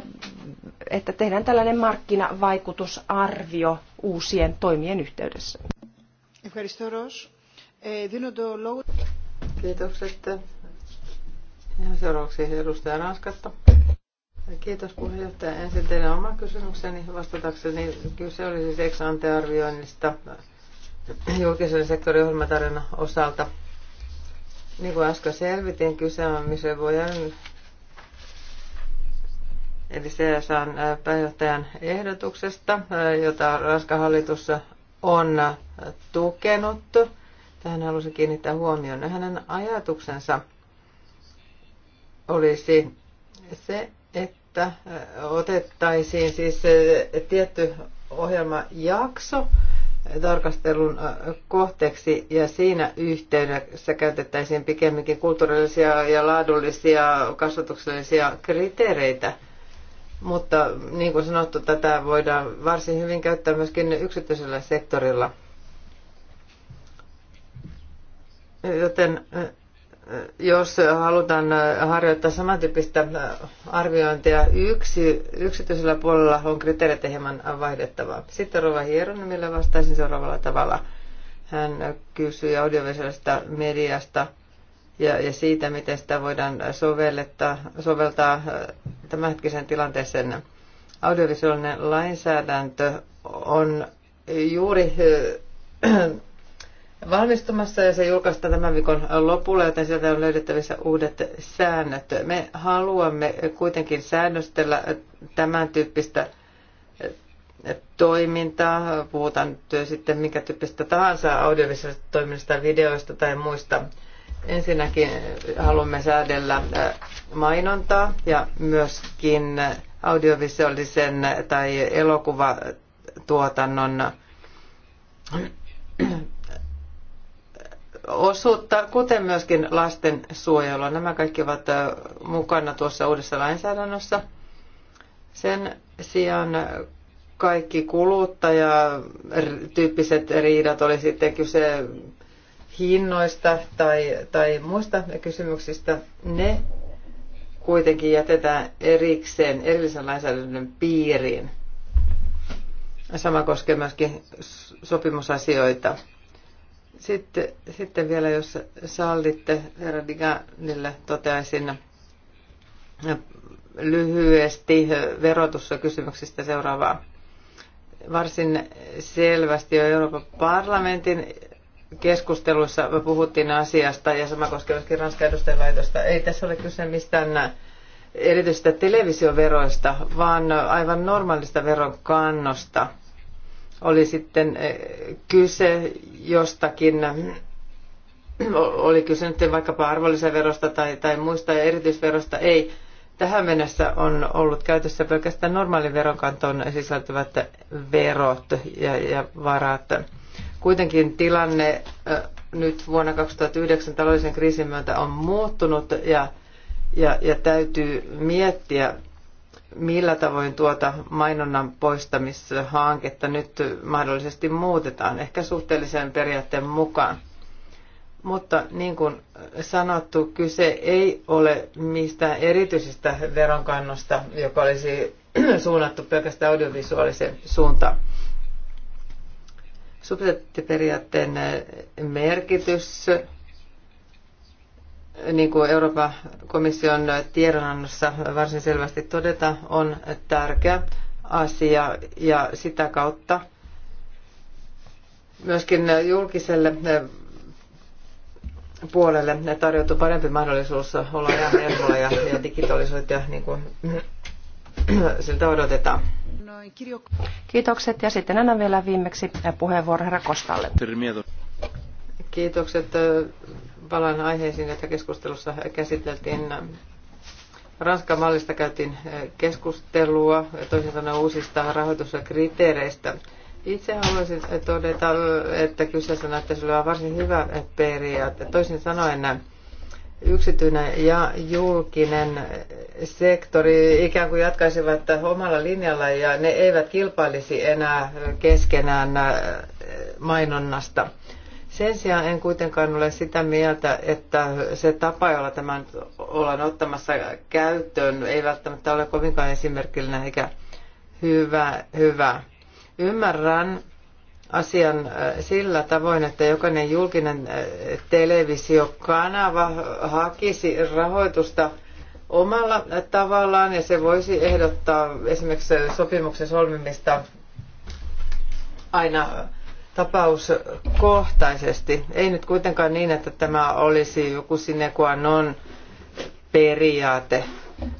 että tehdään tällainen markkinavaikutusarvio uusien toimien yhteydessä. Kiitokset. Ja seuraavaksi edustaja Ranskasta. Kiitos puheenjohtaja. Ensin teidän oma kysymykseni vastatakseni. Kyse oli siis ex-antearvioinnista julkisen sektorin ohjelmatarjonnan osalta. Niin kuin äsken selvitin, kyse on Misevojan eli CSAn pääjohtajan ehdotuksesta, jota Ranskan hallitus on tukenut. Tähän halusin kiinnittää huomioon. No, hänen ajatuksensa olisi se, että otettaisiin siis tietty ohjelmajakso, tarkastelun äh, kohteeksi ja siinä yhteydessä käytettäisiin pikemminkin kulttuurillisia ja laadullisia kasvatuksellisia kriteereitä. Mutta niin kuin sanottu, tätä voidaan varsin hyvin käyttää myöskin yksityisellä sektorilla. Joten äh, jos halutaan harjoittaa samantyyppistä arviointia yksi, yksityisellä puolella, on kriteerit hieman vaihdettava. Sitten Rova Hieronen, millä vastaisin seuraavalla tavalla. Hän kysyi audiovisuaalista mediasta ja, ja siitä, miten sitä voidaan soveltaa, soveltaa tämänhetkisen tilanteeseen. Audiovisuaalinen lainsäädäntö on juuri valmistumassa ja se julkaistaan tämän viikon lopulla, joten sieltä on löydettävissä uudet säännöt. Me haluamme kuitenkin säännöstellä tämän tyyppistä eh, toimintaa, puhutaan nyt sitten minkä tyyppistä tahansa audiovisuaalista toiminnasta, videoista tai muista. Ensinnäkin haluamme säädellä eh, mainontaa ja myöskin audiovisuaalisen tai elokuvatuotannon osuutta, kuten myöskin lastensuojelua. Nämä kaikki ovat mukana tuossa uudessa lainsäädännössä. Sen sijaan kaikki kuluttajatyyppiset riidat, oli sitten kyse hinnoista tai, tai muista kysymyksistä, ne kuitenkin jätetään erikseen erillisen lainsäädännön piiriin. Sama koskee myöskin sopimusasioita. Sitten, sitten vielä, jos sallitte, herra Diganille toteaisin lyhyesti kysymyksistä seuraavaa. Varsin selvästi jo Euroopan parlamentin keskusteluissa puhuttiin asiasta ja sama koskee myöskin Ranskan edustajalaitosta. Ei tässä ole kyse mistään erityisistä televisioveroista, vaan aivan normaalista veron kannosta – oli sitten eh, kyse jostakin, oli kyse nyt vaikkapa arvonlisäverosta tai, tai muista ja erityisverosta, ei. Tähän mennessä on ollut käytössä pelkästään normaalin veronkantoon sisältyvät verot ja, ja varat. Kuitenkin tilanne eh, nyt vuonna 2009 taloudellisen kriisin myötä on muuttunut ja, ja, ja täytyy miettiä millä tavoin tuota mainonnan poistamishanketta nyt mahdollisesti muutetaan, ehkä suhteellisen periaatteen mukaan. Mutta niin kuin sanottu, kyse ei ole mistään erityisestä veronkannosta, joka olisi suunnattu pelkästään audiovisuaaliseen suuntaan. Subsidiariteettiperiaatteen merkitys niin kuin Euroopan komission tiedonannossa varsin selvästi todeta, on tärkeä asia ja sitä kautta myöskin julkiselle puolelle tarjoutuu parempi mahdollisuus olla ajan hermolla ja, ja digitalisoitua niin kuin siltä odotetaan. Kiitokset ja sitten annan vielä viimeksi puheenvuoron herra Kostalle. Kiitokset palaan aiheisiin, joita keskustelussa käsiteltiin. Ranskan mallista käytiin eh, keskustelua, toisin sanoen uusista rahoituskriteereistä. Itse haluaisin eh, todeta, eh, että kyseessä näyttäisi olevan varsin hyvä periaate. Toisin sanoen yksityinen ja julkinen sektori ikään kuin jatkaisivat omalla linjalla ja ne eivät kilpailisi enää keskenään mainonnasta. Sen sijaan en kuitenkaan ole sitä mieltä, että se tapa, jolla tämän ollaan ottamassa käyttöön, ei välttämättä ole kovinkaan esimerkillinen eikä hyvä. hyvä. Ymmärrän asian äh, sillä tavoin, että jokainen julkinen äh, televisiokanava hakisi rahoitusta omalla tavallaan ja se voisi ehdottaa esimerkiksi sopimuksen solmimista aina tapauskohtaisesti. Ei nyt kuitenkaan niin, että tämä olisi joku sine qua non periaate.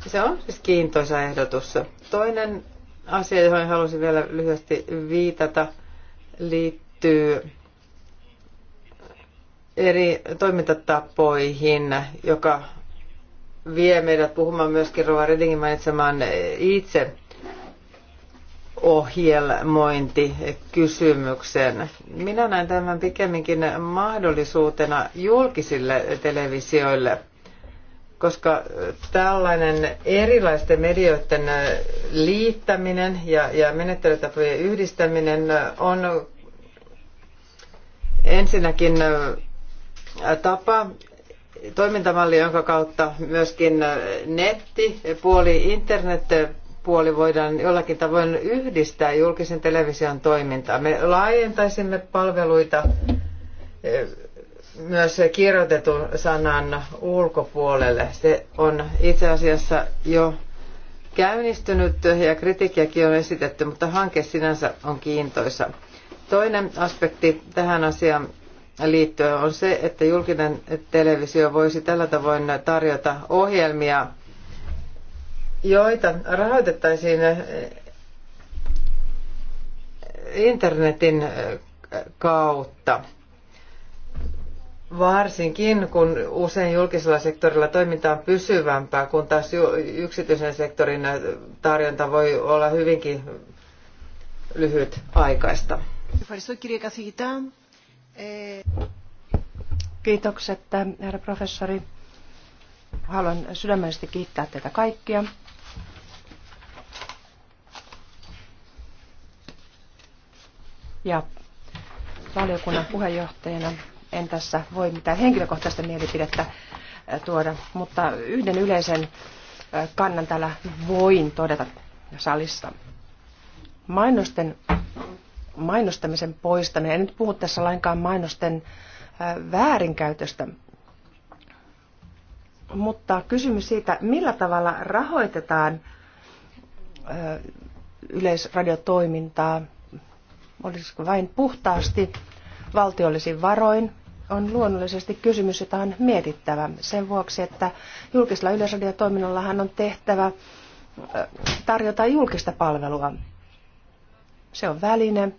Se on siis kiintoisa ehdotus. Toinen asia, johon halusin vielä lyhyesti viitata, liittyy eri toimintatapoihin, joka vie meidät puhumaan myöskin Rova Redingin mainitsemaan itse ohjelmointikysymyksen. Minä näen tämän pikemminkin mahdollisuutena julkisille televisioille, koska tällainen erilaisten medioiden liittäminen ja, ja menettelytapojen yhdistäminen on ensinnäkin tapa, toimintamalli, jonka kautta myöskin netti, puoli internet puoli voidaan jollakin tavoin yhdistää julkisen television toimintaa. Me laajentaisimme palveluita eh, myös kirjoitetun sanan ulkopuolelle. Se on itse asiassa jo käynnistynyt ja kritiikkiäkin on esitetty, mutta hanke sinänsä on kiintoisa. Toinen aspekti tähän asiaan liittyen on se, että julkinen televisio voisi tällä tavoin tarjota ohjelmia – joita rahoitettaisiin internetin kautta. Varsinkin kun usein julkisella sektorilla toiminta on pysyvämpää, kun taas yksityisen sektorin tarjonta voi olla hyvinkin lyhyt aikaista. Kiitokset, herra professori. Haluan sydämellisesti kiittää teitä kaikkia. Ja valiokunnan puheenjohtajana en tässä voi mitään henkilökohtaista mielipidettä äh, tuoda, mutta yhden yleisen äh, kannan täällä voin todeta salissa. Mainosten, mainostamisen poistaminen, en nyt puhu tässä lainkaan mainosten äh, väärinkäytöstä, mutta kysymys siitä, millä tavalla rahoitetaan yleisradiotoimintaa olisiko vain puhtaasti valtiollisin varoin, on luonnollisesti kysymys, jota on mietittävä sen vuoksi, että julkisella yleisradiotoiminnallahan on tehtävä tarjota julkista palvelua. Se on väline,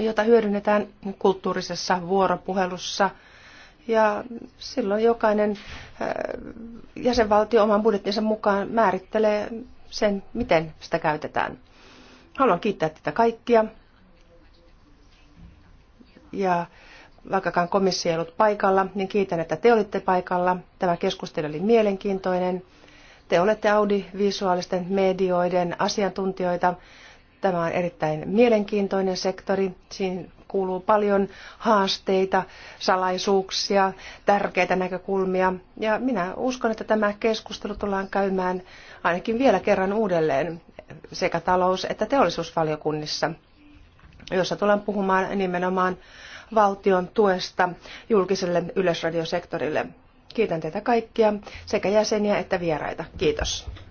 jota hyödynnetään kulttuurisessa vuoropuhelussa ja silloin jokainen jäsenvaltio oman budjettinsa mukaan määrittelee sen, miten sitä käytetään. Haluan kiittää teitä kaikkia ja vaikkakaan komissio ei ollut paikalla, niin kiitän, että te olitte paikalla. Tämä keskustelu oli mielenkiintoinen. Te olette audiovisuaalisten medioiden asiantuntijoita. Tämä on erittäin mielenkiintoinen sektori. Siinä kuuluu paljon haasteita, salaisuuksia, tärkeitä näkökulmia. Ja minä uskon, että tämä keskustelu tullaan käymään ainakin vielä kerran uudelleen sekä talous- että teollisuusvaliokunnissa – jossa tullaan puhumaan nimenomaan valtion tuesta julkiselle yleisradiosektorille. Kiitän teitä kaikkia, sekä jäseniä että vieraita. Kiitos.